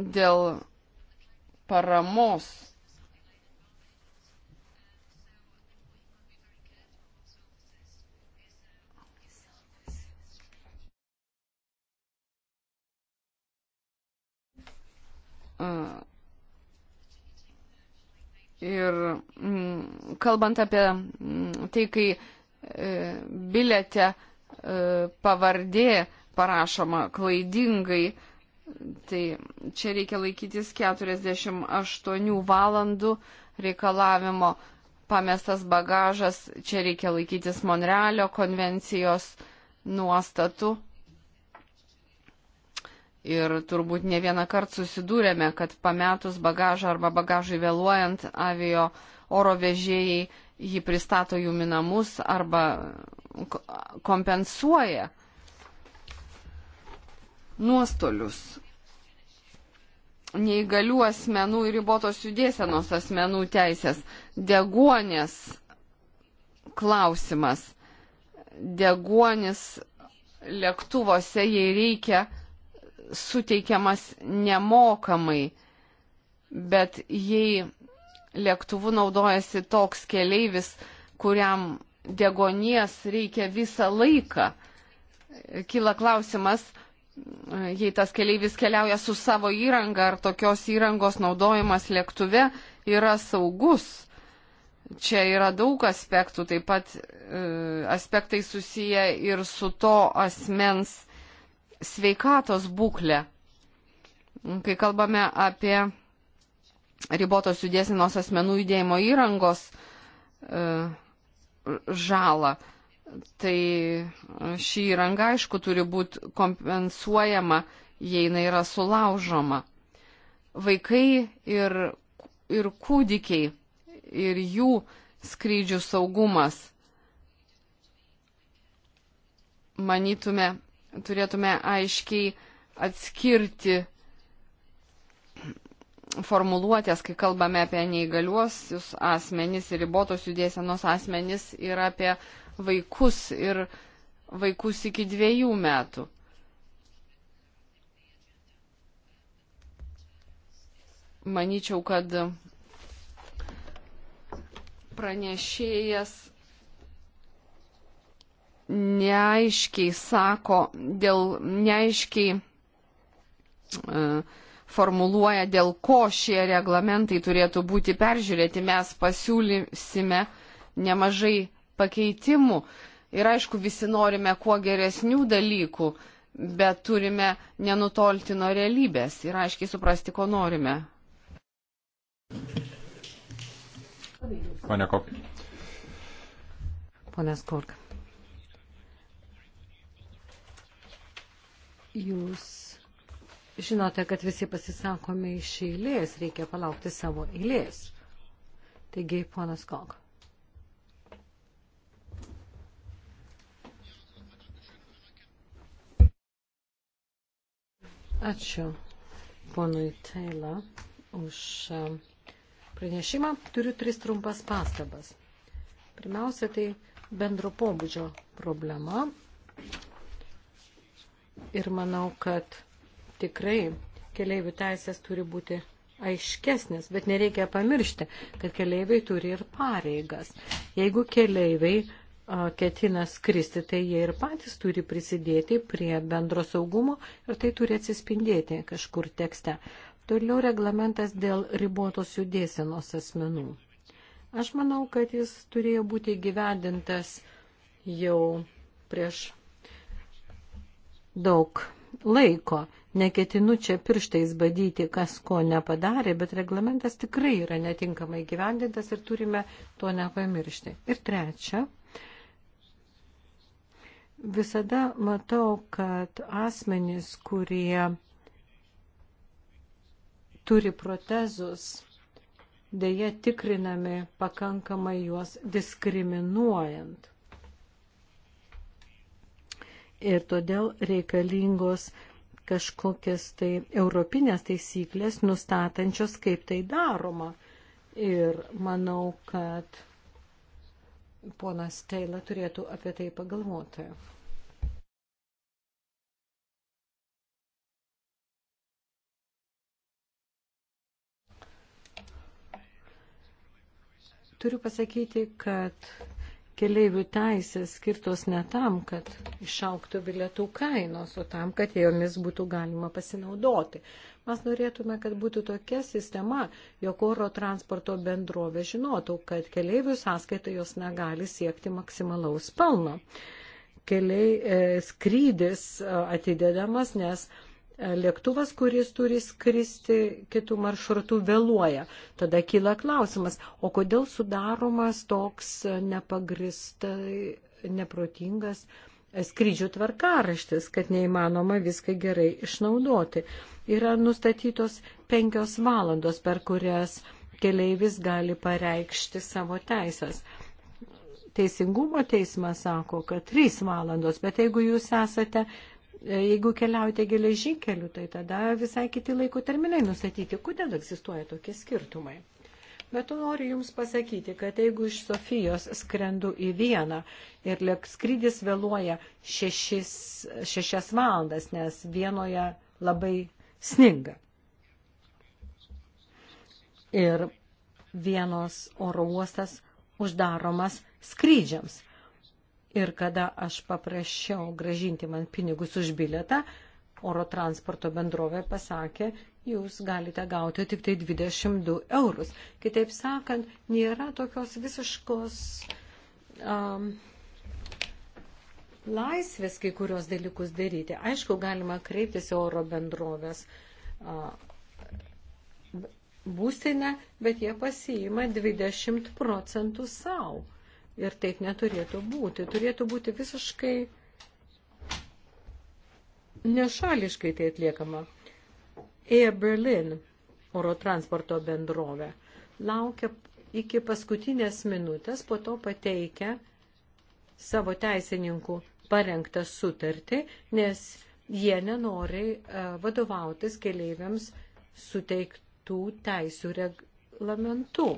Dėl paramos. Ir mm, kalbant apie mm, tai, kai e, biletė e, pavardė parašoma klaidingai, Tai čia reikia laikytis 48 valandų reikalavimo. Pamestas bagažas, čia reikia laikytis Monrealio konvencijos nuostatų. Ir turbūt ne vieną kartą susidūrėme, kad pametus bagažą arba bagažui vėluojant avio oro vežėjai jį pristato jų minamus arba kompensuoja nuostolius neįgalių asmenų ir ribotos judėsenos asmenų teisės. Deguonės klausimas. Deguonis lėktuvose, jei reikia, suteikiamas nemokamai, bet jei lėktuvu naudojasi toks keleivis, kuriam degonies reikia visą laiką, kyla klausimas, jei tas keleivis keliauja su savo įranga ar tokios įrangos naudojimas lėktuve yra saugus. Čia yra daug aspektų, taip pat e, aspektai susiję ir su to asmens sveikatos būklė. Kai kalbame apie ribotos judėsinos asmenų judėjimo įrangos e, žalą, e, tai šį įrangą, aišku, turi būti kompensuojama, jei jinai yra sulaužoma. Vaikai ir, ir kūdikiai ir jų skrydžių saugumas, manytume, turėtume aiškiai atskirti formuluotės, kai kalbame apie neįgaliuosius asmenys ir ribotos judėsenos asmenys, yra apie vaikus ir vaikus iki dviejų metų. Manyčiau, kad pranešėjas neaiškiai sako, dėl neaiškiai uh, formuluoja, dėl ko šie reglamentai turėtų būti peržiūrėti. Mes pasiūlysime nemažai pakeitimų ir aišku, visi norime kuo geresnių dalykų, bet turime nenutolti nuo realybės ir aiškiai suprasti, ko norime. Pane Kop. Pane Skurk. Jūs Žinote, kad visi pasisakome iš eilės, reikia palaukti savo eilės. Taigi, ponas Kok. Ačiū ponui Taila už e, pranešimą. Turiu tris trumpas pastabas. Pirmiausia, tai bendro pobūdžio problema. Ir manau, kad Tikrai keleivių teisės turi būti aiškesnės, bet nereikia pamiršti, kad keleiviai turi ir pareigas. Jeigu keleiviai ketina skristi, tai jie ir patys turi prisidėti prie bendro saugumo ir tai turi atsispindėti kažkur tekste. Toliau reglamentas dėl ribotos judėsenos asmenų. Aš manau, kad jis turėjo būti gyvendintas jau prieš daug laiko. Neketinu čia pirštais badyti, kas ko nepadarė, bet reglamentas tikrai yra netinkamai gyvendintas ir turime to nepamiršti. Ir trečia, visada matau, kad asmenys, kurie turi protezus, dėja tikrinami pakankamai juos diskriminuojant ir todėl reikalingos kažkokias tai europinės taisyklės nustatančios, kaip tai daroma. Ir manau, kad ponas Teila turėtų apie tai pagalvoti. Turiu pasakyti, kad keleivių teisės skirtos ne tam, kad išauktų bilietų kainos, o tam, kad jomis būtų galima pasinaudoti. Mes norėtume, kad būtų tokia sistema, jog oro transporto bendrovė žinotų, kad keleivių sąskaita jos negali siekti maksimalaus pelno. Keliai e, skrydis e, atidedamas, nes e, lėktuvas, kuris turi skristi kitų maršrutų, vėluoja. Tada kyla klausimas, o kodėl sudaromas toks nepagristai neprotingas skrydžių tvarkaraštis, kad neįmanoma viską gerai išnaudoti. Yra nustatytos penkios valandos, per kurias keleivis gali pareikšti savo teisės. Teisingumo teismas sako, kad trys valandos, bet jeigu jūs esate Jeigu keliaujate geležinkeliu, tai tada visai kiti laiko terminai nustatyti, kodėl egzistuoja tokie skirtumai. Bet tu noriu Jums pasakyti, kad jeigu iš Sofijos skrendu į vieną ir skrydis vėluoja šešis, šešias valandas, nes vienoje labai sninga. Ir vienos oro uostas uždaromas skrydžiams ir kada aš paprašiau gražinti man pinigus už bilietą, oro transporto bendrovė pasakė, jūs galite gauti tik tai 22 eurus. Kitaip sakant, nėra tokios visiškos um, laisvės kai kurios dalykus daryti. Aišku, galima kreiptis į oro bendrovės uh, būstinę, bet jie pasiima 20 procentų savo Ir taip neturėtų būti. Turėtų būti visiškai nešališkai tai atliekama. Air Berlin oro transporto bendrovė laukia iki paskutinės minutės, po to pateikia savo teisininkų parengtą sutartį, nes jie nenori e, vadovautis keleiviams suteiktų teisų reglamentų.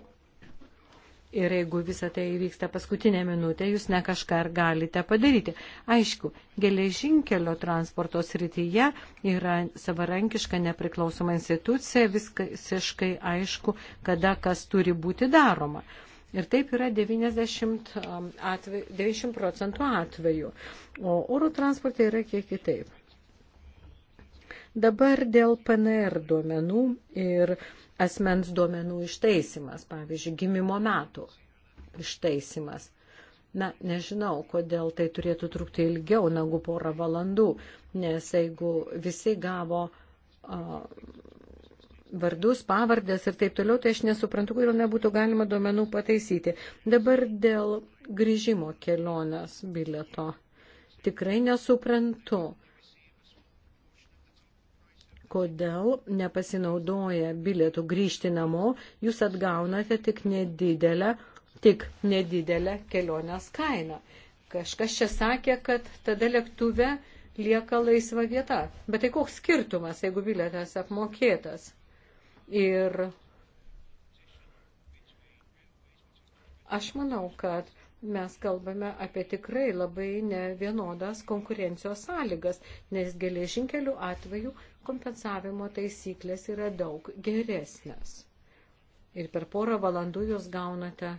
Ir jeigu visa tai vyksta paskutinę minutę, jūs ne kažką ir galite padaryti. Aišku, geležinkelio transporto srityje yra savarankiška nepriklausoma institucija, visiškai aišku, kada kas turi būti daroma. Ir taip yra 90, um, atveju, 90 procentų atvejų. O oro transporte yra kiek kitaip. Dabar dėl PNR duomenų ir asmens duomenų ištaisimas, pavyzdžiui, gimimo metų ištaisimas. Na, nežinau, kodėl tai turėtų trukti ilgiau negu porą valandų, nes jeigu visi gavo uh, vardus, pavardės ir taip toliau, tai aš nesuprantu, kodėl nebūtų galima duomenų pataisyti. Dabar dėl grįžimo kelionės bileto. Tikrai nesuprantu. Uh, kodėl nepasinaudoję bilietų grįžti namo, jūs atgaunate tik nedidelę, tik nedidelę kelionės kainą. Kažkas čia sakė, kad tada lėktuve lieka laisva vieta. Bet tai koks skirtumas, jeigu bilietas apmokėtas? Ir aš manau, kad mes kalbame apie tikrai labai nevienodas konkurencijos sąlygas, nes geležinkelių atveju kompensavimo taisyklės yra daug geresnės. Ir per porą valandų jūs gaunate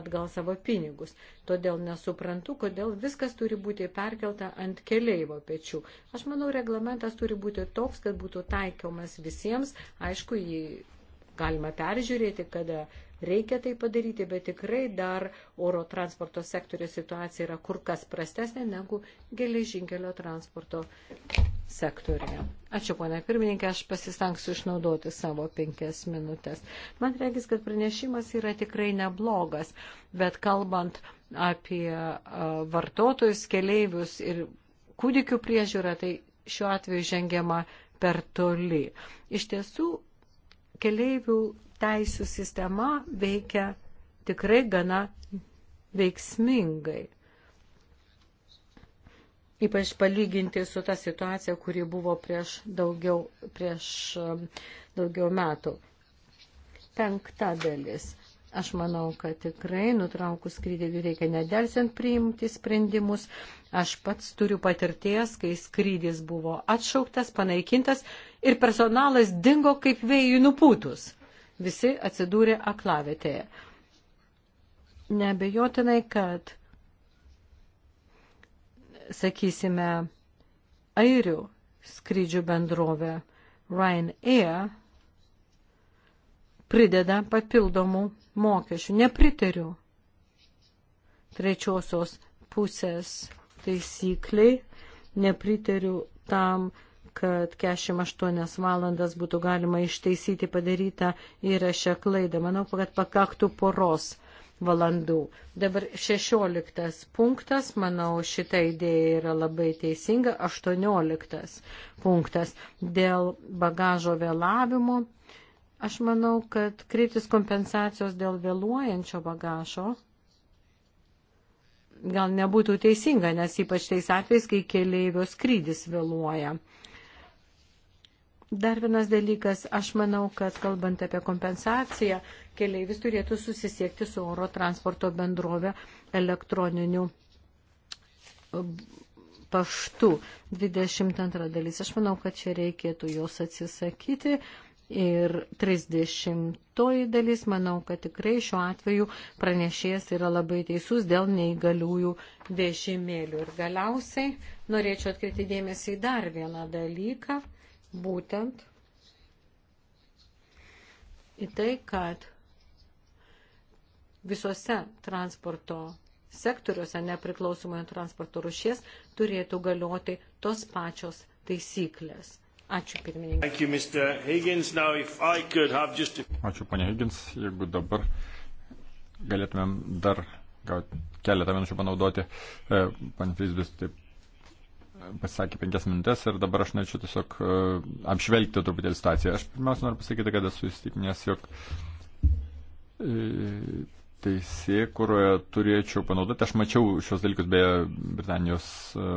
atgal savo pinigus. Todėl nesuprantu, kodėl viskas turi būti perkelta ant keliaivo pečių. Aš manau, reglamentas turi būti toks, kad būtų taikomas visiems. Aišku, jį galima peržiūrėti, kada reikia tai padaryti, bet tikrai dar oro transporto sektorio situacija yra kur kas prastesnė negu geležinkelio transporto sektoriuje. Ačiū, ponia pirmininkė, aš pasistengsiu išnaudoti savo penkias minutės. Man reikia, kad pranešimas yra tikrai neblogas, bet kalbant apie vartotojus, keleivius ir kūdikių priežiūrą, tai šiuo atveju žengiama per toli. Iš tiesų, keleivių teisų sistema veikia tikrai gana veiksmingai ypač palyginti su ta situacija, kuri buvo prieš daugiau, prieš um, daugiau metų. Penkta dalis. Aš manau, kad tikrai nutraukus skrydėlį reikia nedelsiant priimti sprendimus. Aš pats turiu patirties, kai skrydis buvo atšauktas, panaikintas ir personalas dingo kaip vėjų nupūtus. Visi atsidūrė aklavėtėje. Nebejotinai, kad sakysime, airių skrydžių bendrovė Ryanair prideda papildomų mokesčių. Nepritariu trečiosios pusės taisykliai, nepritariu tam, kad 48 valandas būtų galima ištaisyti padarytą įrašę klaidą. Manau, kad pakaktų poros valandų. Dabar 16 punktas, manau, šita idėja yra labai teisinga. 18 punktas dėl bagažo vėlavimo. Aš manau, kad kryptis kompensacijos dėl vėluojančio bagažo gal nebūtų teisinga, nes ypač tais atvejais, kai keleivio skrydis vėluoja. Dar vienas dalykas, aš manau, kad kalbant apie kompensaciją, keleivis turėtų susisiekti su oro transporto bendrovė elektroniniu e, paštu. 22 dalis, aš manau, kad čia reikėtų jos atsisakyti. Ir 30 dalis, manau, kad tikrai šiuo atveju pranešėjas yra labai teisus dėl neįgaliųjų vežimėlių. Ir galiausiai norėčiau atkreipti dėmesį į dar vieną dalyką būtent į tai, kad visose transporto sektoriuose, nepriklausomai nuo transporto rušies, turėtų galioti tos pačios taisyklės. Ačiū pirmininkai. Ačiū, ponia Higgins. Jeigu dabar galėtumėm dar gauti keletą minučių panaudoti, e, pan Frisbis taip pasakė penkias minutės ir dabar aš norėčiau tiesiog e, apžvelgti truputėlį situaciją. Aš pirmiausia noriu pasakyti, kad esu įsitikinęs, jog e, teisė, kurioje turėčiau panaudoti, aš mačiau šios dalykus beje Britanijos e,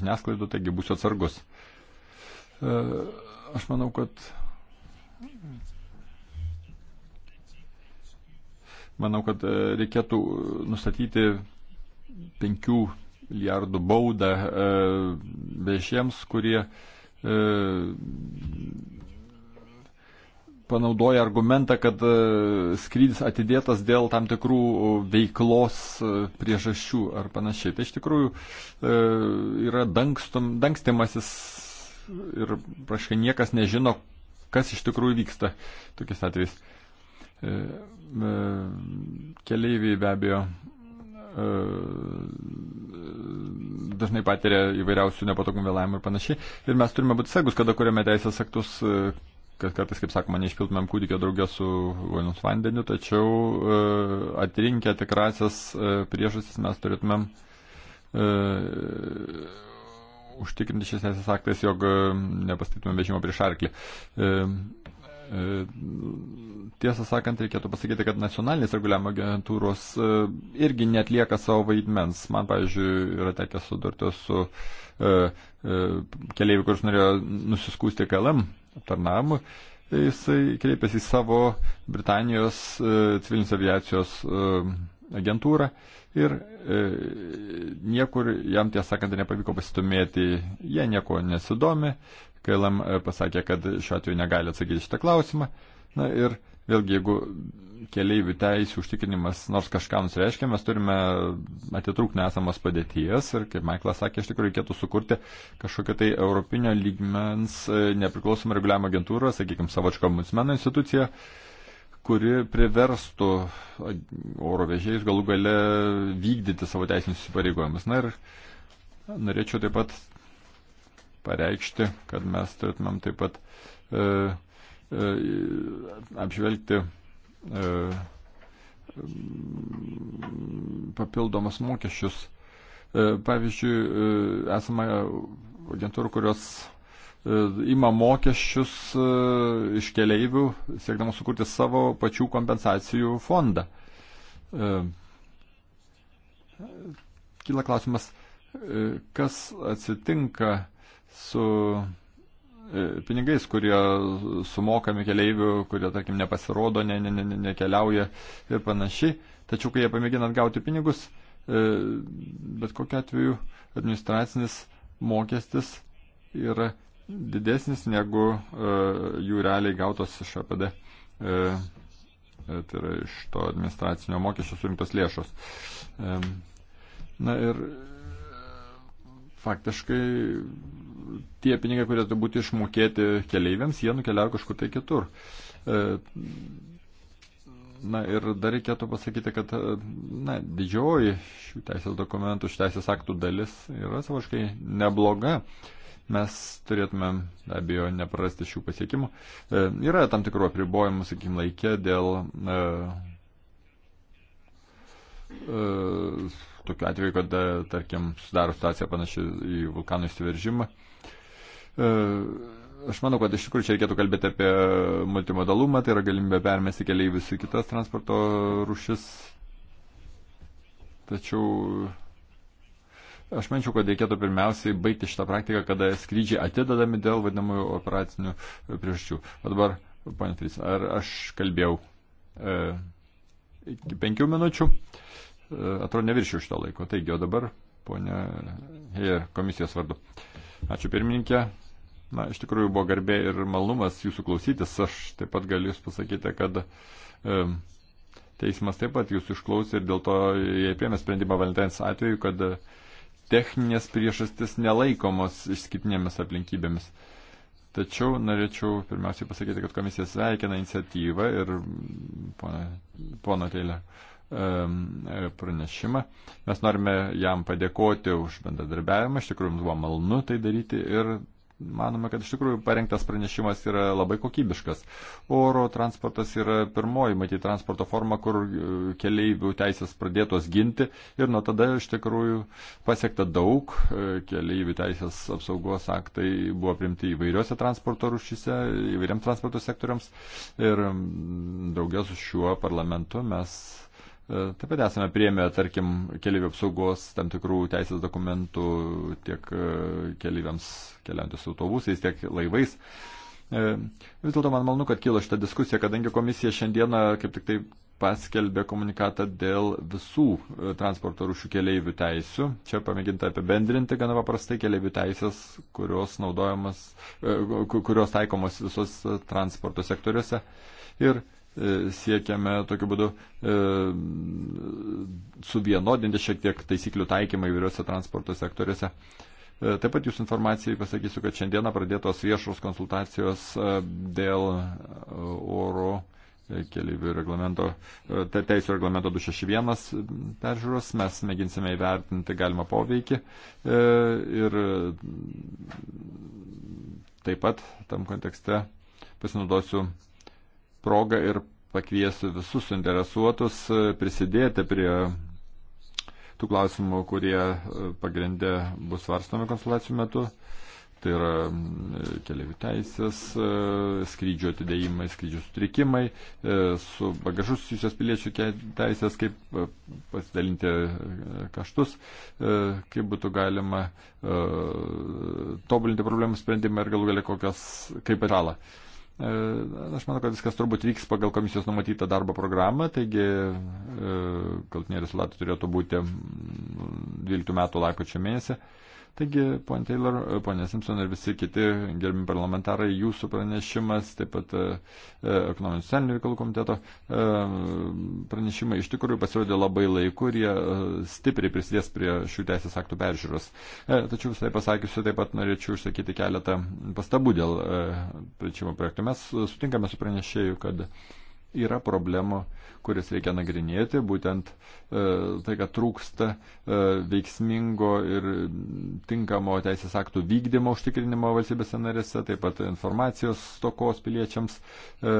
žiniasklaidų, taigi būsiu atsargus. Aš manau, kad. Manau, kad reikėtų nustatyti penkių milijardų baudą e, viešiems, kurie e, panaudoja argumentą, kad e, skrydis atidėtas dėl tam tikrų veiklos e, priežasčių ar panašiai. Tai iš tikrųjų e, yra dankstum, dangstimasis ir praškai niekas nežino, kas iš tikrųjų vyksta tokiais atvejais. E, e, keleiviai be abejo E, dažnai patiria įvairiausių nepatogumų vėlavimų ir panašiai. Ir mes turime būti segus, kada kuriame teisės aktus, e, kad kartais, kaip sakoma, neišpiltumėm kūdikio draugę su vonios vandeniu, tačiau e, atrinkę tikrasias priežastis mes turėtumėm užtikrinti šis teisės aktas, jog nepastatytumėm vežimo prieš arklį. E, E, tiesą sakant, reikėtų pasakyti, kad nacionalinės reguliavimo agentūros e, irgi netlieka savo vaidmens. Man, pavyzdžiui, yra tekę sudurti su e, keliaiviu, kuris norėjo nusiskūsti KLM aptarnavimu. Jisai kreipėsi į savo Britanijos civilinės aviacijos agentūrą ir e, niekur jam tiesą sakant nepavyko pasidomėti, jie nieko nesidomi, KLM e, pasakė, kad šiuo atveju negali atsakyti šitą klausimą. Na ir vėlgi, jeigu keliaivių teisų užtikrinimas nors kažką mums reiškia, mes turime atitrūkti nesamos padėties ir, kaip Maiklas sakė, iš tikrųjų reikėtų sukurti kažkokią tai europinio lygmens e, nepriklausomą reguliavimo agentūrą, sakykime, savočko ombudsmeno instituciją kuri priverstų oro vežėjus galų gale vykdyti savo teisinius įsipareigojimus. Na ir norėčiau taip pat pareikšti, kad mes turėtumėm taip pat e, e, apžvelgti e, papildomus mokesčius. E, pavyzdžiui, e, esame agentūrų, kurios e, ima mokesčius e, iš keleivių, siekdamas sukurti savo pačių kompensacijų fondą. E, kyla klausimas, kas atsitinka su e, pinigais, kurie sumokami keleivių, kurie, tarkim, nepasirodo, ne, ne, ne, nekeliauja ir panašiai. Tačiau, kai jie pamėgina atgauti pinigus, e, bet kokiu atveju administracinis mokestis yra didesnis negu e, jų realiai gautos iš APD. Tai yra iš to administracinio mokesčio surinktos lėšos. Na ir faktiškai tie pinigai, kurie turėtų būti išmokėti keleiviams, jie nukeliauja kažkur tai kitur. E, na ir dar reikėtų pasakyti, kad e, na, didžioji šių teisės dokumentų, šių teisės aktų dalis yra savaškai nebloga. Mes turėtume be abejo neprarasti šių pasiekimų. E, yra tam tikrų apribojimų, sakykim, laikė dėl e, e, tokiu atveju, kad, tarkim, sudaro situacija panaši į vulkanų įsiveržimą. E, aš manau, kad iš tikrųjų čia reikėtų kalbėti apie multimodalumą, tai yra galimybė permesti keliaivius į kitas transporto rušis. Tačiau Aš manyčiau, kad reikėtų pirmiausiai baigti šitą praktiką, kada skrydžiai atidedami dėl vadinamųjų operacinių priežasčių. O dabar, ponė Trys, ar aš kalbėjau e, iki penkių minučių? atrodo neviršiu šito laiko. Taigi, o dabar, ponia Heja, komisijos vardu. Ačiū pirmininkė. Na, iš tikrųjų buvo garbė ir malnumas jūsų klausytis. Aš taip pat galiu jūs pasakyti, kad e, teismas taip pat jūsų išklausė ir dėl to jie priemė sprendimą Valentins atveju, kad techninės priežastis nelaikomos išskirtinėmis aplinkybėmis. Tačiau norėčiau pirmiausiai pasakyti, kad komisija sveikina iniciatyvą ir pono, pono Teilė. E, pranešimą. Mes norime jam padėkoti už bendradarbiavimą, iš tikrųjų mums buvo malonu tai daryti ir manome, kad iš tikrųjų parengtas pranešimas yra labai kokybiškas. Oro transportas yra pirmoji, matyt, transporto forma, kur e, keleivių teisės pradėtos ginti ir nuo tada iš tikrųjų pasiekta daug. E, keleivių teisės apsaugos aktai buvo primti įvairiuose transporto rušyse, įvairiam transporto sektoriams ir daugiau su šiuo parlamentu mes E, taip pat esame priemę, tarkim, keliaivių apsaugos tam tikrų teisės dokumentų tiek e, keliaiviams keliantis autobusais, tiek laivais. E, vis dėlto man malonu, kad kilo šitą diskusiją, kadangi komisija šiandieną kaip tik tai paskelbė komunikatą dėl visų transporto rūšių keliaivių teisių. Čia pamėginta apibendrinti gana paprastai keliaivių teisės, kurios, kurios taikomos visos transporto sektoriuose. Ir E, siekiame tokiu būdu e, suvienodinti šiek tiek taisyklių taikymą įvairiuose transporto sektoriuose. E, taip pat jūsų informacijai pasakysiu, kad šiandieną pradėtos viešos konsultacijos e, dėl e, oro keliaivių reglamento, te, teisų reglamento 261 peržiūros. Mes mėginsime įvertinti galimą poveikį e, ir taip pat tam kontekste pasinaudosiu progą ir pakviesiu visus suinteresuotus e, prisidėti prie tų klausimų, kurie e, pagrindė bus svarstami konsultacijų metu. Tai yra keliavių teisės, e, skrydžio atidėjimai, skrydžių sutrikimai, su bagažu susijusios piliečių teisės, kaip pasidalinti kaštus, kaip būtų galima tobulinti problemų sprendimą ir galų galia kokios, kaip žalą. E, aš manau, kad viskas turbūt vyks pagal komisijos numatytą darbo programą, taigi e, galtiniai rezultatai turėtų būti 12 metų lapkričio mėnesį. Taigi, ponė Taylor, e, ponė Simpson ir visi kiti gerbimi parlamentarai, jūsų pranešimas, taip pat e, e, ekonominių socialinių reikalų komiteto e, pranešimai iš tikrųjų pasirodė labai laiku ir jie e, stipriai prisidės prie šių teisės aktų peržiūros. E, tačiau visai pasakysiu, taip pat norėčiau išsakyti keletą pastabų dėl e, pranešimo projektų. Mes sutinkame su pranešėju, kad yra problemų, kuris reikia nagrinėti, būtent e, tai, kad trūksta e, veiksmingo ir tinkamo teisės aktų vykdymo užtikrinimo valstybėse narėse, taip pat informacijos stokos piliečiams, e,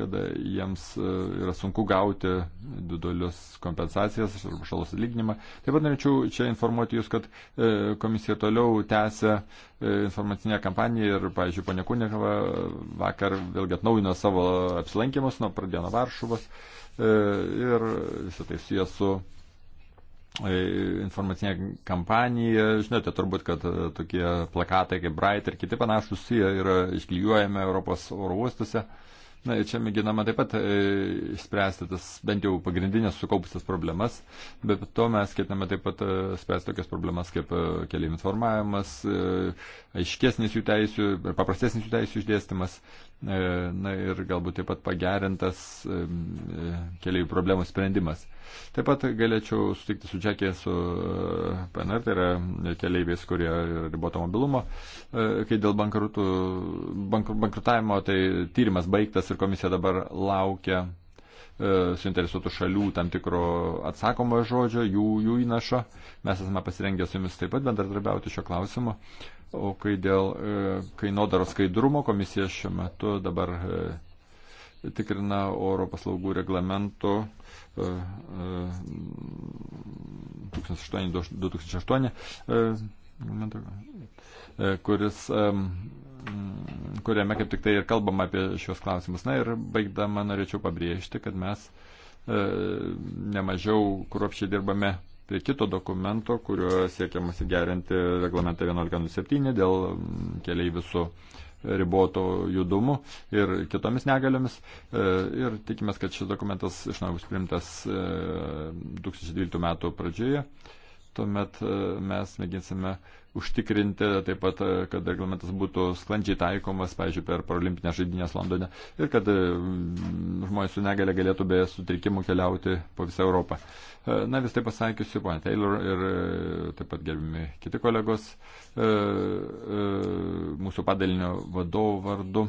kada jiems yra sunku gauti didelius kompensacijas arba šalos atlyginimą. Taip pat norėčiau čia informuoti Jūs, kad komisija toliau tęsia informacinę kampaniją ir, pavyzdžiui, ponia Kunikova vakar vėlgi atnaujino savo apsilankimus, nuo pradėjo nuo Varšuvos. E, ir visą tai susiję su e, informacinė kampanija. Žinote, turbūt, kad e, tokie plakatai kaip Bright ir kiti panašus jie yra išklyjuojami Europos oro uostuose. E, Na ir čia mėginama taip pat e, spręsti tas bent jau pagrindinės sukaupusias problemas, bet to mes ketiname taip pat e, spręsti tokias problemas kaip e, keliai informavimas, aiškesnis jų teisių ir paprastesnis jų teisių išdėstymas, na ir galbūt taip pat pagerintas keliai problemų sprendimas. Taip pat galėčiau sutikti su Džekė, su e, PNR, tai yra keliaiviais, kurie riboto mobilumo. E, kai dėl bankrutų, bank, bankrutavimo, tai tyrimas baigtas ir komisija dabar laukia e, suinteresuotų šalių tam tikro atsakomojo žodžio, jų, jų įnašo. Mes esame pasirengę su jumis taip pat bendradarbiauti šio klausimu. O kai dėl kainodaro skaidrumo komisija šiuo metu dabar tikrina oro paslaugų reglamento 2008-2008, e, e, e, kuris, kuriame kaip tik tai ir kalbama apie šios klausimus. Na ir baigdama norėčiau pabrėžti, kad mes nemažiau kruopščiai dirbame prie kito dokumento, kuriuo siekiamasi gerinti reglamentą 1107 dėl keliaivių su riboto judumu ir kitomis negaliomis. E, ir tikimės, kad šis dokumentas iš naujo bus priimtas 2012 e, metų pradžioje. Tuomet e, mes mėginsime uh, užtikrinti, taip pat, e, kad reglamentas būtų sklandžiai taikomas, pavyzdžiui, per paralimpinę žaidynės Londone ir kad e, žmonės su negale galėtų be sutrikimų keliauti po visą Europą. E, na, vis tai pasakysiu, pana Taylor ir taip pat gerbimi kiti kolegos, mūsų padalinio vadovo vardu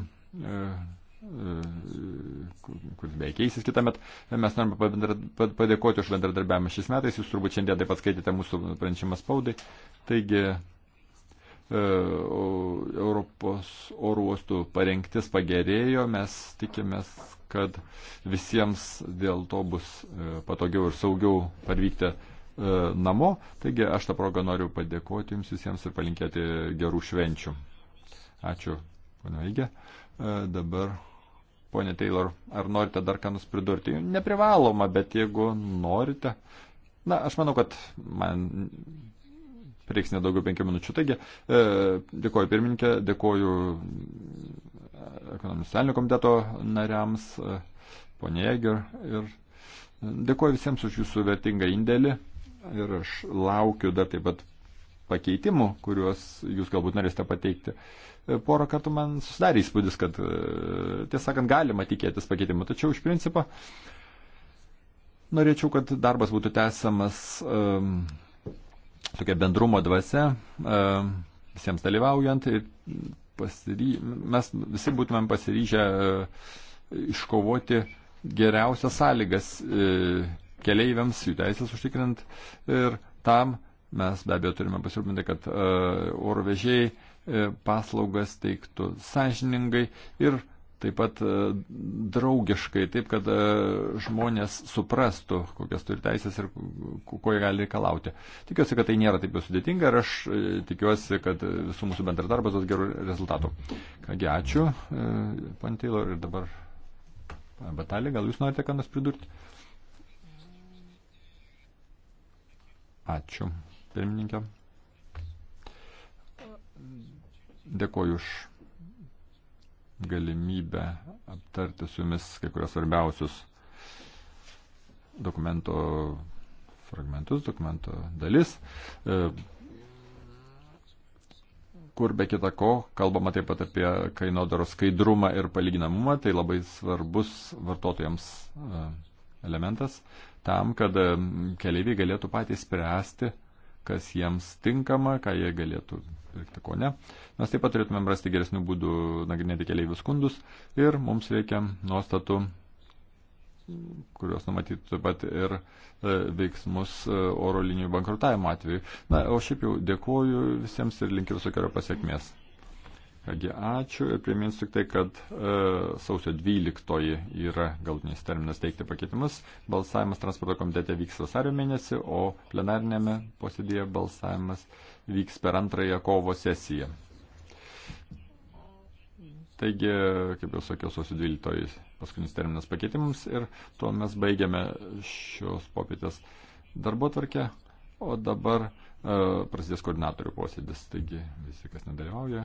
kuris beje keisis kitą metą. Mes norime padėkoti už bendradarbiavimą šiais metais. Jūs turbūt šiandien taip pat skaitėte mūsų pranešimą spaudai. Taigi E, Europos oro uostų parengtis pagerėjo, mes tikimės, kad visiems dėl to bus e, patogiau ir saugiau parvykti e, namo. Taigi aš tą progą noriu padėkoti jums visiems ir palinkėti gerų švenčių. Ačiū, ponia Igė. Dabar, ponia Taylor, ar norite dar ką nors pridurti? Neprivaloma, bet jeigu norite. Na, aš manau, kad man reiks nedaugiau penkių minučių. Taigi, e, dėkoju pirmininkė, dėkoju e, ekonominio socialinio komiteto nariams, e, ponė Eger ir dėkoju visiems už jūsų vertingą indėlį ir aš laukiu dar taip pat pakeitimų, kuriuos jūs galbūt norėsite pateikti. Porą kartų man susidarė įspūdis, kad tiesąkant galima tikėtis pakeitimų, tačiau iš principo norėčiau, kad darbas būtų tęsiamas um, tokia bendrumo dvasia e, visiems dalyvaujant ir pasiry... mes visi būtumėm pasiryžę e, iškovoti geriausias sąlygas e, keleiviams, jų teisės užtikrint ir tam mes be abejo turime pasirūpinti, kad oro vežėjai paslaugas teiktų sąžiningai ir taip pat e, draugiškai, taip, kad e, žmonės suprastų, kokias turi teisės ir ko jie gali reikalauti. Tikiuosi, kad tai nėra taip jau sudėtinga ir aš e, tikiuosi, kad visų mūsų bendradarbas duos gerų rezultatų. Kągi, ačiū, pan Taylor, ir dabar Batalė, gal jūs norite ką nors pridurti? Ačiū, pirmininkė. Dėkoju už galimybę aptarti su jumis kai kurios svarbiausius dokumento fragmentus, dokumento dalis, e, kur be kita ko kalbama taip pat apie kainodaro skaidrumą ir palyginamumą, tai labai svarbus vartotojams e, elementas tam, kad e, keliaiviai galėtų patys spręsti, kas jiems tinkama, ką jie galėtų pirkti, ko ne. Mes taip pat turėtumėm rasti geresnių būdų nagrinėti keliaivių skundus ir mums reikia nuostatų kurios numatytų taip pat ir e, veiksmus e, oro linijų bankrutavimo atveju. Na, o šiaip jau dėkoju visiems ir linkiu visokio pasiekmės. Kągi, ačiū ir priminsiu tik tai, kad e, sausio 12 yra galtinis terminas teikti pakeitimus. Balsavimas transporto komitete vyks vasario mėnesį, o plenarinėme posėdėje balsavimas vyks per antrąją kovo sesiją. Taigi, kaip jau sakiau, sausio 12 paskutinis terminas pakeitimams ir tuo mes baigiame šios popietės darbo tvarkę, o dabar e, prasidės koordinatorių posėdis, taigi visi, kas nedalyvauja.